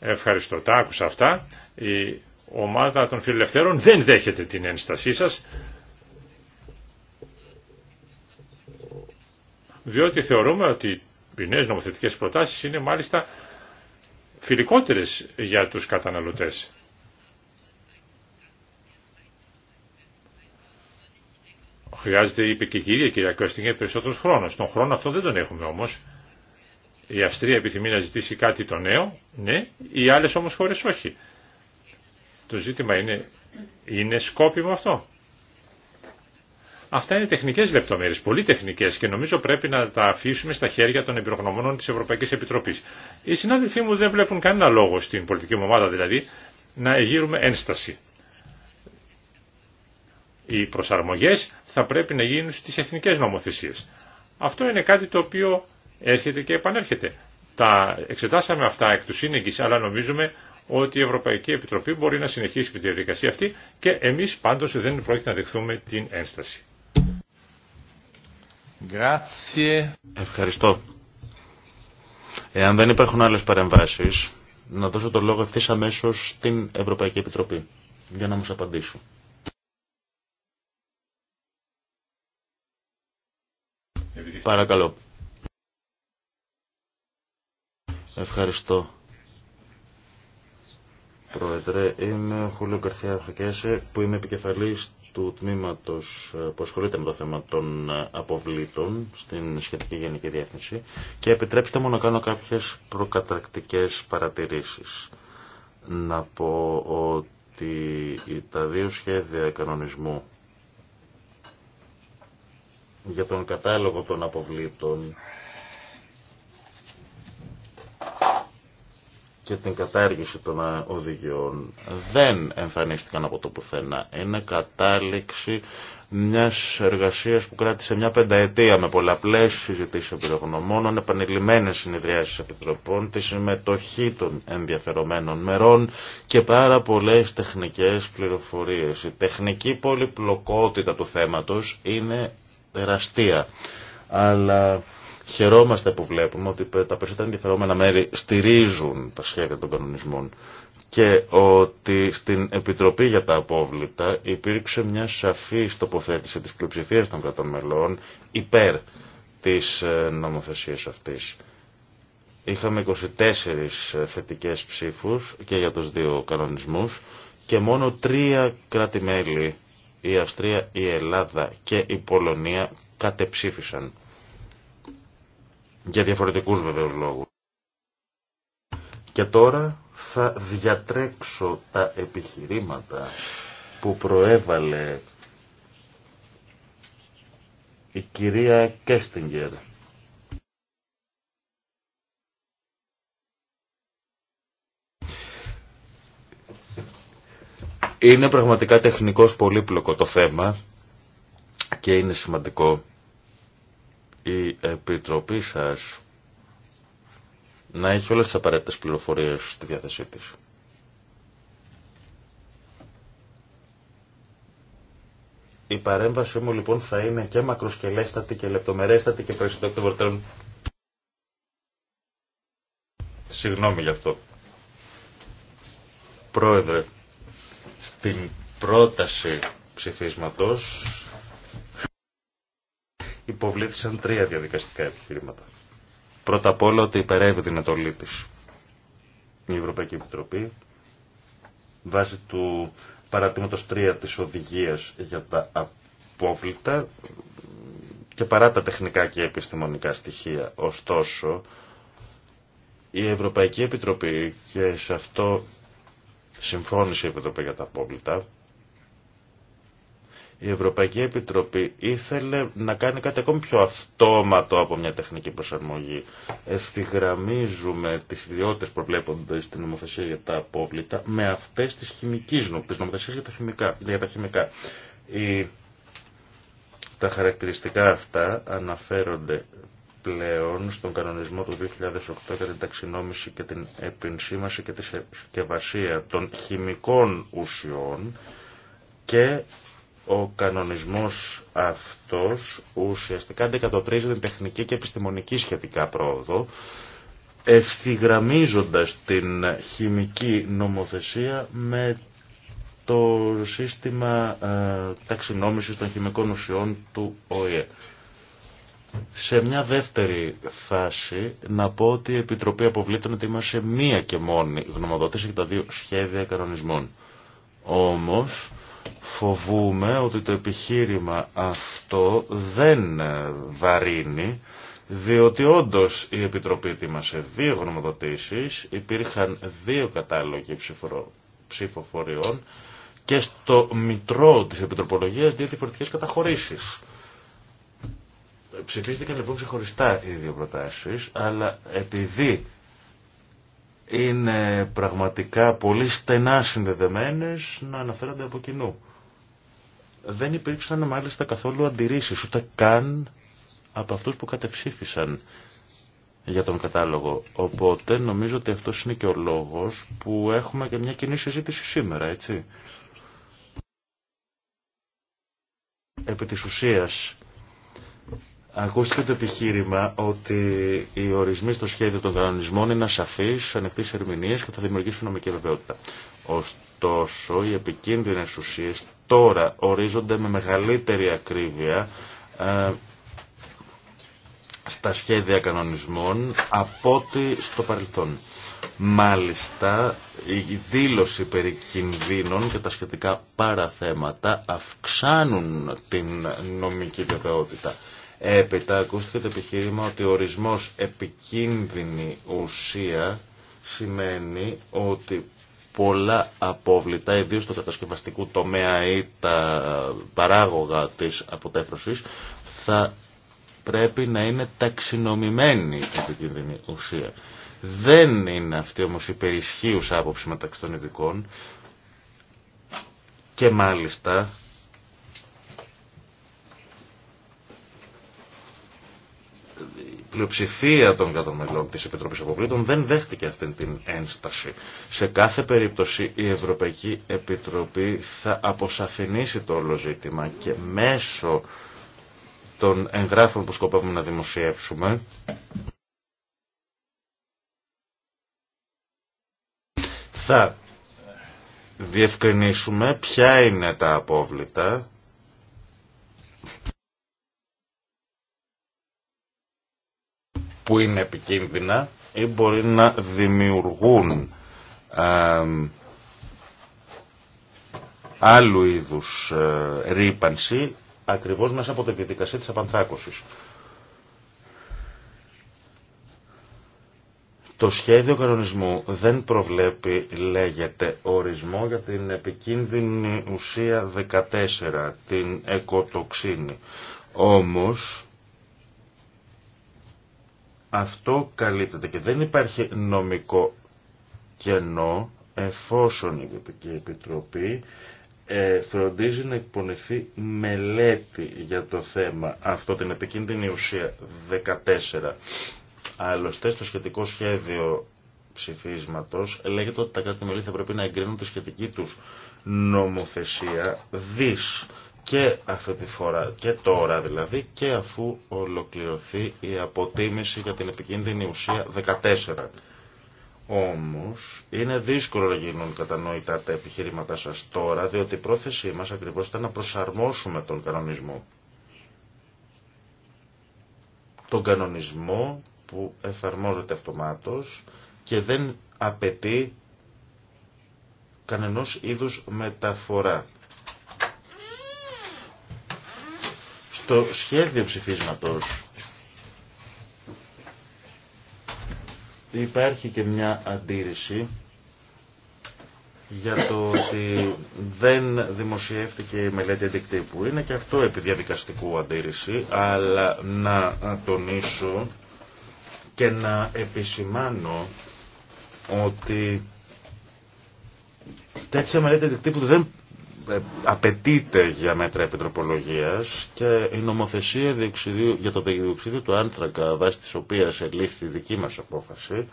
ευχαριστώ. Τα άκουσα αυτά. Η ομάδα των φιλελευθέρων δεν δέχεται την ένστασή σας διότι θεωρούμε ότι οι νέες νομοθετικές προτάσεις είναι μάλιστα φιλικότερες για τους καταναλωτές. Χρειάζεται, είπε και η κυρία κυρία Κωστινγκέ, περισσότερο χρόνο. Τον χρόνο αυτό δεν τον έχουμε όμω. Η Αυστρία επιθυμεί να ζητήσει κάτι το νέο, ναι, οι άλλε όμω χώρε όχι. Το ζήτημα είναι, είναι σκόπιμο αυτό. Αυτά είναι τεχνικέ λεπτομέρειε, πολύ τεχνικέ και νομίζω πρέπει να τα αφήσουμε στα χέρια των εμπειρογνωμόνων τη Ευρωπαϊκή Επιτροπή. Οι συνάδελφοί μου δεν βλέπουν κανένα λόγο στην πολιτική μου ομάδα δηλαδή να εγείρουμε ένσταση. Οι προσαρμογέ θα πρέπει να γίνουν στι εθνικέ νομοθεσίε. Αυτό είναι κάτι το οποίο έρχεται και επανέρχεται. Τα εξετάσαμε αυτά εκ του σύνεγγυ, αλλά νομίζουμε ότι η Ευρωπαϊκή Επιτροπή μπορεί να συνεχίσει με τη διαδικασία αυτή και εμείς πάντως δεν πρόκειται να δεχθούμε την ένσταση. Ευχαριστώ. Εάν δεν υπάρχουν άλλες παρεμβάσεις, να δώσω το λόγο ευθύ αμέσω στην Ευρωπαϊκή Επιτροπή για να μας απαντήσουν. Παρακαλώ. Ευχαριστώ Πρόεδρε. Είμαι ο Χούλιο Καρθιά που είμαι επικεφαλής του τμήματος ε, που ασχολείται με το θέμα των ε, αποβλήτων στην σχετική γενική διεύθυνση και επιτρέψτε μου να κάνω κάποιες προκατρακτικές παρατηρήσεις. Να πω ότι τα δύο σχέδια κανονισμού για τον κατάλογο των αποβλήτων και την κατάργηση των οδηγιών δεν εμφανίστηκαν από το πουθενά. Είναι κατάληξη μιας εργασίας που κράτησε μια πενταετία με πολλαπλές συζητήσεις επιδογνωμόνων, επανειλημμένες συνεδριάσεις επιτροπών, τη συμμετοχή των ενδιαφερομένων μερών και πάρα πολλές τεχνικές πληροφορίες. Η τεχνική πολυπλοκότητα του θέματος είναι τεραστία. Αλλά Χαιρόμαστε που βλέπουμε ότι τα περισσότερα ενδιαφερόμενα μέρη στηρίζουν τα σχέδια των κανονισμών και ότι στην Επιτροπή για τα Απόβλητα υπήρξε μια σαφή τοποθέτηση της πλειοψηφία των κρατών μελών υπέρ της ε, νομοθεσίας αυτής. Είχαμε 24 ε, θετικές ψήφους και για τους δύο κανονισμούς και μόνο τρία κράτη-μέλη, η Αυστρία, η Ελλάδα και η Πολωνία κατεψήφισαν για διαφορετικούς βεβαίως λόγους. Και τώρα θα διατρέξω τα επιχειρήματα που προέβαλε η κυρία Κέστιγκερ. Είναι πραγματικά τεχνικός πολύπλοκο το θέμα και είναι σημαντικό η Επιτροπή σας να έχει όλες τις απαραίτητες πληροφορίες στη διάθεσή της. Η παρέμβασή μου λοιπόν θα είναι και μακροσκελέστατη και λεπτομερέστατη και περισσότερο το βορτέρων. Συγγνώμη γι' αυτό. Πρόεδρε, στην πρόταση ψηφίσματος υποβλήθησαν τρία διαδικαστικά επιχειρήματα. Πρώτα απ' όλα ότι υπερεύει την ετολή της. Η Ευρωπαϊκή Επιτροπή βάσει του παρατήματος 3 της οδηγίας για τα απόβλητα και παρά τα τεχνικά και επιστημονικά στοιχεία. Ωστόσο, η Ευρωπαϊκή Επιτροπή και σε αυτό συμφώνησε η Επιτροπή για τα απόβλητα η Ευρωπαϊκή Επιτροπή ήθελε να κάνει κάτι ακόμη πιο αυτόματο από μια τεχνική προσαρμογή. Ευθυγραμμίζουμε τις ιδιότητες προβλέπονται στην νομοθεσία για τα απόβλητα με αυτές τις χημικής της για τα χημικά. Για τα, χημικά. Η, τα χαρακτηριστικά αυτά αναφέρονται πλέον στον κανονισμό του 2008 για την ταξινόμηση και την επενσήμαση και τη συσκευασία των χημικών ουσιών και ο κανονισμός αυτός ουσιαστικά αντικατοπτρίζει την τεχνική και επιστημονική σχετικά πρόοδο, ευθυγραμμίζοντας την χημική νομοθεσία με το σύστημα ε, ταξινόμησης των χημικών ουσιών του ΟΗΕ. Σε μια δεύτερη φάση να πω ότι η Επιτροπή αποβλήτων ότι είμαστε μία και μόνη γνωμοδότηση για τα δύο σχέδια κανονισμών. Όμως Φοβούμε ότι το επιχείρημα αυτό δεν ε, βαρύνει διότι όντως η Επιτροπή ετοίμασε δύο γνωμοδοτήσεις, υπήρχαν δύο κατάλογοι ψηφοφοριών και στο μητρό της Επιτροπολογίας δύο διαφορετικές καταχωρήσεις. Ε, ψηφίστηκαν λοιπόν ξεχωριστά οι δύο προτάσεις, αλλά επειδή είναι πραγματικά πολύ στενά συνδεδεμένες να αναφέρονται από κοινού. Δεν υπήρξαν μάλιστα καθόλου αντιρρήσεις, ούτε καν από αυτούς που κατεψήφισαν για τον κατάλογο. Οπότε νομίζω ότι αυτός είναι και ο λόγος που έχουμε και μια κοινή συζήτηση σήμερα, έτσι. Επί της ουσίας, Ακούστηκε το επιχείρημα ότι οι ορισμοί στο σχέδιο των κανονισμών είναι ασαφεί, ανοιχτέ ερμηνεία και θα δημιουργήσουν νομική βεβαιότητα. Ωστόσο, οι επικίνδυνε ουσίε τώρα ορίζονται με μεγαλύτερη ακρίβεια ε, στα σχέδια κανονισμών από ό,τι στο παρελθόν. Μάλιστα, η δήλωση περί κινδύνων και τα σχετικά παραθέματα αυξάνουν την νομική βεβαιότητα. Έπειτα ακούστηκε το επιχείρημα ότι ο ορισμός επικίνδυνη ουσία σημαίνει ότι πολλά απόβλητα, ιδίως στο κατασκευαστικό τομέα ή τα παράγωγα της αποτέφρωσης, θα πρέπει να είναι ταξινομημένη η επικίνδυνη ουσία. Δεν είναι αυτή όμως περισχύουσα άποψη μεταξύ των ειδικών και μάλιστα πλειοψηφία των κρατών μελών της Επιτροπής Αποκλήτων δεν δέχτηκε αυτή την ένσταση. Σε κάθε περίπτωση η Ευρωπαϊκή Επιτροπή θα αποσαφηνίσει το όλο ζήτημα και μέσω των εγγράφων που σκοπεύουμε να δημοσιεύσουμε θα διευκρινίσουμε ποια είναι τα απόβλητα που είναι επικίνδυνα ή μπορεί να δημιουργούν άλλου είδους ε, ρήπανση ακριβώς μέσα από τη διαδικασία της απανθράκωσης. Το σχέδιο κανονισμού δεν προβλέπει, λέγεται, ορισμό για την επικίνδυνη ουσία 14, την εκοτοξίνη. Όμως, αυτό καλύπτεται και δεν υπάρχει νομικό κενό εφόσον η Ευρωπαϊκή Επιτροπή ε, φροντίζει να εκπονηθεί μελέτη για το θέμα αυτό, την επικίνδυνη ουσία 14. Άλλωστε, στο σχετικό σχέδιο ψηφίσματος λέγεται ότι τα κράτη-μέλη θα πρέπει να εγκρίνουν τη σχετική τους νομοθεσία δις και αυτή τη φορά και τώρα δηλαδή και αφού ολοκληρωθεί η αποτίμηση για την επικίνδυνη ουσία 14. Όμως είναι δύσκολο να γίνουν κατανοητά τα επιχειρήματά σας τώρα διότι η πρόθεσή μας ακριβώς ήταν να προσαρμόσουμε τον κανονισμό. Τον κανονισμό που εφαρμόζεται αυτομάτως και δεν απαιτεί κανενός είδους μεταφορά. Το σχέδιο ψηφίσματος υπάρχει και μια αντίρρηση για το ότι δεν δημοσιεύτηκε η μελέτη αντικτύπου. Είναι και αυτό επί διαδικαστικού αντίρρηση, αλλά να τονίσω και να επισημάνω ότι τέτοια μελέτη αντικτύπου δεν ε, απαιτείται για μέτρα επιτροπολογίας και η νομοθεσία για το διοξίδιο του άνθρακα βάσει της οποίας ελήφθη η δική μας απόφαση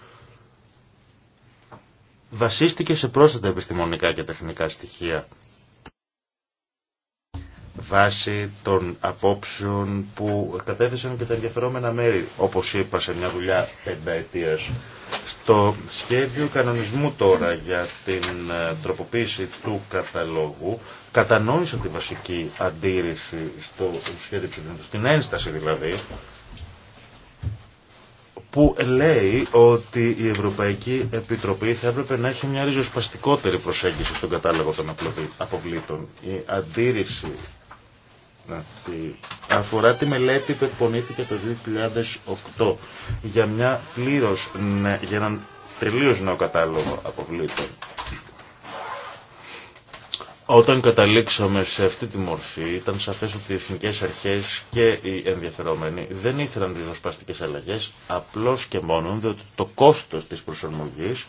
βασίστηκε σε πρόσθετα επιστημονικά και τεχνικά στοιχεία βάση των απόψεων που κατέθεσαν και τα ενδιαφερόμενα μέρη, όπως είπα σε μια δουλειά πενταετίας. Στο σχέδιο κανονισμού τώρα για την ε, τροποποίηση του καταλόγου κατανόησα τη βασική αντίρρηση στο σχέδιο ψηφιακού, στην ένσταση δηλαδή, που λέει ότι η Ευρωπαϊκή Επιτροπή θα έπρεπε να έχει μια ριζοσπαστικότερη προσέγγιση στον κατάλογο των αποβλήτων. Η αντίρρηση αφορά τη μελέτη που εκπονήθηκε το 2008 για, μια πλήρως, για έναν τελείως νέο κατάλογο αποβλήτων. Όταν καταλήξαμε σε αυτή τη μορφή ήταν σαφές ότι οι εθνικές αρχές και οι ενδιαφερόμενοι δεν ήθελαν ριζοσπαστικές αλλαγές απλώς και μόνο διότι το κόστος της προσαρμογής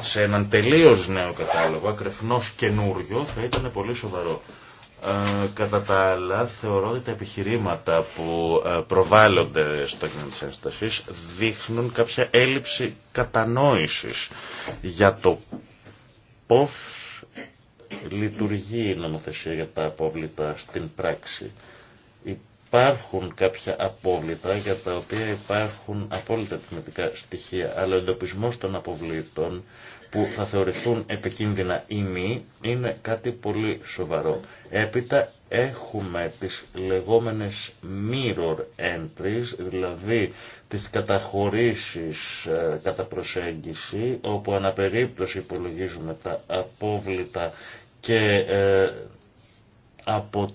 σε έναν τελείως νέο κατάλογο, ακρεφνός καινούριο, θα ήταν πολύ σοβαρό. Ε, κατά τα άλλα, θεωρώ ότι τα επιχειρήματα που ε, προβάλλονται στο κοινό της ένσταση δείχνουν κάποια έλλειψη κατανόησης για το πώς λειτουργεί η νομοθεσία για τα απόβλητα στην πράξη. Υπάρχουν κάποια απόβλητα για τα οποία υπάρχουν απόλυτα αριθμητικά στοιχεία, αλλά ο εντοπισμό των αποβλήτων που θα θεωρηθούν επικίνδυνα ή μη είναι κάτι πολύ σοβαρό. Έπειτα έχουμε τις λεγόμενες mirror entries, δηλαδή τις καταχωρήσεις ε, κατά προσέγγιση, όπου αναπερίπτωση υπολογίζουμε τα απόβλητα και ε, από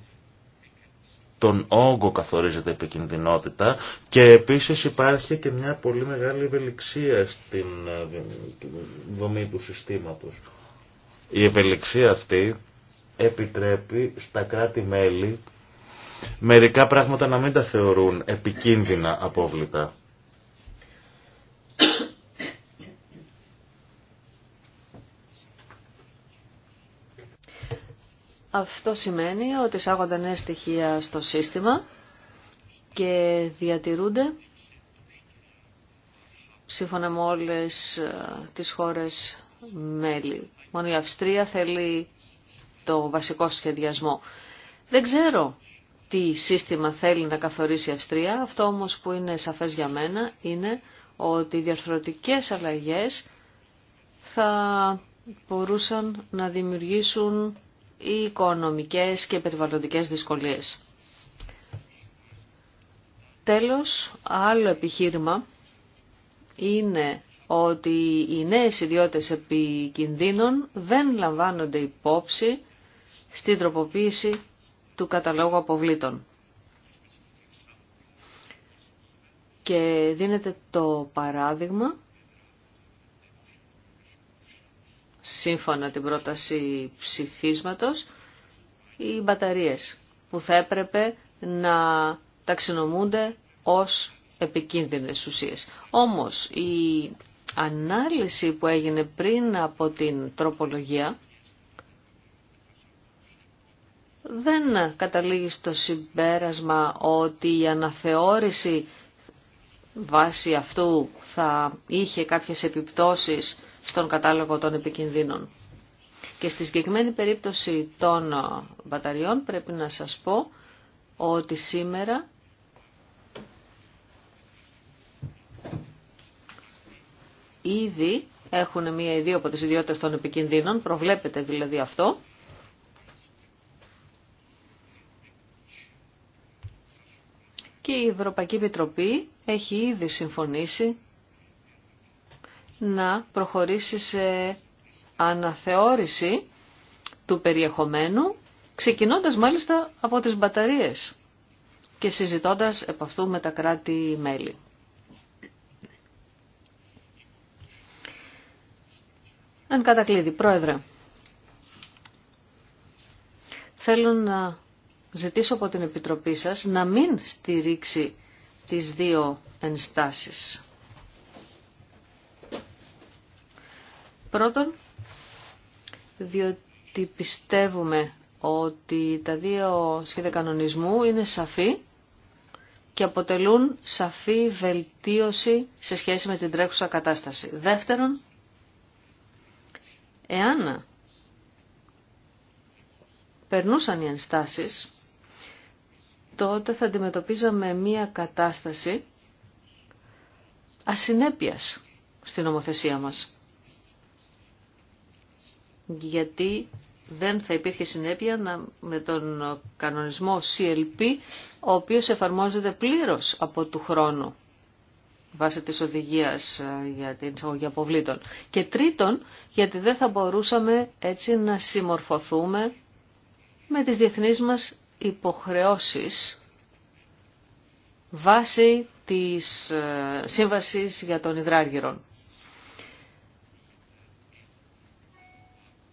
τον όγκο καθορίζεται επικινδυνότητα και επίσης υπάρχει και μια πολύ μεγάλη ευελιξία στην ε, δομή του συστήματος. Η ευελιξία αυτή επιτρέπει στα κράτη-μέλη μερικά πράγματα να μην τα θεωρούν επικίνδυνα απόβλητα Αυτό σημαίνει ότι εισάγονται νέα στοιχεία στο σύστημα και διατηρούνται σύμφωνα με όλες ε, τις χώρες μέλη. Μόνο η Αυστρία θέλει το βασικό σχεδιασμό. Δεν ξέρω τι σύστημα θέλει να καθορίσει η Αυστρία. Αυτό όμως που είναι σαφές για μένα είναι ότι οι διαρθρωτικές αλλαγές θα μπορούσαν να δημιουργήσουν οικονομικές και περιβαλλοντικές δυσκολίες. Τέλος, άλλο επιχείρημα είναι ότι οι νέες ιδιώτες επικινδύνων δεν λαμβάνονται υπόψη στην τροποποίηση του καταλόγου αποβλήτων. Και δίνεται το παράδειγμα σύμφωνα την πρόταση ψηφίσματος οι μπαταρίες που θα έπρεπε να ταξινομούνται ως επικίνδυνες ουσίες. Όμως η ανάλυση που έγινε πριν από την τροπολογία δεν καταλήγει στο συμπέρασμα ότι η αναθεώρηση βάσει αυτού θα είχε κάποιες επιπτώσεις στον κατάλογο των επικινδύνων. Και στη συγκεκριμένη περίπτωση των ε, μπαταριών πρέπει να σας πω ότι σήμερα ήδη έχουν μία ή δύο από τις ιδιότητες των επικινδύνων, προβλέπεται δηλαδή αυτό. Και η Ευρωπαϊκή Επιτροπή έχει ήδη συμφωνήσει να προχωρήσει σε αναθεώρηση του περιεχομένου, ξεκινώντας μάλιστα από τις μπαταρίες και συζητώντας επ' αυτού με τα κράτη-μέλη. Αν κατακλείδη, Πρόεδρε, θέλω να ζητήσω από την Επιτροπή σας να μην στηρίξει τις δύο ενστάσεις Πρώτον, διότι πιστεύουμε ότι τα δύο σχέδια κανονισμού είναι σαφή και αποτελούν σαφή βελτίωση σε σχέση με την τρέχουσα κατάσταση. Δεύτερον, εάν περνούσαν οι ενστάσεις, τότε θα αντιμετωπίζαμε μία κατάσταση ασυνέπειας στην ομοθεσία μας γιατί δεν θα υπήρχε συνέπεια να, με τον κανονισμό CLP, ο οποίος εφαρμόζεται πλήρως από του χρόνου βάσει της οδηγίας ε, για την εισαγωγή αποβλήτων. Και τρίτον, γιατί δεν θα μπορούσαμε έτσι να συμμορφωθούμε με τις διεθνείς μας υποχρεώσεις βάσει της ε, σύμβασης για τον υδράργυρο.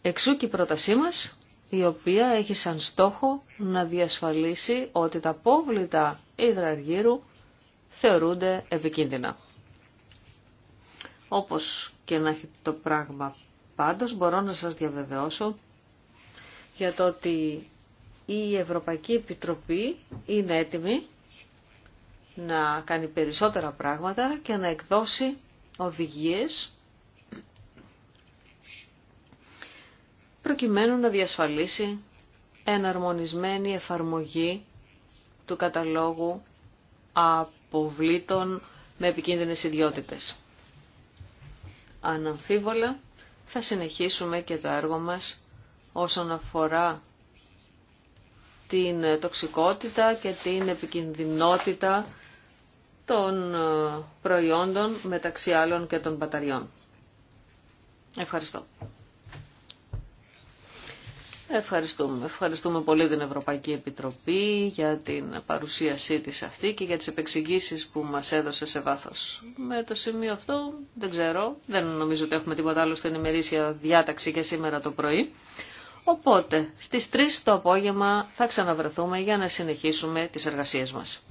Εξού και η πρότασή μας, η οποία έχει σαν στόχο να διασφαλίσει ότι τα πόβλητα υδραργύρου θεωρούνται επικίνδυνα. Όπως και να έχει το πράγμα πάντως, μπορώ να σας διαβεβαιώσω για το ότι η Ευρωπαϊκή Επιτροπή είναι έτοιμη να κάνει περισσότερα πράγματα και να εκδώσει οδηγίες προκειμένου να διασφαλίσει εναρμονισμένη εφαρμογή του καταλόγου αποβλήτων με επικίνδυνες ιδιότητες. Αναμφίβολα θα συνεχίσουμε και το έργο μας όσον αφορά την τοξικότητα και την επικινδυνότητα των ε, προϊόντων μεταξύ άλλων και των μπαταριών. Ευχαριστώ. Ευχαριστούμε. Ευχαριστούμε πολύ την Ευρωπαϊκή Επιτροπή για την παρουσίασή της αυτή και για τις επεξηγήσεις που μας έδωσε σε βάθος. Με το σημείο αυτό δεν ξέρω, δεν νομίζω ότι έχουμε τίποτα άλλο στην ημερήσια διάταξη και σήμερα το πρωί. Οπότε στις 3 το απόγευμα θα ξαναβρεθούμε για να συνεχίσουμε τις εργασίες μας.